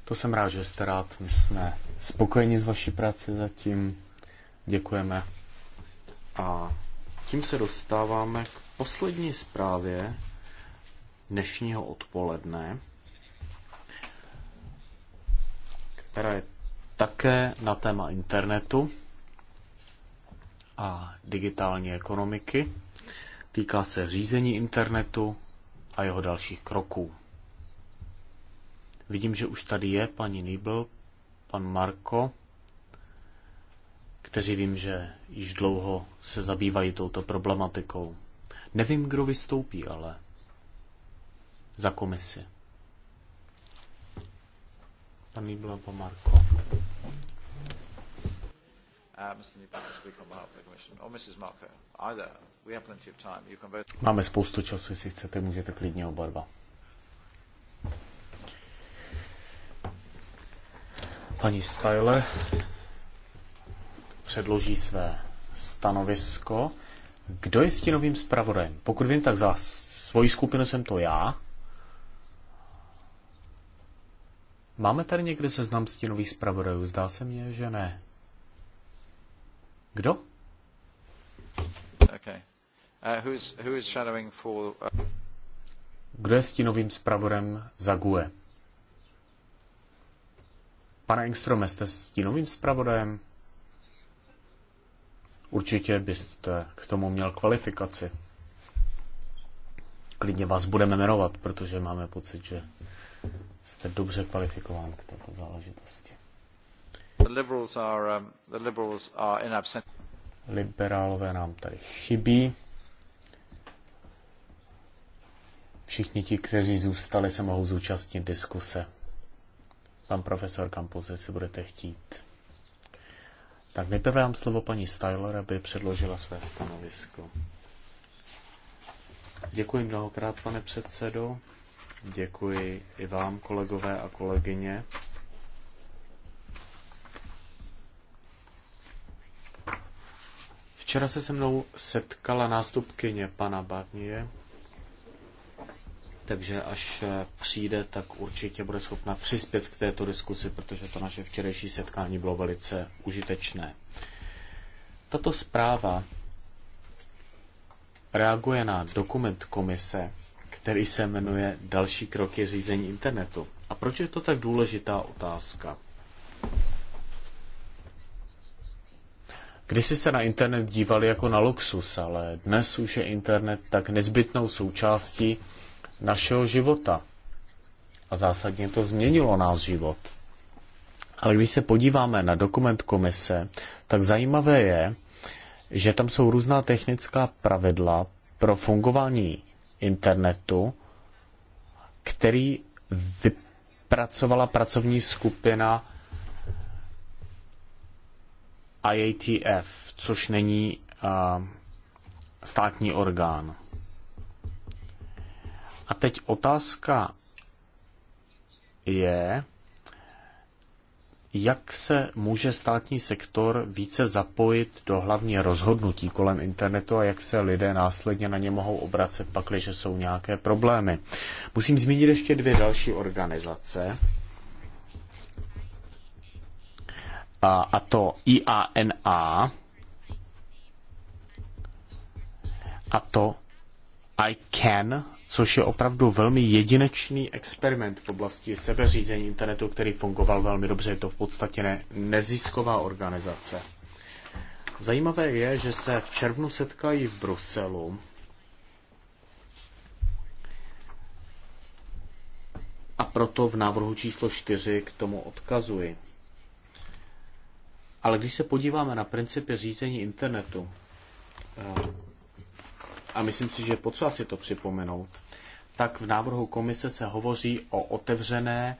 S1: To jsem rád, že jste rád. My jsme spokojeni s vaší práci zatím. Děkujeme. A tím se dostáváme k poslední zprávě dnešního odpoledne, která je také na téma internetu a digitální ekonomiky. Týká se řízení internetu a jeho dalších kroků. Vidím, že už tady je paní Nýbl, pan Marko, kteří vím, že již dlouho se zabývají touto problematikou. Nevím, kdo vystoupí, ale za komisi. Pan Nýbl a pan Marko. Uh,
S3: oh, Máme
S1: spoustu času, jestli chcete, můžete klidně oba dva. Paní Style, předloží své stanovisko. Kdo je stínovým zpravodajem? Pokud vím, tak za svoji skupinu jsem to já. Máme tady někde seznam stínových zpravodajů? Zdá se mně, že ne. Kdo?
S3: Okay. Uh, who's, who is shadowing for, uh...
S1: Kdo je stínovým zpravodem za GUE? Pane Engstrom, jste stínovým zpravodajem? Určitě byste k tomu měl kvalifikaci. Klidně vás budeme jmenovat, protože máme pocit, že jste dobře kvalifikován k této záležitosti.
S3: Um,
S1: Liberálové nám tady chybí. Všichni ti, kteří zůstali, se mohou zúčastnit diskuse pan profesor Campos, jestli budete chtít. Tak nejprve vám slovo paní Styler, aby předložila své stanovisko. Děkuji mnohokrát, pane předsedo. Děkuji i vám, kolegové a kolegyně. Včera se se mnou setkala nástupkyně pana Barnie takže až eh, přijde, tak určitě bude schopna přispět k této diskusi, protože to naše včerejší setkání bylo velice užitečné. Tato zpráva reaguje na dokument komise, který se jmenuje Další kroky řízení internetu. A proč je to tak důležitá otázka? Když se na internet dívali jako na luxus, ale dnes už je internet tak nezbytnou součástí našeho života. A zásadně to změnilo náš život. Ale když se podíváme na dokument komise, tak zajímavé je, že tam jsou různá technická pravidla pro fungování internetu, který vypracovala pracovní skupina IATF, což není uh, státní orgán. A teď otázka je, jak se může státní sektor více zapojit do hlavně rozhodnutí kolem internetu a jak se lidé následně na ně mohou obracet, pakliže jsou nějaké problémy. Musím zmínit ještě dvě další organizace. A, a to IANA a to ICANN což je opravdu velmi jedinečný experiment v oblasti sebeřízení internetu, který fungoval velmi dobře. Je to v podstatě ne, nezisková organizace. Zajímavé je, že se v červnu setkají v Bruselu a proto v návrhu číslo 4 k tomu odkazuji. Ale když se podíváme na principy řízení internetu, eh, a myslím si, že je potřeba si to připomenout, tak v návrhu komise se hovoří o otevřené,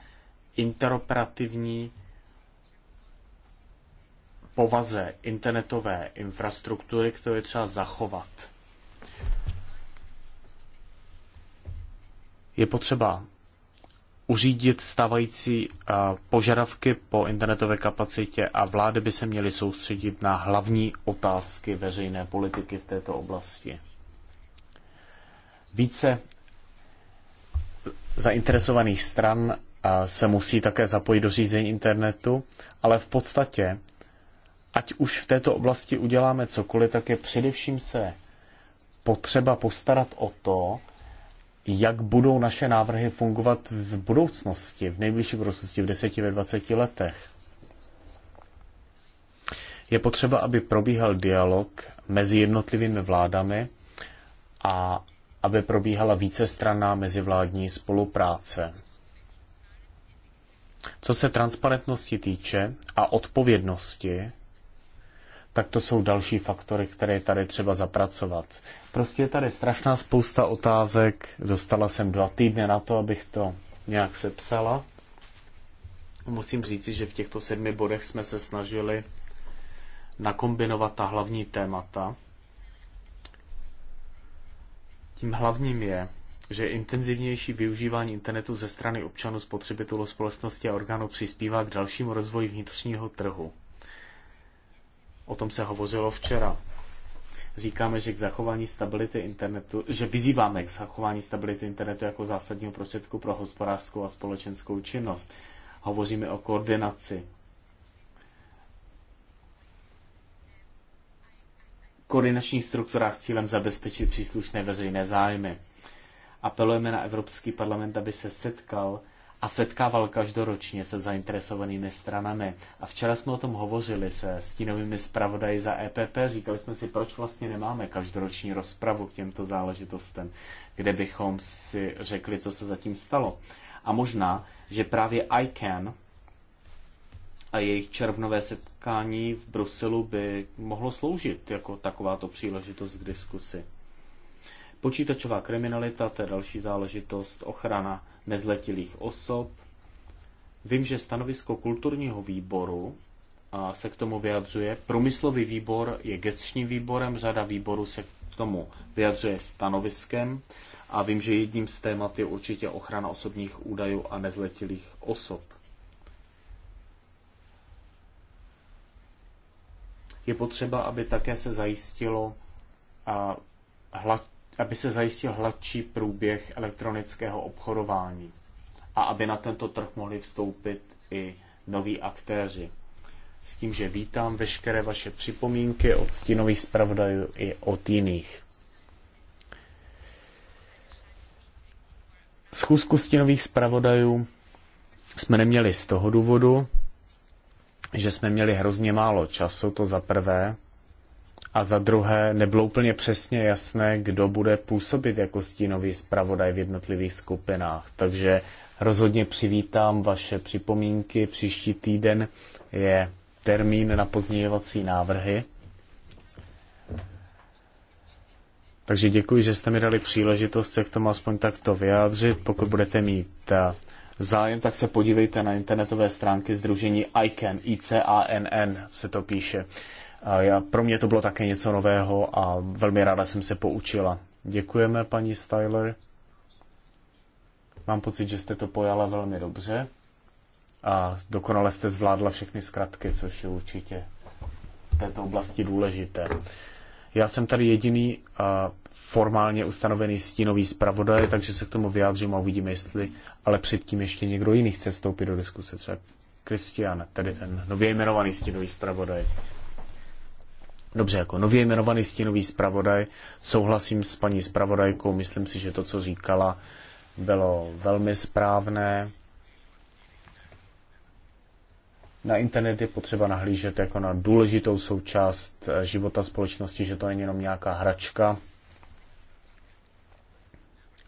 S1: interoperativní povaze internetové infrastruktury, kterou je třeba zachovat. Je potřeba uřídit stávající eh, požadavky po internetové kapacitě a vlády by se měly soustředit na hlavní otázky veřejné politiky v této oblasti. Více zainteresovaných stran se musí také zapojit do řízení internetu, ale v podstatě, ať už v této oblasti uděláme cokoliv, tak je především se potřeba postarat o to, jak budou naše návrhy fungovat v budoucnosti, v nejbližší budoucnosti, v 10, ve 20 letech. Je potřeba, aby probíhal dialog mezi jednotlivými vládami a aby probíhala vícestranná mezivládní spolupráce. Co se transparentnosti týče a odpovědnosti, tak to jsou další faktory, které je tady třeba zapracovat. Prostě je tady strašná spousta otázek. Dostala jsem dva týdny na to, abych to nějak sepsala. Musím říci, že v těchto sedmi bodech jsme se snažili nakombinovat ta hlavní témata. Tím hlavním je, že intenzivnější využívání internetu ze strany občanů, spotřebitelů, společnosti a orgánů přispívá k dalšímu rozvoji vnitřního trhu. O tom se hovořilo včera. Říkáme, že k zachování stability internetu, že vyzýváme k zachování stability internetu jako zásadního prostředku pro hospodářskou a společenskou činnost. Hovoříme o koordinaci koordinačních strukturách cílem zabezpečit příslušné veřejné zájmy. Apelujeme na Evropský parlament, aby se setkal a setkával každoročně se zainteresovanými stranami. A včera jsme o tom hovořili se stínovými zpravodaji za EPP. Říkali jsme si, proč vlastně nemáme každoroční rozpravu k těmto záležitostem, kde bychom si řekli, co se zatím stalo. A možná, že právě ICANN, a jejich červnové setkání v Bruselu by mohlo sloužit jako takováto příležitost k diskusi. Počítačová kriminalita, to je další záležitost, ochrana nezletilých osob. Vím, že stanovisko kulturního výboru a se k tomu vyjadřuje. Průmyslový výbor je gestčním výborem, řada výborů se k tomu vyjadřuje stanoviskem a vím, že jedním z témat je určitě ochrana osobních údajů a nezletilých osob. Je potřeba, aby také se zajistilo a hlad, aby se zajistil hladší průběh elektronického obchodování a aby na tento trh mohli vstoupit i noví aktéři. S tím, že vítám veškeré vaše připomínky od stínových zpravodajů i od jiných. Schůzku stínových zpravodajů jsme neměli z toho důvodu, že jsme měli hrozně málo času, to za prvé, a za druhé nebylo úplně přesně jasné, kdo bude působit jako stínový zpravodaj v jednotlivých skupinách. Takže rozhodně přivítám vaše připomínky. Příští týden je termín na pozměňovací návrhy. Takže děkuji, že jste mi dali příležitost se k tomu aspoň takto vyjádřit. Pokud budete mít eh, zájem, tak se podívejte na internetové stránky Združení ICAN, I-C-A-N-N se to píše. Já, pro mě to bylo také něco nového a velmi ráda jsem se poučila. Děkujeme, paní Styler. Mám pocit, že jste to pojala velmi dobře a dokonale jste zvládla všechny zkratky, což je určitě v této oblasti důležité. Já jsem tady jediný formálně ustanovený stínový zpravodaj, takže se k tomu vyjádřím a uvidíme, jestli, ale předtím ještě někdo jiný chce vstoupit do diskuse, třeba Kristian, tedy ten nově jmenovaný stínový zpravodaj. Dobře, jako nově jmenovaný stínový zpravodaj, souhlasím s paní zpravodajkou, myslím si, že to, co říkala, bylo velmi správné. Na internet je potřeba nahlížet jako na důležitou součást života společnosti, že to není jenom nějaká hračka,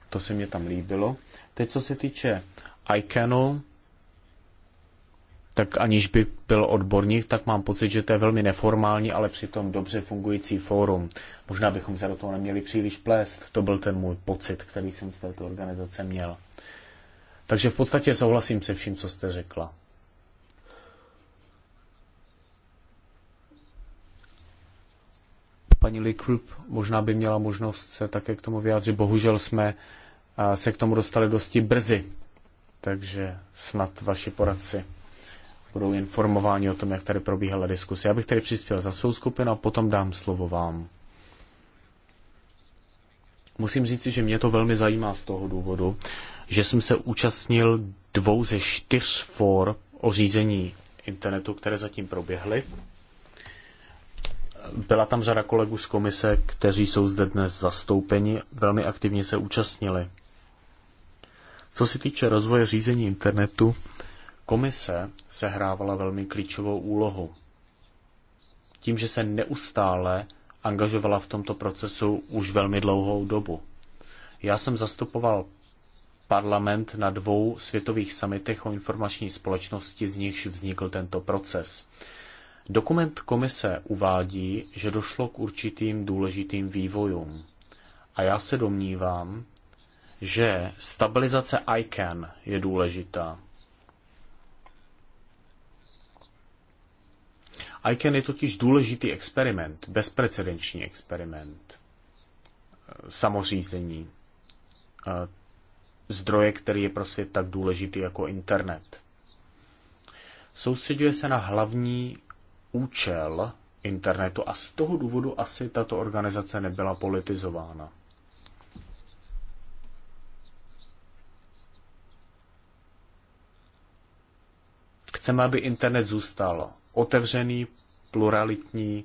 S1: to se mě tam líbilo. Teď, co se týče ICANNu, tak aniž by byl odborník, tak mám pocit, že to je velmi neformální, ale přitom dobře fungující fórum. Možná bychom se do toho neměli příliš plést, to byl ten můj pocit, který jsem z této organizace měl. Takže v podstatě souhlasím se vším, co jste řekla. Paní Likrup možná by měla možnost se také k tomu vyjádřit. Bohužel jsme se k tomu dostali dosti brzy. Takže snad vaši poradci budou informováni o tom, jak tady probíhala diskuse. Já bych tady přispěl za svou skupinu a potom dám slovo vám. Musím říci, že mě to velmi zajímá z toho důvodu, že jsem se účastnil dvou ze čtyř for o řízení internetu, které zatím proběhly. Byla tam řada kolegů z komise, kteří jsou zde dnes zastoupeni, velmi aktivně se účastnili co se týče rozvoje řízení internetu, komise sehrávala velmi klíčovou úlohu. Tím, že se neustále angažovala v tomto procesu už velmi dlouhou dobu. Já jsem zastupoval parlament na dvou světových samitech o informační společnosti, z nichž vznikl tento proces. Dokument komise uvádí, že došlo k určitým důležitým vývojům. A já se domnívám, že stabilizace ICANN je důležitá. ICANN je totiž důležitý experiment, bezprecedenční experiment eh, samořízení eh, zdroje, který je pro svět tak důležitý jako internet. Soustředuje se na hlavní účel internetu a z toho důvodu asi tato organizace nebyla politizována. Chceme, aby internet zůstal otevřený, pluralitní.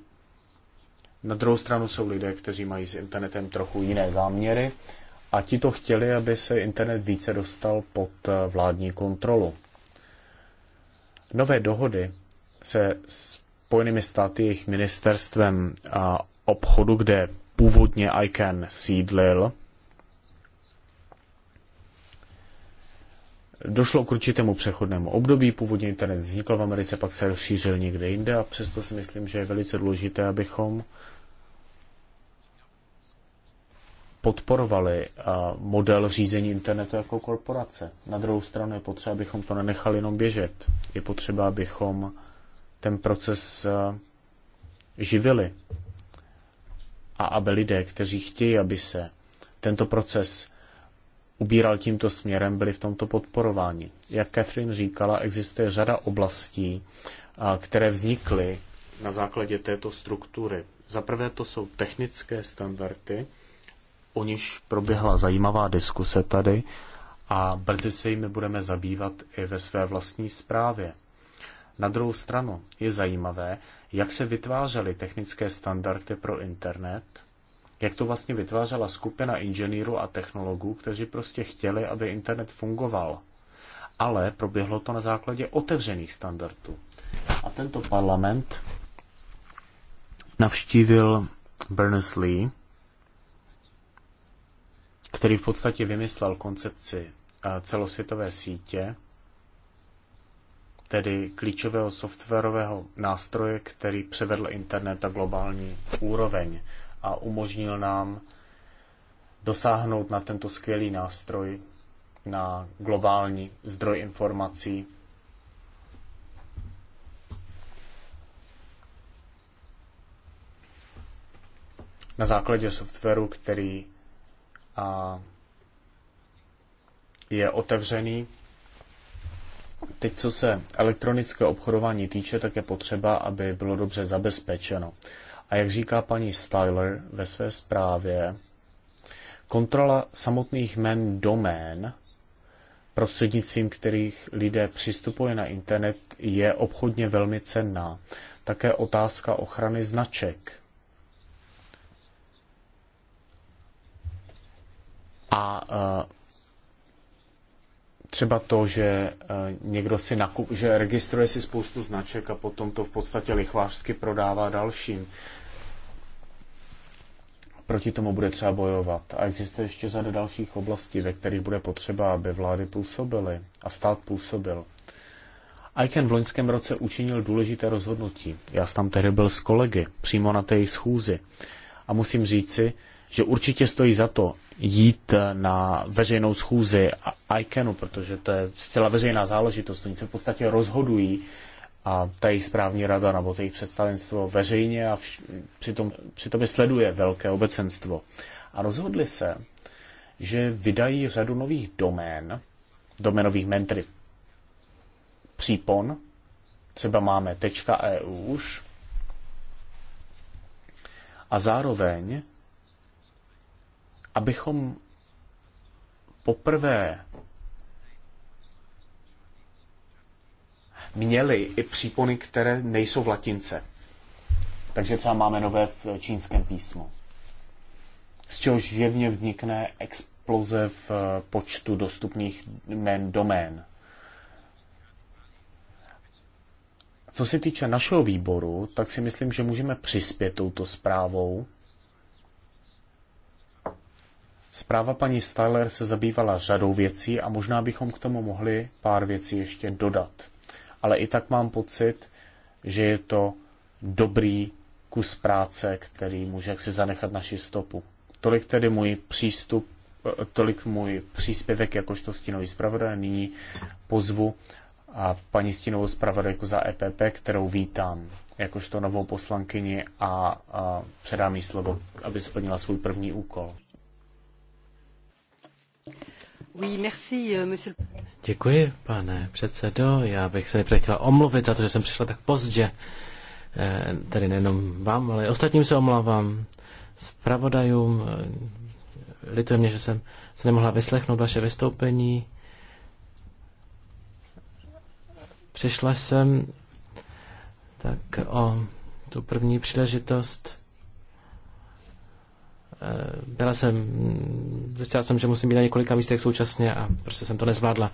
S1: Na druhou stranu jsou lidé, kteří mají s internetem trochu jiné záměry a ti to chtěli, aby se internet více dostal pod eh, vládní kontrolu. Nové dohody se Spojenými státy jejich ministerstvem a obchodu, kde původně ICANN sídlil, Došlo k určitému přechodnému období, původně internet vznikl v Americe, pak se rozšířil někde jinde a přesto si myslím, že je velice důležité, abychom podporovali model řízení internetu jako korporace. Na druhou stranu je potřeba, abychom to nenechali jenom běžet. Je potřeba, abychom ten proces živili a aby lidé, kteří chtějí, aby se tento proces ubíral tímto směrem, byli v tomto podporováni. Jak Catherine říkala, existuje řada oblastí, které vznikly na základě této struktury. Za prvé to jsou technické standardy, o nich proběhla zajímavá diskuse tady a brzy se jimi budeme zabývat i ve své vlastní zprávě. Na druhou stranu je zajímavé, jak se vytvářely technické standardy pro internet jak to vlastně vytvářela skupina inženýrů a technologů, kteří prostě chtěli, aby internet fungoval. Ale proběhlo to na základě otevřených standardů. A tento parlament navštívil Berners-Lee, který v podstatě vymyslel koncepci eh, celosvětové sítě, tedy klíčového softwarového nástroje, který převedl internet na globální úroveň a umožnil nám dosáhnout na tento skvělý nástroj, na globální zdroj informací. Na základě softwaru, který a, je otevřený. Teď, co se elektronické obchodování týče, tak je potřeba, aby bylo dobře zabezpečeno. A jak říká paní Styler ve své zprávě, kontrola samotných jmen domén, prostřednictvím kterých lidé přistupují na internet, je obchodně velmi cenná. Také otázka ochrany značek. A třeba to, že e, někdo si nakup, že registruje si spoustu značek a potom to v podstatě lichvářsky prodává dalším. Proti tomu bude třeba bojovat. A existuje ještě řada dalších oblastí, ve kterých bude potřeba, aby vlády působily a stát působil. ICANN v loňském roce učinil důležité rozhodnutí. Já jsem tam tehdy byl s kolegy, přímo na té schůzi. A musím říci, že určitě stojí za to jít eh, na veřejnou schůzi ICANu, protože to je zcela veřejná záležitost. Oni se v podstatě rozhodují a ta jejich správní rada nebo to jejich představenstvo veřejně a vš- přitom, přitom je sleduje velké obecenstvo. A rozhodli se, že vydají řadu nových domén, domenových mentry přípon, třeba máme .eu e už, a zároveň abychom poprvé měli i přípony, které nejsou v latince. Takže třeba máme nové v čínském písmu. Z čehož jevně vznikne exploze v eh, počtu dostupných jmén domén. Co se týče našeho výboru, tak si myslím, že můžeme přispět touto zprávou Zpráva paní Styler se zabývala řadou věcí a možná bychom k tomu mohli pár věcí ještě dodat. Ale i tak mám pocit, že je to dobrý kus práce, který může jaksi zanechat naši stopu. Tolik tedy můj přístup, eh, tolik můj příspěvek jakožto stínový zpravodaj. Nyní pozvu a paní stínovou zpravodajku za EPP, kterou vítám jakožto novou poslankyni a, a předám jí slovo, aby splnila svůj první úkol.
S2: Euh, Děkuji, pane předsedo. Já bych se nejprve chtěla omluvit za to, že jsem přišla tak pozdě. Eh, Tady nejenom vám, ale i ostatním se omlouvám. Zpravodajům. Eh, lituje mě, že jsem se nemohla vyslechnout vaše vystoupení. Přišla jsem tak o tu první příležitost Eh, byla jsem, zjistila jsem, že musím být na několika místech současně a prostě jsem to nezvládla.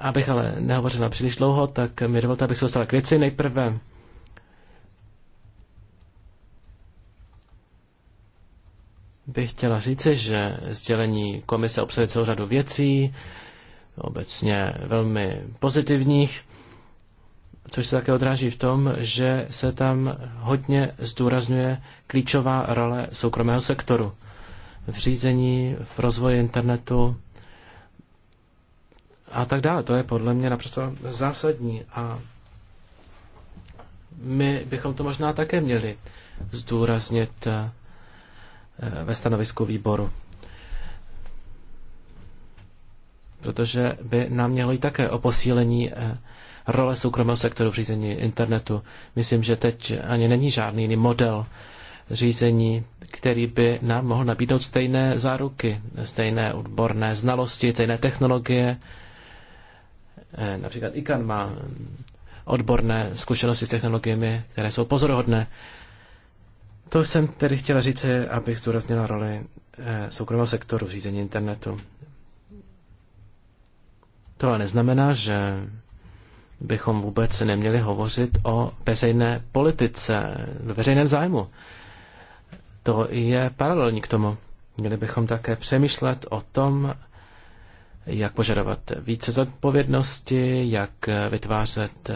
S2: Abych ale nehovořila příliš dlouho, tak mi dovolte, abych se dostala k věci. Nejprve bych chtěla říci, že sdělení komise obsahuje celou řadu věcí, obecně velmi pozitivních což se také odráží v tom, že se tam hodně zdůrazňuje klíčová role soukromého sektoru v řízení, v rozvoji internetu a tak dále. To je podle mě naprosto zásadní a my bychom to možná také měli zdůraznit eh, ve stanovisku výboru. Protože by nám mělo jít také o posílení eh, role soukromého sektoru v řízení internetu. Myslím, že teď ani není žádný jiný model řízení, který by nám mohl nabídnout stejné záruky, stejné odborné znalosti, stejné technologie. Eh, například Ikan má odborné zkušenosti s technologiemi, které jsou pozoruhodné. To jsem tedy chtěla říct, abych zdůraznila roli eh, soukromého sektoru v řízení internetu. To ale neznamená, že bychom vůbec neměli hovořit o veřejné politice, veřejném zájmu. To je paralelní k tomu. Měli bychom také přemýšlet o tom, jak požadovat více zodpovědnosti, jak vytvářet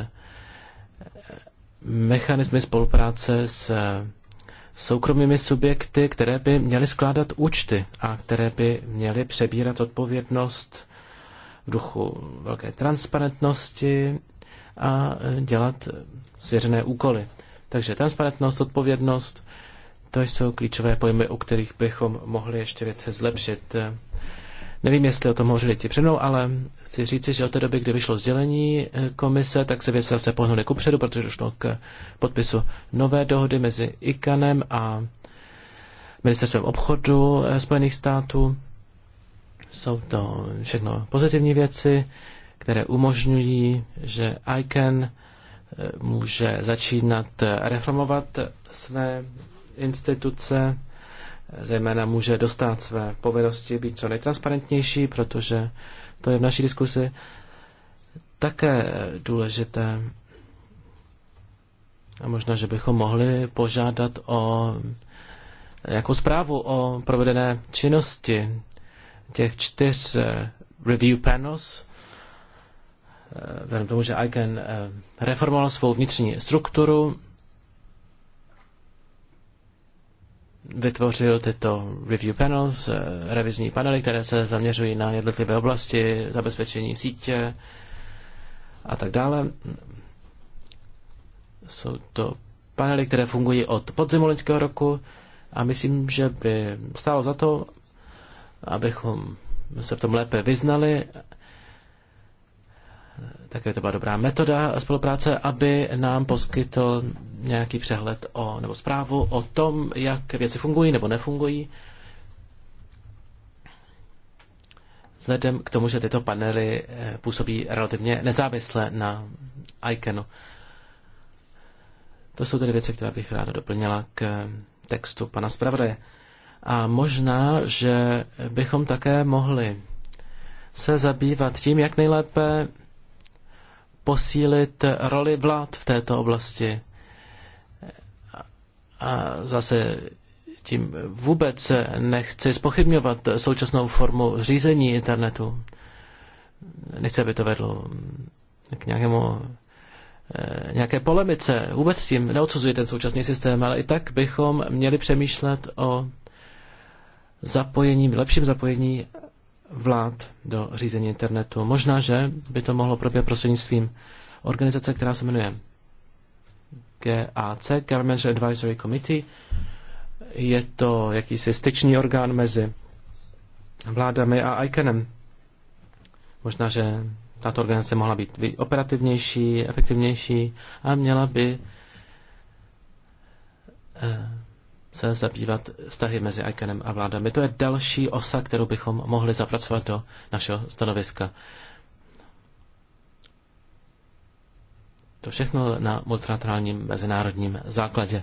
S2: mechanismy spolupráce s soukromými subjekty, které by měly skládat účty a které by měly přebírat odpovědnost v duchu velké transparentnosti, a e, dělat svěřené úkoly. Takže transparentnost, odpovědnost, to jsou klíčové pojmy, u kterých bychom mohli ještě věce zlepšit. E, nevím, jestli o tom hovořili ti před mnou, ale chci říci, že od té doby, kdy vyšlo sdělení e, komise, tak se věci zase pohnuly předu, protože došlo k podpisu nové dohody mezi ICANem a ministerstvem obchodu Spojených států. Jsou to všechno pozitivní věci které umožňují, že ICANN eh, může začínat eh, reformovat své instituce, eh, zejména může dostat své povinnosti být co nejtransparentnější, protože to je v naší diskusi také důležité. A možná, že bychom mohli požádat o jako zprávu o provedené činnosti těch čtyř review panels, Eh, vzhledem tomu, že Aiken eh, reformoval svou vnitřní strukturu, vytvořil tyto review panels, eh, revizní panely, které se zaměřují na jednotlivé oblasti, zabezpečení sítě a tak dále. Jsou to panely, které fungují od podzimu loňského roku a myslím, že by stálo za to, abychom se v tom lépe vyznali také to byla dobrá metoda spolupráce, aby nám poskytl nějaký přehled o, nebo zprávu o tom, jak věci fungují nebo nefungují. Vzhledem k tomu, že tyto panely eh, působí relativně nezávisle na ICANu. To jsou tedy věci, které bych ráda doplnila k eh, textu pana zpravodaje. A možná, že bychom také mohli se zabývat tím, jak nejlépe posílit roli vlád v této oblasti. A zase tím vůbec nechci spochybňovat současnou formu řízení internetu. Nechci, aby to vedlo k nějakému eh, nějaké polemice. Vůbec tím neodsuzuji ten současný systém, ale i tak bychom měli přemýšlet o zapojení, lepším zapojení vlád do řízení internetu. Možná, že by to mohlo proběhnout prostřednictvím organizace, která se jmenuje GAC, Government Advisory Committee. Je to jakýsi styčný orgán mezi vládami a ICANem. Možná, že tato organizace mohla být operativnější, efektivnější a měla by eh, se zabývat vztahy mezi ICANem a vládami. To je další osa, kterou bychom mohli zapracovat do našeho stanoviska. To všechno na multilaterálním mezinárodním základě.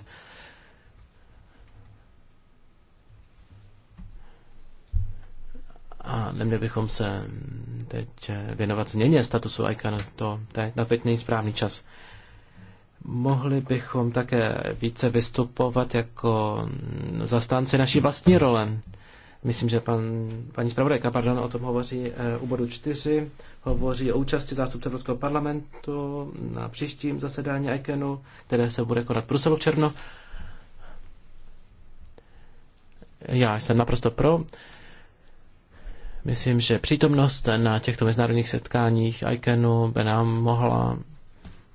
S2: A neměli bychom se teď věnovat změně statusu ICANu. To, to je na teď není správný čas. Mohli bychom také více vystupovat jako zastánci naší vlastní role. Myslím, že pan, paní zpravodajka pardon, o tom hovoří e, u bodu 4, hovoří o účasti zástupce Evropského parlamentu na příštím zasedání ICANu, které se bude konat v Bruselu v černo. Já jsem naprosto pro. Myslím, že přítomnost na těchto mezinárodních setkáních ICANu by nám mohla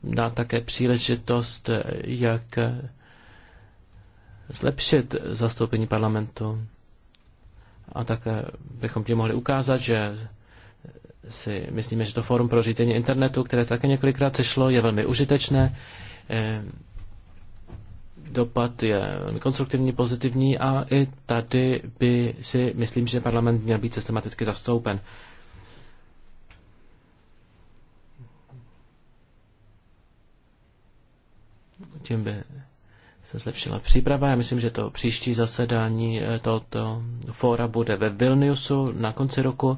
S2: dá také příležitost, jak zlepšit zastoupení parlamentu. A tak eh, bychom ti mohli ukázat, že si myslíme, že to fórum pro řízení internetu, které také několikrát sešlo, je velmi užitečné. Eh, dopad je velmi konstruktivní, pozitivní a i tady by si myslím, že parlament měl být systematicky zastoupen. tím by se zlepšila příprava. Já myslím, že to příští zasedání eh, tohoto fóra bude ve Vilniusu na konci roku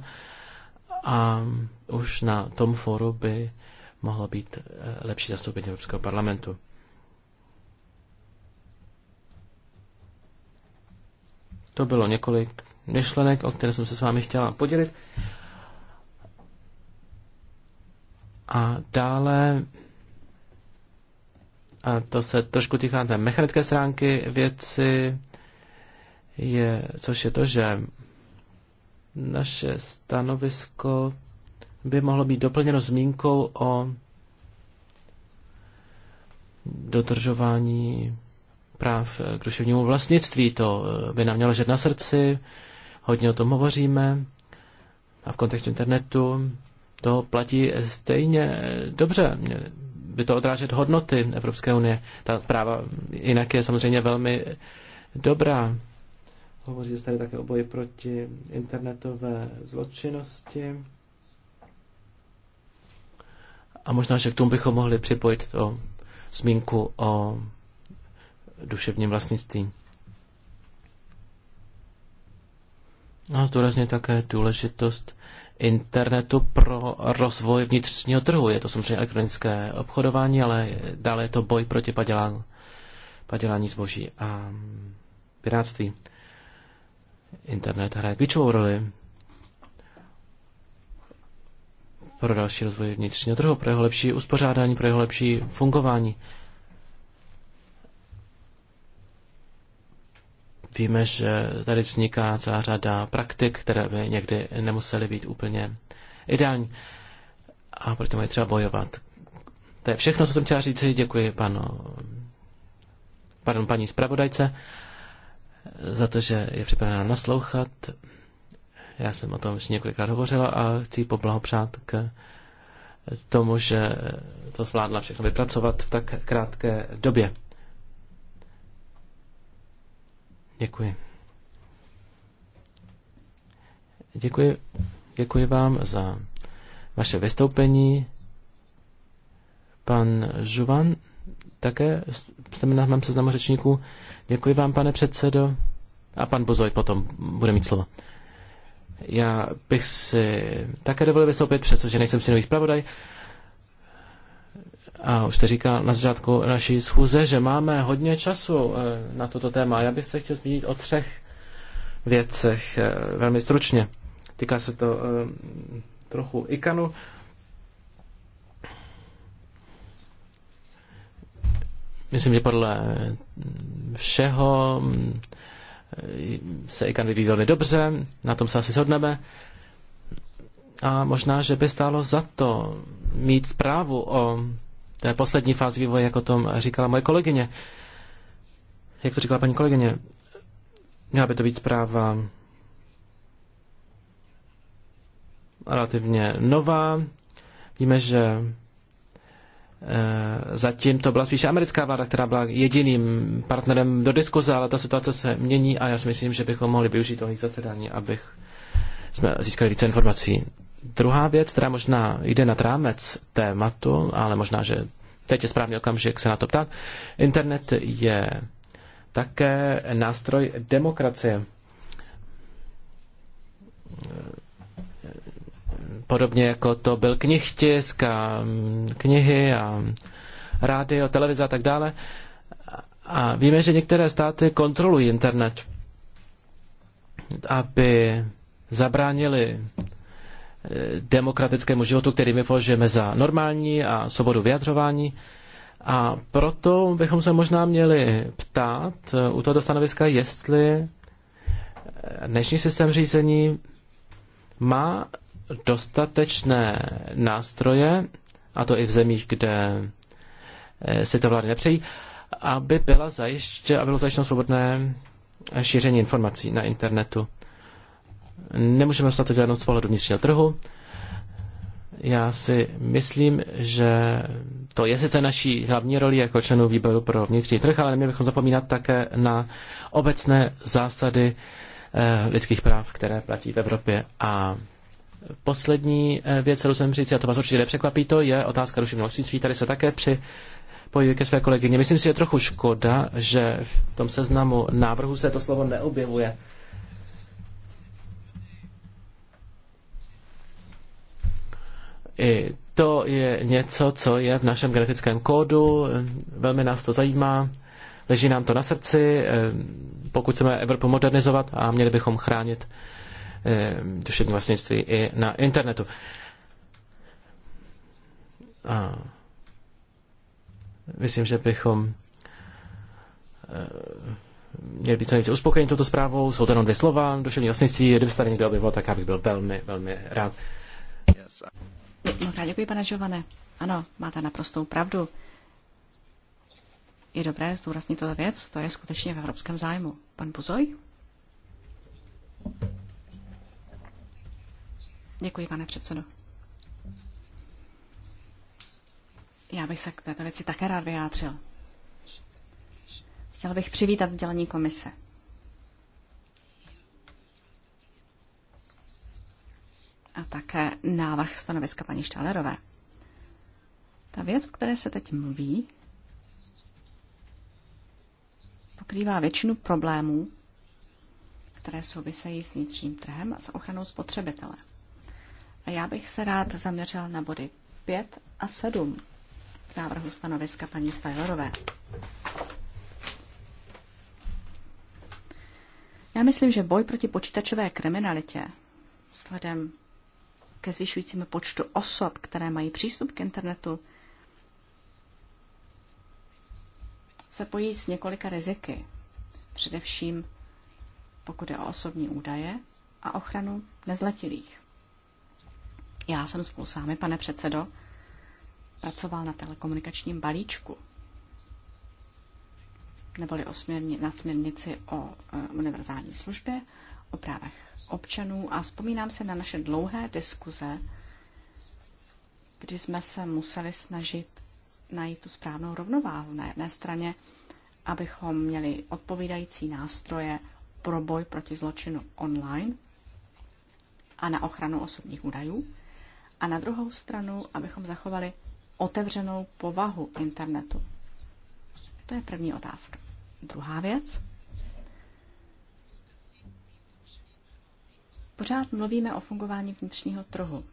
S2: a už na tom fóru by mohlo být eh, lepší zastoupení Evropského parlamentu. To bylo několik myšlenek, o které jsem se s vámi chtěla podělit. A dále a to se trošku týká té mechanické stránky věci, je, což je to, že naše stanovisko by mohlo být doplněno zmínkou o dodržování práv k duševnímu vlastnictví. To eh, by nám mělo žet na srdci, hodně o tom hovoříme a v kontextu internetu to platí stejně eh, dobře by to odrážet hodnoty Evropské unie. Ta zpráva jinak je samozřejmě velmi dobrá. Hovoří se tady také o boji proti internetové zločinnosti. A možná, že k tomu bychom mohli připojit to zmínku o duševním vlastnictví. A zdůrazně také důležitost internetu pro rozvoj vnitřního trhu. Je to samozřejmě elektronické obchodování, ale dále je to boj proti padělání, padělání zboží a pirátství. Internet hraje klíčovou roli pro další rozvoj vnitřního trhu, pro jeho lepší uspořádání, pro jeho lepší fungování. Víme, že tady vzniká celá řada praktik, které by někdy nemusely být úplně ideální. A proto je třeba bojovat. To je všechno, co jsem chtěla říct. Děkuji panu, pardon, paní zpravodajce za to, že je připravena naslouchat. Já jsem o tom už několikrát hovořila a chci poblahopřát k tomu, že to zvládla všechno vypracovat v tak krátké době. Děkuji. Děkuji, děkuji vám za vaše vystoupení. Pan Žuvan, také jste na mém seznamu řečníků. Děkuji vám, pane předsedo. A pan Bozoj potom bude mít slovo. Já bych si také dovolil vystoupit, přestože nejsem si nový zpravodaj, a už jste říkal na začátku naší schůze, že máme hodně času eh, na toto téma. Já bych se chtěl zmínit o třech věcech eh, velmi stručně. Týká se to eh, trochu ikanu. Myslím, že podle všeho mm, se ikan vyvíjí velmi dobře, na tom se asi shodneme. A možná, že by stálo za to mít zprávu o té poslední fázi vývoje, jak o tom říkala moje kolegyně. Jak to říkala paní kolegyně, měla by to být zpráva relativně nová. Víme, že eh, Zatím to byla spíše americká vláda, která byla jediným partnerem do diskuze, ale ta situace se mění a já si myslím, že bychom mohli využít tohle zasedání, abych jsme získali více informací Druhá věc, která možná jde nad rámec tématu, ale možná, že teď je správný okamžik se na to ptát. Internet je také nástroj demokracie. Podobně jako to byl knihtisk a mm, knihy a rádio, televize a tak dále. A víme, že některé státy kontrolují internet, aby zabránili demokratickému životu, který my považujeme za normální a svobodu vyjadřování. A proto bychom se možná měli ptát eh, u tohoto stanoviska, jestli eh, dnešní systém řízení má dostatečné nástroje, a to i v zemích, kde eh, si to vlády nepřejí, aby, byla zajiště, aby bylo zajištěno svobodné šíření informací na internetu nemůžeme dostat žádnou z pohledu vnitřního trhu. Já si myslím, že to je sice naší hlavní roli jako členů výboru pro vnitřní trh, ale neměli bychom zapomínat také na obecné zásady eh, lidských práv, které platí v Evropě. A poslední eh, věc, kterou jsem říct, a to vás určitě nepřekvapí, to je otázka duševního vlastnictví. Tady se také při pojuji ke své kolegyně. Myslím si, že je trochu škoda, že v tom seznamu návrhu se to slovo neobjevuje. I to je něco, co je v našem genetickém kódu, velmi nás to zajímá, leží nám to na srdci, eh, pokud chceme Evropu modernizovat a měli bychom chránit eh, duševní vlastnictví i na internetu. A myslím, že bychom eh, měli být co nejvíce uspokojeni touto zprávou. Jsou to jenom dvě slova, duševní vlastnictví, se tady někdo objevil, tak já bych byl velmi, velmi rád.
S3: Yes. Mnohokrát no, děkuji, pane Žovane. Ano, máte naprostou pravdu. Je dobré zdůraznit tuto věc, to je skutečně v evropském zájmu. Pan Buzoj? Děkuji, pane předsedo. Já bych se k této věci také rád vyjádřil. Chtěl bych přivítat sdělení komise. a také návrh stanoviska paní Štalerové. Ta věc, o které se teď mluví, pokrývá většinu problémů, které souvisejí s vnitřním trhem a s ochranou spotřebitele. A já bych se rád zaměřil na body 5 a 7 k návrhu stanoviska paní Stajlerové. Já myslím, že boj proti počítačové kriminalitě sledem ke zvyšujícímu počtu osob, které mají přístup k internetu, se pojí s několika riziky. Především pokud je o osobní údaje a ochranu nezletilých. Já jsem spolu s vámi, pane předsedo, pracoval na telekomunikačním balíčku, neboli o směrni, na směrnici o e, univerzální službě o právech občanů a vzpomínám se na naše dlouhé diskuze, kdy jsme se museli snažit najít tu správnou rovnováhu. Na jedné straně, abychom měli odpovídající nástroje pro boj proti zločinu online a na ochranu osobních údajů, a na druhou stranu, abychom zachovali otevřenou povahu internetu. To je první otázka. Druhá věc. Pořád mluvíme o fungování vnitřního trhu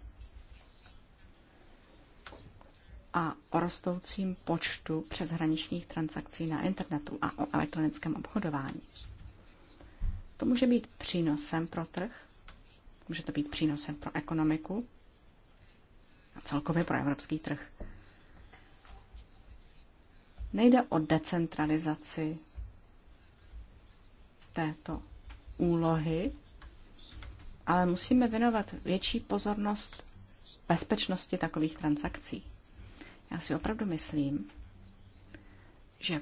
S3: a o rostoucím počtu přeshraničních transakcí na internetu a o elektronickém obchodování. To může být přínosem pro trh, může to být přínosem pro ekonomiku a celkově pro evropský trh. Nejde o decentralizaci této úlohy ale musíme věnovat větší pozornost bezpečnosti takových transakcí. Já si opravdu myslím, že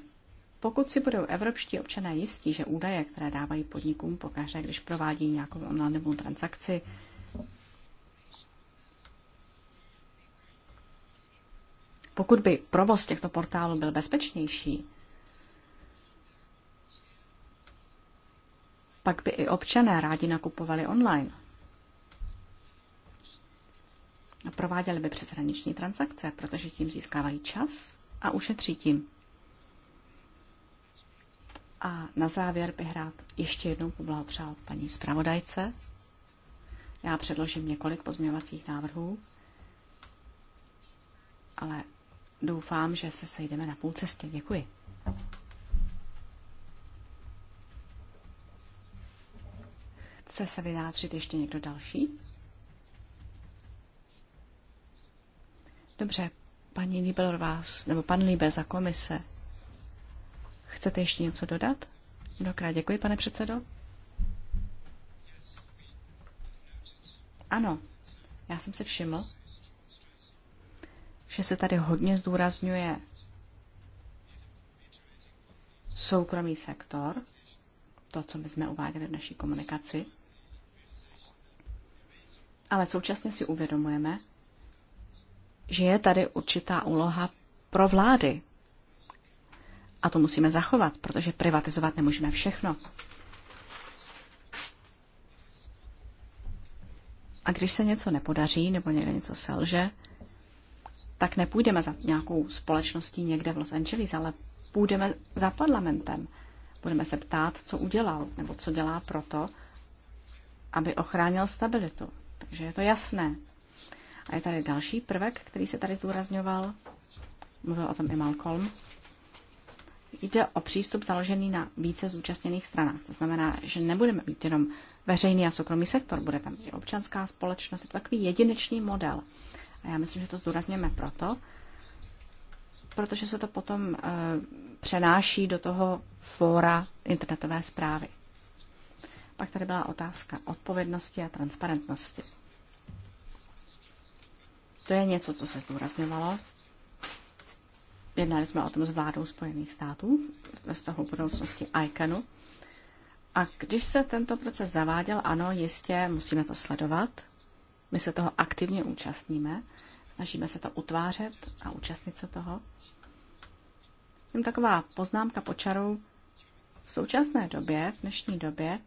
S3: pokud si budou evropští občané jistí, že údaje, které dávají podnikům pokaždé, když provádí nějakou online transakci, pokud by provoz těchto portálů byl bezpečnější, pak by i občané rádi nakupovali online. A prováděli by přeshraniční transakce, protože tím získávají čas a ušetří tím. A na závěr bych rád ještě jednou poblahopřál paní zpravodajce. Já předložím několik pozměňovacích návrhů, ale doufám, že se sejdeme na půl cestě. Děkuji. Chce se vyjádřit ještě někdo další? Dobře, paní Líbel vás, nebo pan Líbe za komise. Chcete ještě něco dodat? Dokrát děkuji, pane předsedo. Ano, já jsem si všiml, že se tady hodně zdůrazňuje soukromý sektor, to, co my jsme uváděli v naší komunikaci ale současně si uvědomujeme, že je tady určitá úloha pro vlády. A to musíme zachovat, protože privatizovat nemůžeme všechno. A když se něco nepodaří nebo někde něco selže, tak nepůjdeme za nějakou společností někde v Los Angeles, ale půjdeme za parlamentem. Budeme se ptát, co udělal nebo co dělá proto, aby ochránil stabilitu takže je to jasné. A je tady další prvek, který se tady zdůrazňoval, mluvil o tom i Malcolm. Jde o přístup založený na více zúčastněných stranách. To znamená, že nebudeme mít jenom veřejný a soukromý sektor, bude tam i občanská společnost, je to takový jedinečný model. A já myslím, že to zdůrazněme proto, protože se to potom e, přenáší do toho fóra internetové zprávy. Pak tady byla otázka odpovědnosti a transparentnosti. To je něco, co se zdůrazňovalo. Jednali jsme o tom s vládou Spojených států ve vztahu budoucnosti ICANu. A když se tento proces zaváděl, ano, jistě musíme to sledovat. My se toho aktivně účastníme, snažíme se to utvářet a účastnit se toho. Jsem taková poznámka počaru V současné době, v dnešní době,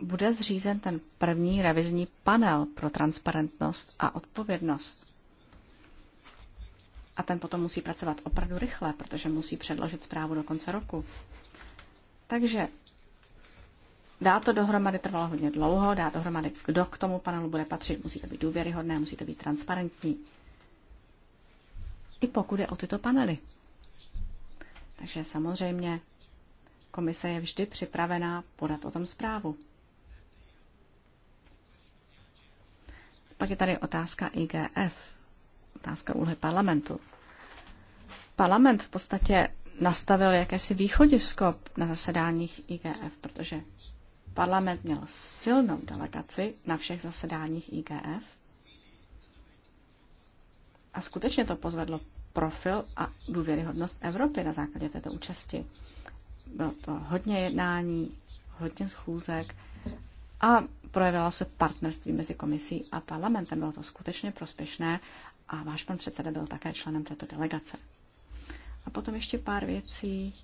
S3: bude zřízen ten první revizní panel pro transparentnost a odpovědnost. A ten potom musí pracovat opravdu rychle, protože musí předložit zprávu do konce roku. Takže dá to dohromady, trvalo hodně dlouho, dá to dohromady, kdo k tomu panelu bude patřit, musí to být důvěryhodné, musí to být transparentní. I pokud je o tyto panely. Takže samozřejmě komise je vždy připravená podat o tom zprávu. Pak je tady otázka IGF, otázka úlohy parlamentu. Parlament v podstatě nastavil jakési východisko na zasedáních IGF, protože parlament měl silnou delegaci na všech zasedáních IGF a skutečně to pozvedlo profil a důvěryhodnost Evropy na základě této účasti. Bylo to hodně jednání, hodně schůzek a projevilo se partnerství mezi komisí a parlamentem. Bylo to skutečně prospěšné a váš pan předseda byl také členem této delegace. A potom ještě pár věcí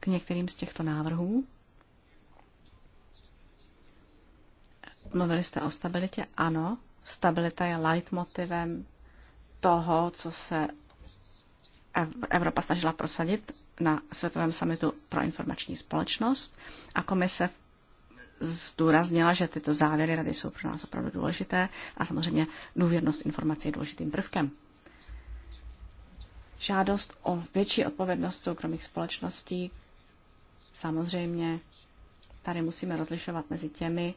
S3: k některým z těchto návrhů. Mluvili jste o stabilitě? Ano, stabilita je leitmotivem toho, co se Evropa snažila prosadit na Světovém samitu pro informační společnost a komise v zdůraznila, že tyto závěry rady jsou pro nás opravdu důležité a samozřejmě důvěrnost informací je důležitým prvkem. Žádost o větší odpovědnost soukromých společností. Samozřejmě tady musíme rozlišovat mezi těmi,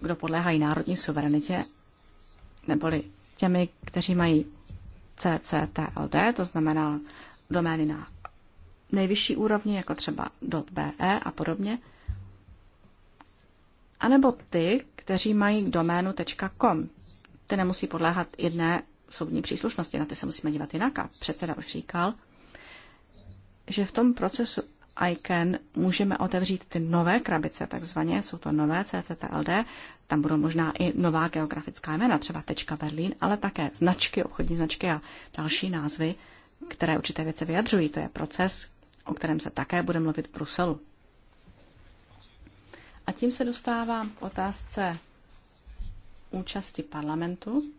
S3: kdo podléhají národní suverenitě, neboli těmi, kteří mají CCTLD, to znamená domény na nejvyšší úrovni, jako třeba .be a podobně, anebo ty, kteří mají doménu .com. Ty nemusí podléhat jedné soudní příslušnosti, na ty se musíme dívat jinak. A předseda už říkal, že v tom procesu ICANN můžeme otevřít ty nové krabice, takzvaně, jsou to nové CCTLD, tam budou možná i nová geografická jména, třeba tečka Berlín, ale také značky, obchodní značky a další názvy, které určité věci vyjadřují. To je proces, o kterém se také bude mluvit v Bruselu. A tím se dostávám k otázce účasti parlamentu.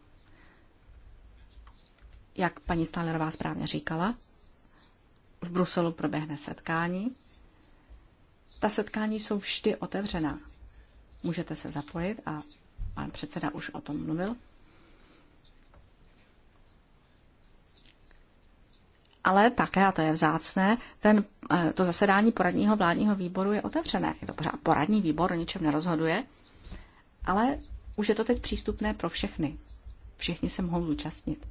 S3: Jak paní Stalerová správně říkala, v Bruselu proběhne setkání. Ta setkání jsou vždy otevřená. Můžete se zapojit a pan předseda už o tom mluvil. ale také, a to je vzácné, ten, eh, to zasedání poradního vládního výboru je otevřené. Je to pořád poradní výbor, o ničem nerozhoduje, ale už je to teď přístupné pro všechny. Všichni se mohou zúčastnit.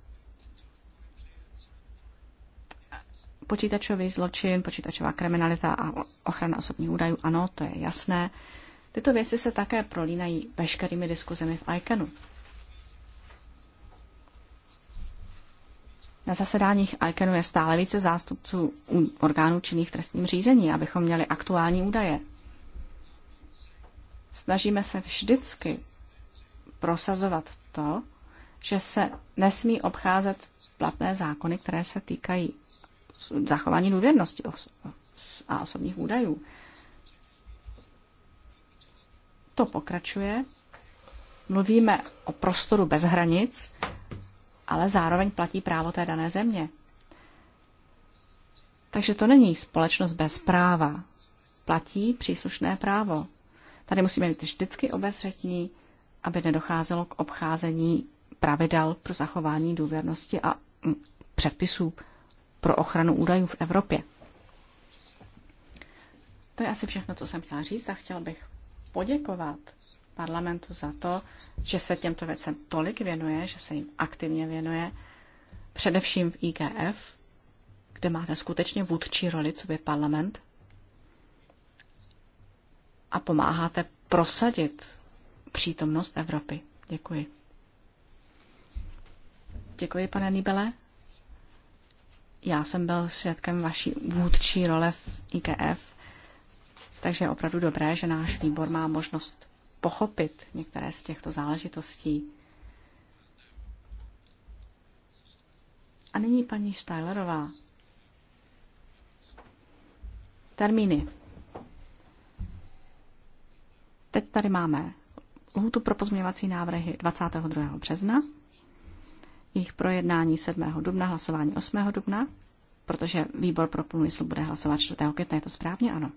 S3: Počítačový zločin, počítačová kriminalita a ochrana osobních údajů, ano, to je jasné. Tyto věci se také prolínají veškerými diskuzemi v ICANu. Na zasedáních ICANu je stále více zástupců orgánů činných v trestním řízení, abychom měli aktuální údaje. Snažíme se vždycky prosazovat to, že se nesmí obcházet platné zákony, které se týkají zachování důvěrnosti a osobních údajů. To pokračuje. Mluvíme o prostoru bez hranic ale zároveň platí právo té dané země. Takže to není společnost bez práva. Platí příslušné právo. Tady musíme být vždycky obezřetní, aby nedocházelo k obcházení pravidel pro zachování důvěrnosti a mm, předpisů pro ochranu údajů v Evropě. To je asi všechno, co jsem chtěla říct a chtěl bych poděkovat parlamentu za to, že se těmto věcem tolik věnuje, že se jim aktivně věnuje, především v IGF, kde máte skutečně vůdčí roli, co by parlament, a pomáháte prosadit přítomnost Evropy. Děkuji. Děkuji, pane Nibele. Já jsem byl svědkem vaší vůdčí role v IKF, takže je opravdu dobré, že náš výbor má možnost pochopit některé z těchto záležitostí. A nyní paní Štajlerová. Termíny. Teď tady máme lhůtu pro pozměňovací návrhy 22. března, jejich projednání 7. dubna, hlasování 8. dubna, protože výbor pro průmysl bude hlasovat 4. května, je to správně? Ano.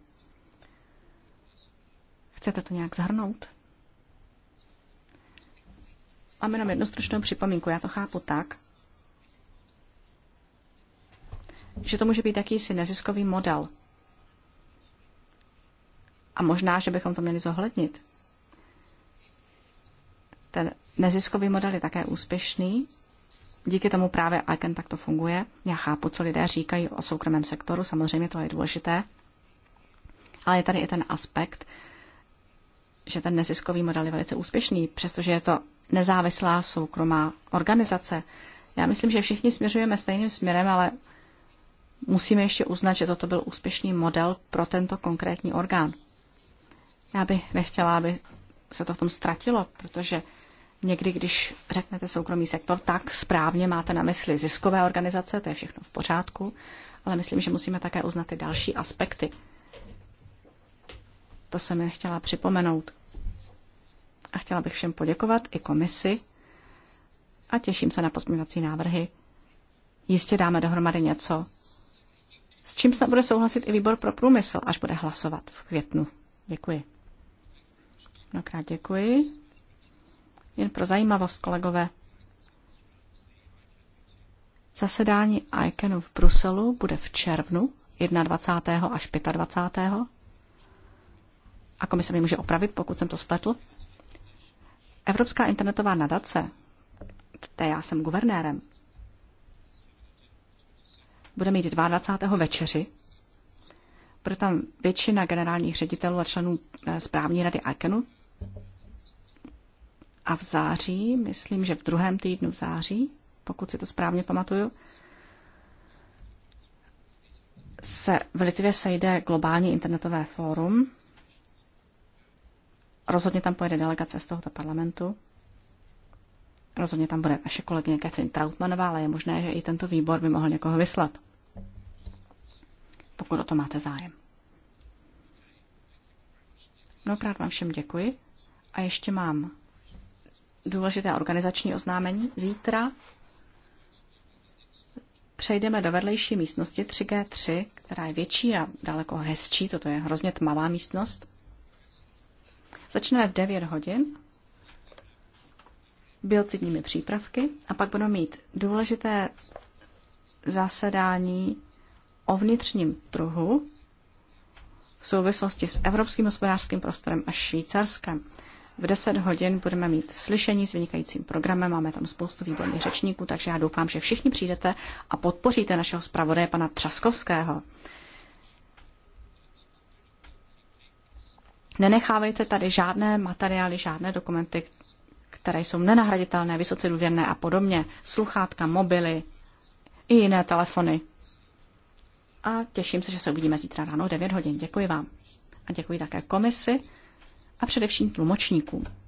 S3: Chcete to nějak zhrnout? Mám jenom jednu stručnou připomínku. Já to chápu tak, že to může být jakýsi neziskový model. A možná, že bychom to měli zohlednit. Ten neziskový model je také úspěšný. Díky tomu právě agent takto funguje. Já chápu, co lidé říkají o soukromém sektoru, samozřejmě to je důležité. Ale je tady i ten aspekt, že ten neziskový model je velice úspěšný, přestože je to nezávislá soukromá organizace. Já myslím, že všichni směřujeme stejným směrem, ale musíme ještě uznat, že toto byl úspěšný model pro tento konkrétní orgán. Já bych nechtěla, aby se to v tom ztratilo, protože někdy, když řeknete soukromý sektor, tak správně máte na mysli ziskové organizace, to je všechno v pořádku, ale myslím, že musíme také uznat ty další aspekty. To jsem jen chtěla připomenout. A chtěla bych všem poděkovat i komisi a těším se na pozměňovací návrhy. Jistě dáme dohromady něco, s čím se bude souhlasit i výbor pro průmysl, až bude hlasovat v květnu. Děkuji. Mnohokrát děkuji. Jen pro zajímavost, kolegové. Zasedání ICANu v Bruselu bude v červnu 21. až 25 a komise mi může opravit, pokud jsem to spletl. Evropská internetová nadace, které já jsem guvernérem, bude mít 22. večeři. Bude tam většina generálních ředitelů a členů eh, správní rady ICANu. A v září, myslím, že v druhém týdnu v září, pokud si to správně pamatuju, se v Litvě sejde globální internetové fórum, Rozhodně tam pojede delegace z tohoto parlamentu. Rozhodně tam bude naše kolegyně Catherine Trautmanová, ale je možné, že i tento výbor by mohl někoho vyslat, pokud o to máte zájem. Mnohokrát vám všem děkuji a ještě mám důležité organizační oznámení. Zítra přejdeme do vedlejší místnosti 3G3, která je větší a daleko hezčí. Toto je hrozně tmavá místnost. Začneme v 9 hodin biocidními přípravky a pak budeme mít důležité zasedání o vnitřním trhu v souvislosti s Evropským hospodářským prostorem a Švýcarskem. V 10 hodin budeme mít slyšení s vynikajícím programem, máme tam spoustu výborných řečníků, takže já doufám, že všichni přijdete a podpoříte našeho zpravodaje pana Třaskovského. Nenechávejte tady žádné materiály, žádné dokumenty, které jsou nenahraditelné, vysoce důvěrné a podobně. Sluchátka, mobily i jiné telefony. A těším se, že se uvidíme zítra ráno 9 hodin. Děkuji vám. A děkuji také komisi a především tlumočníkům.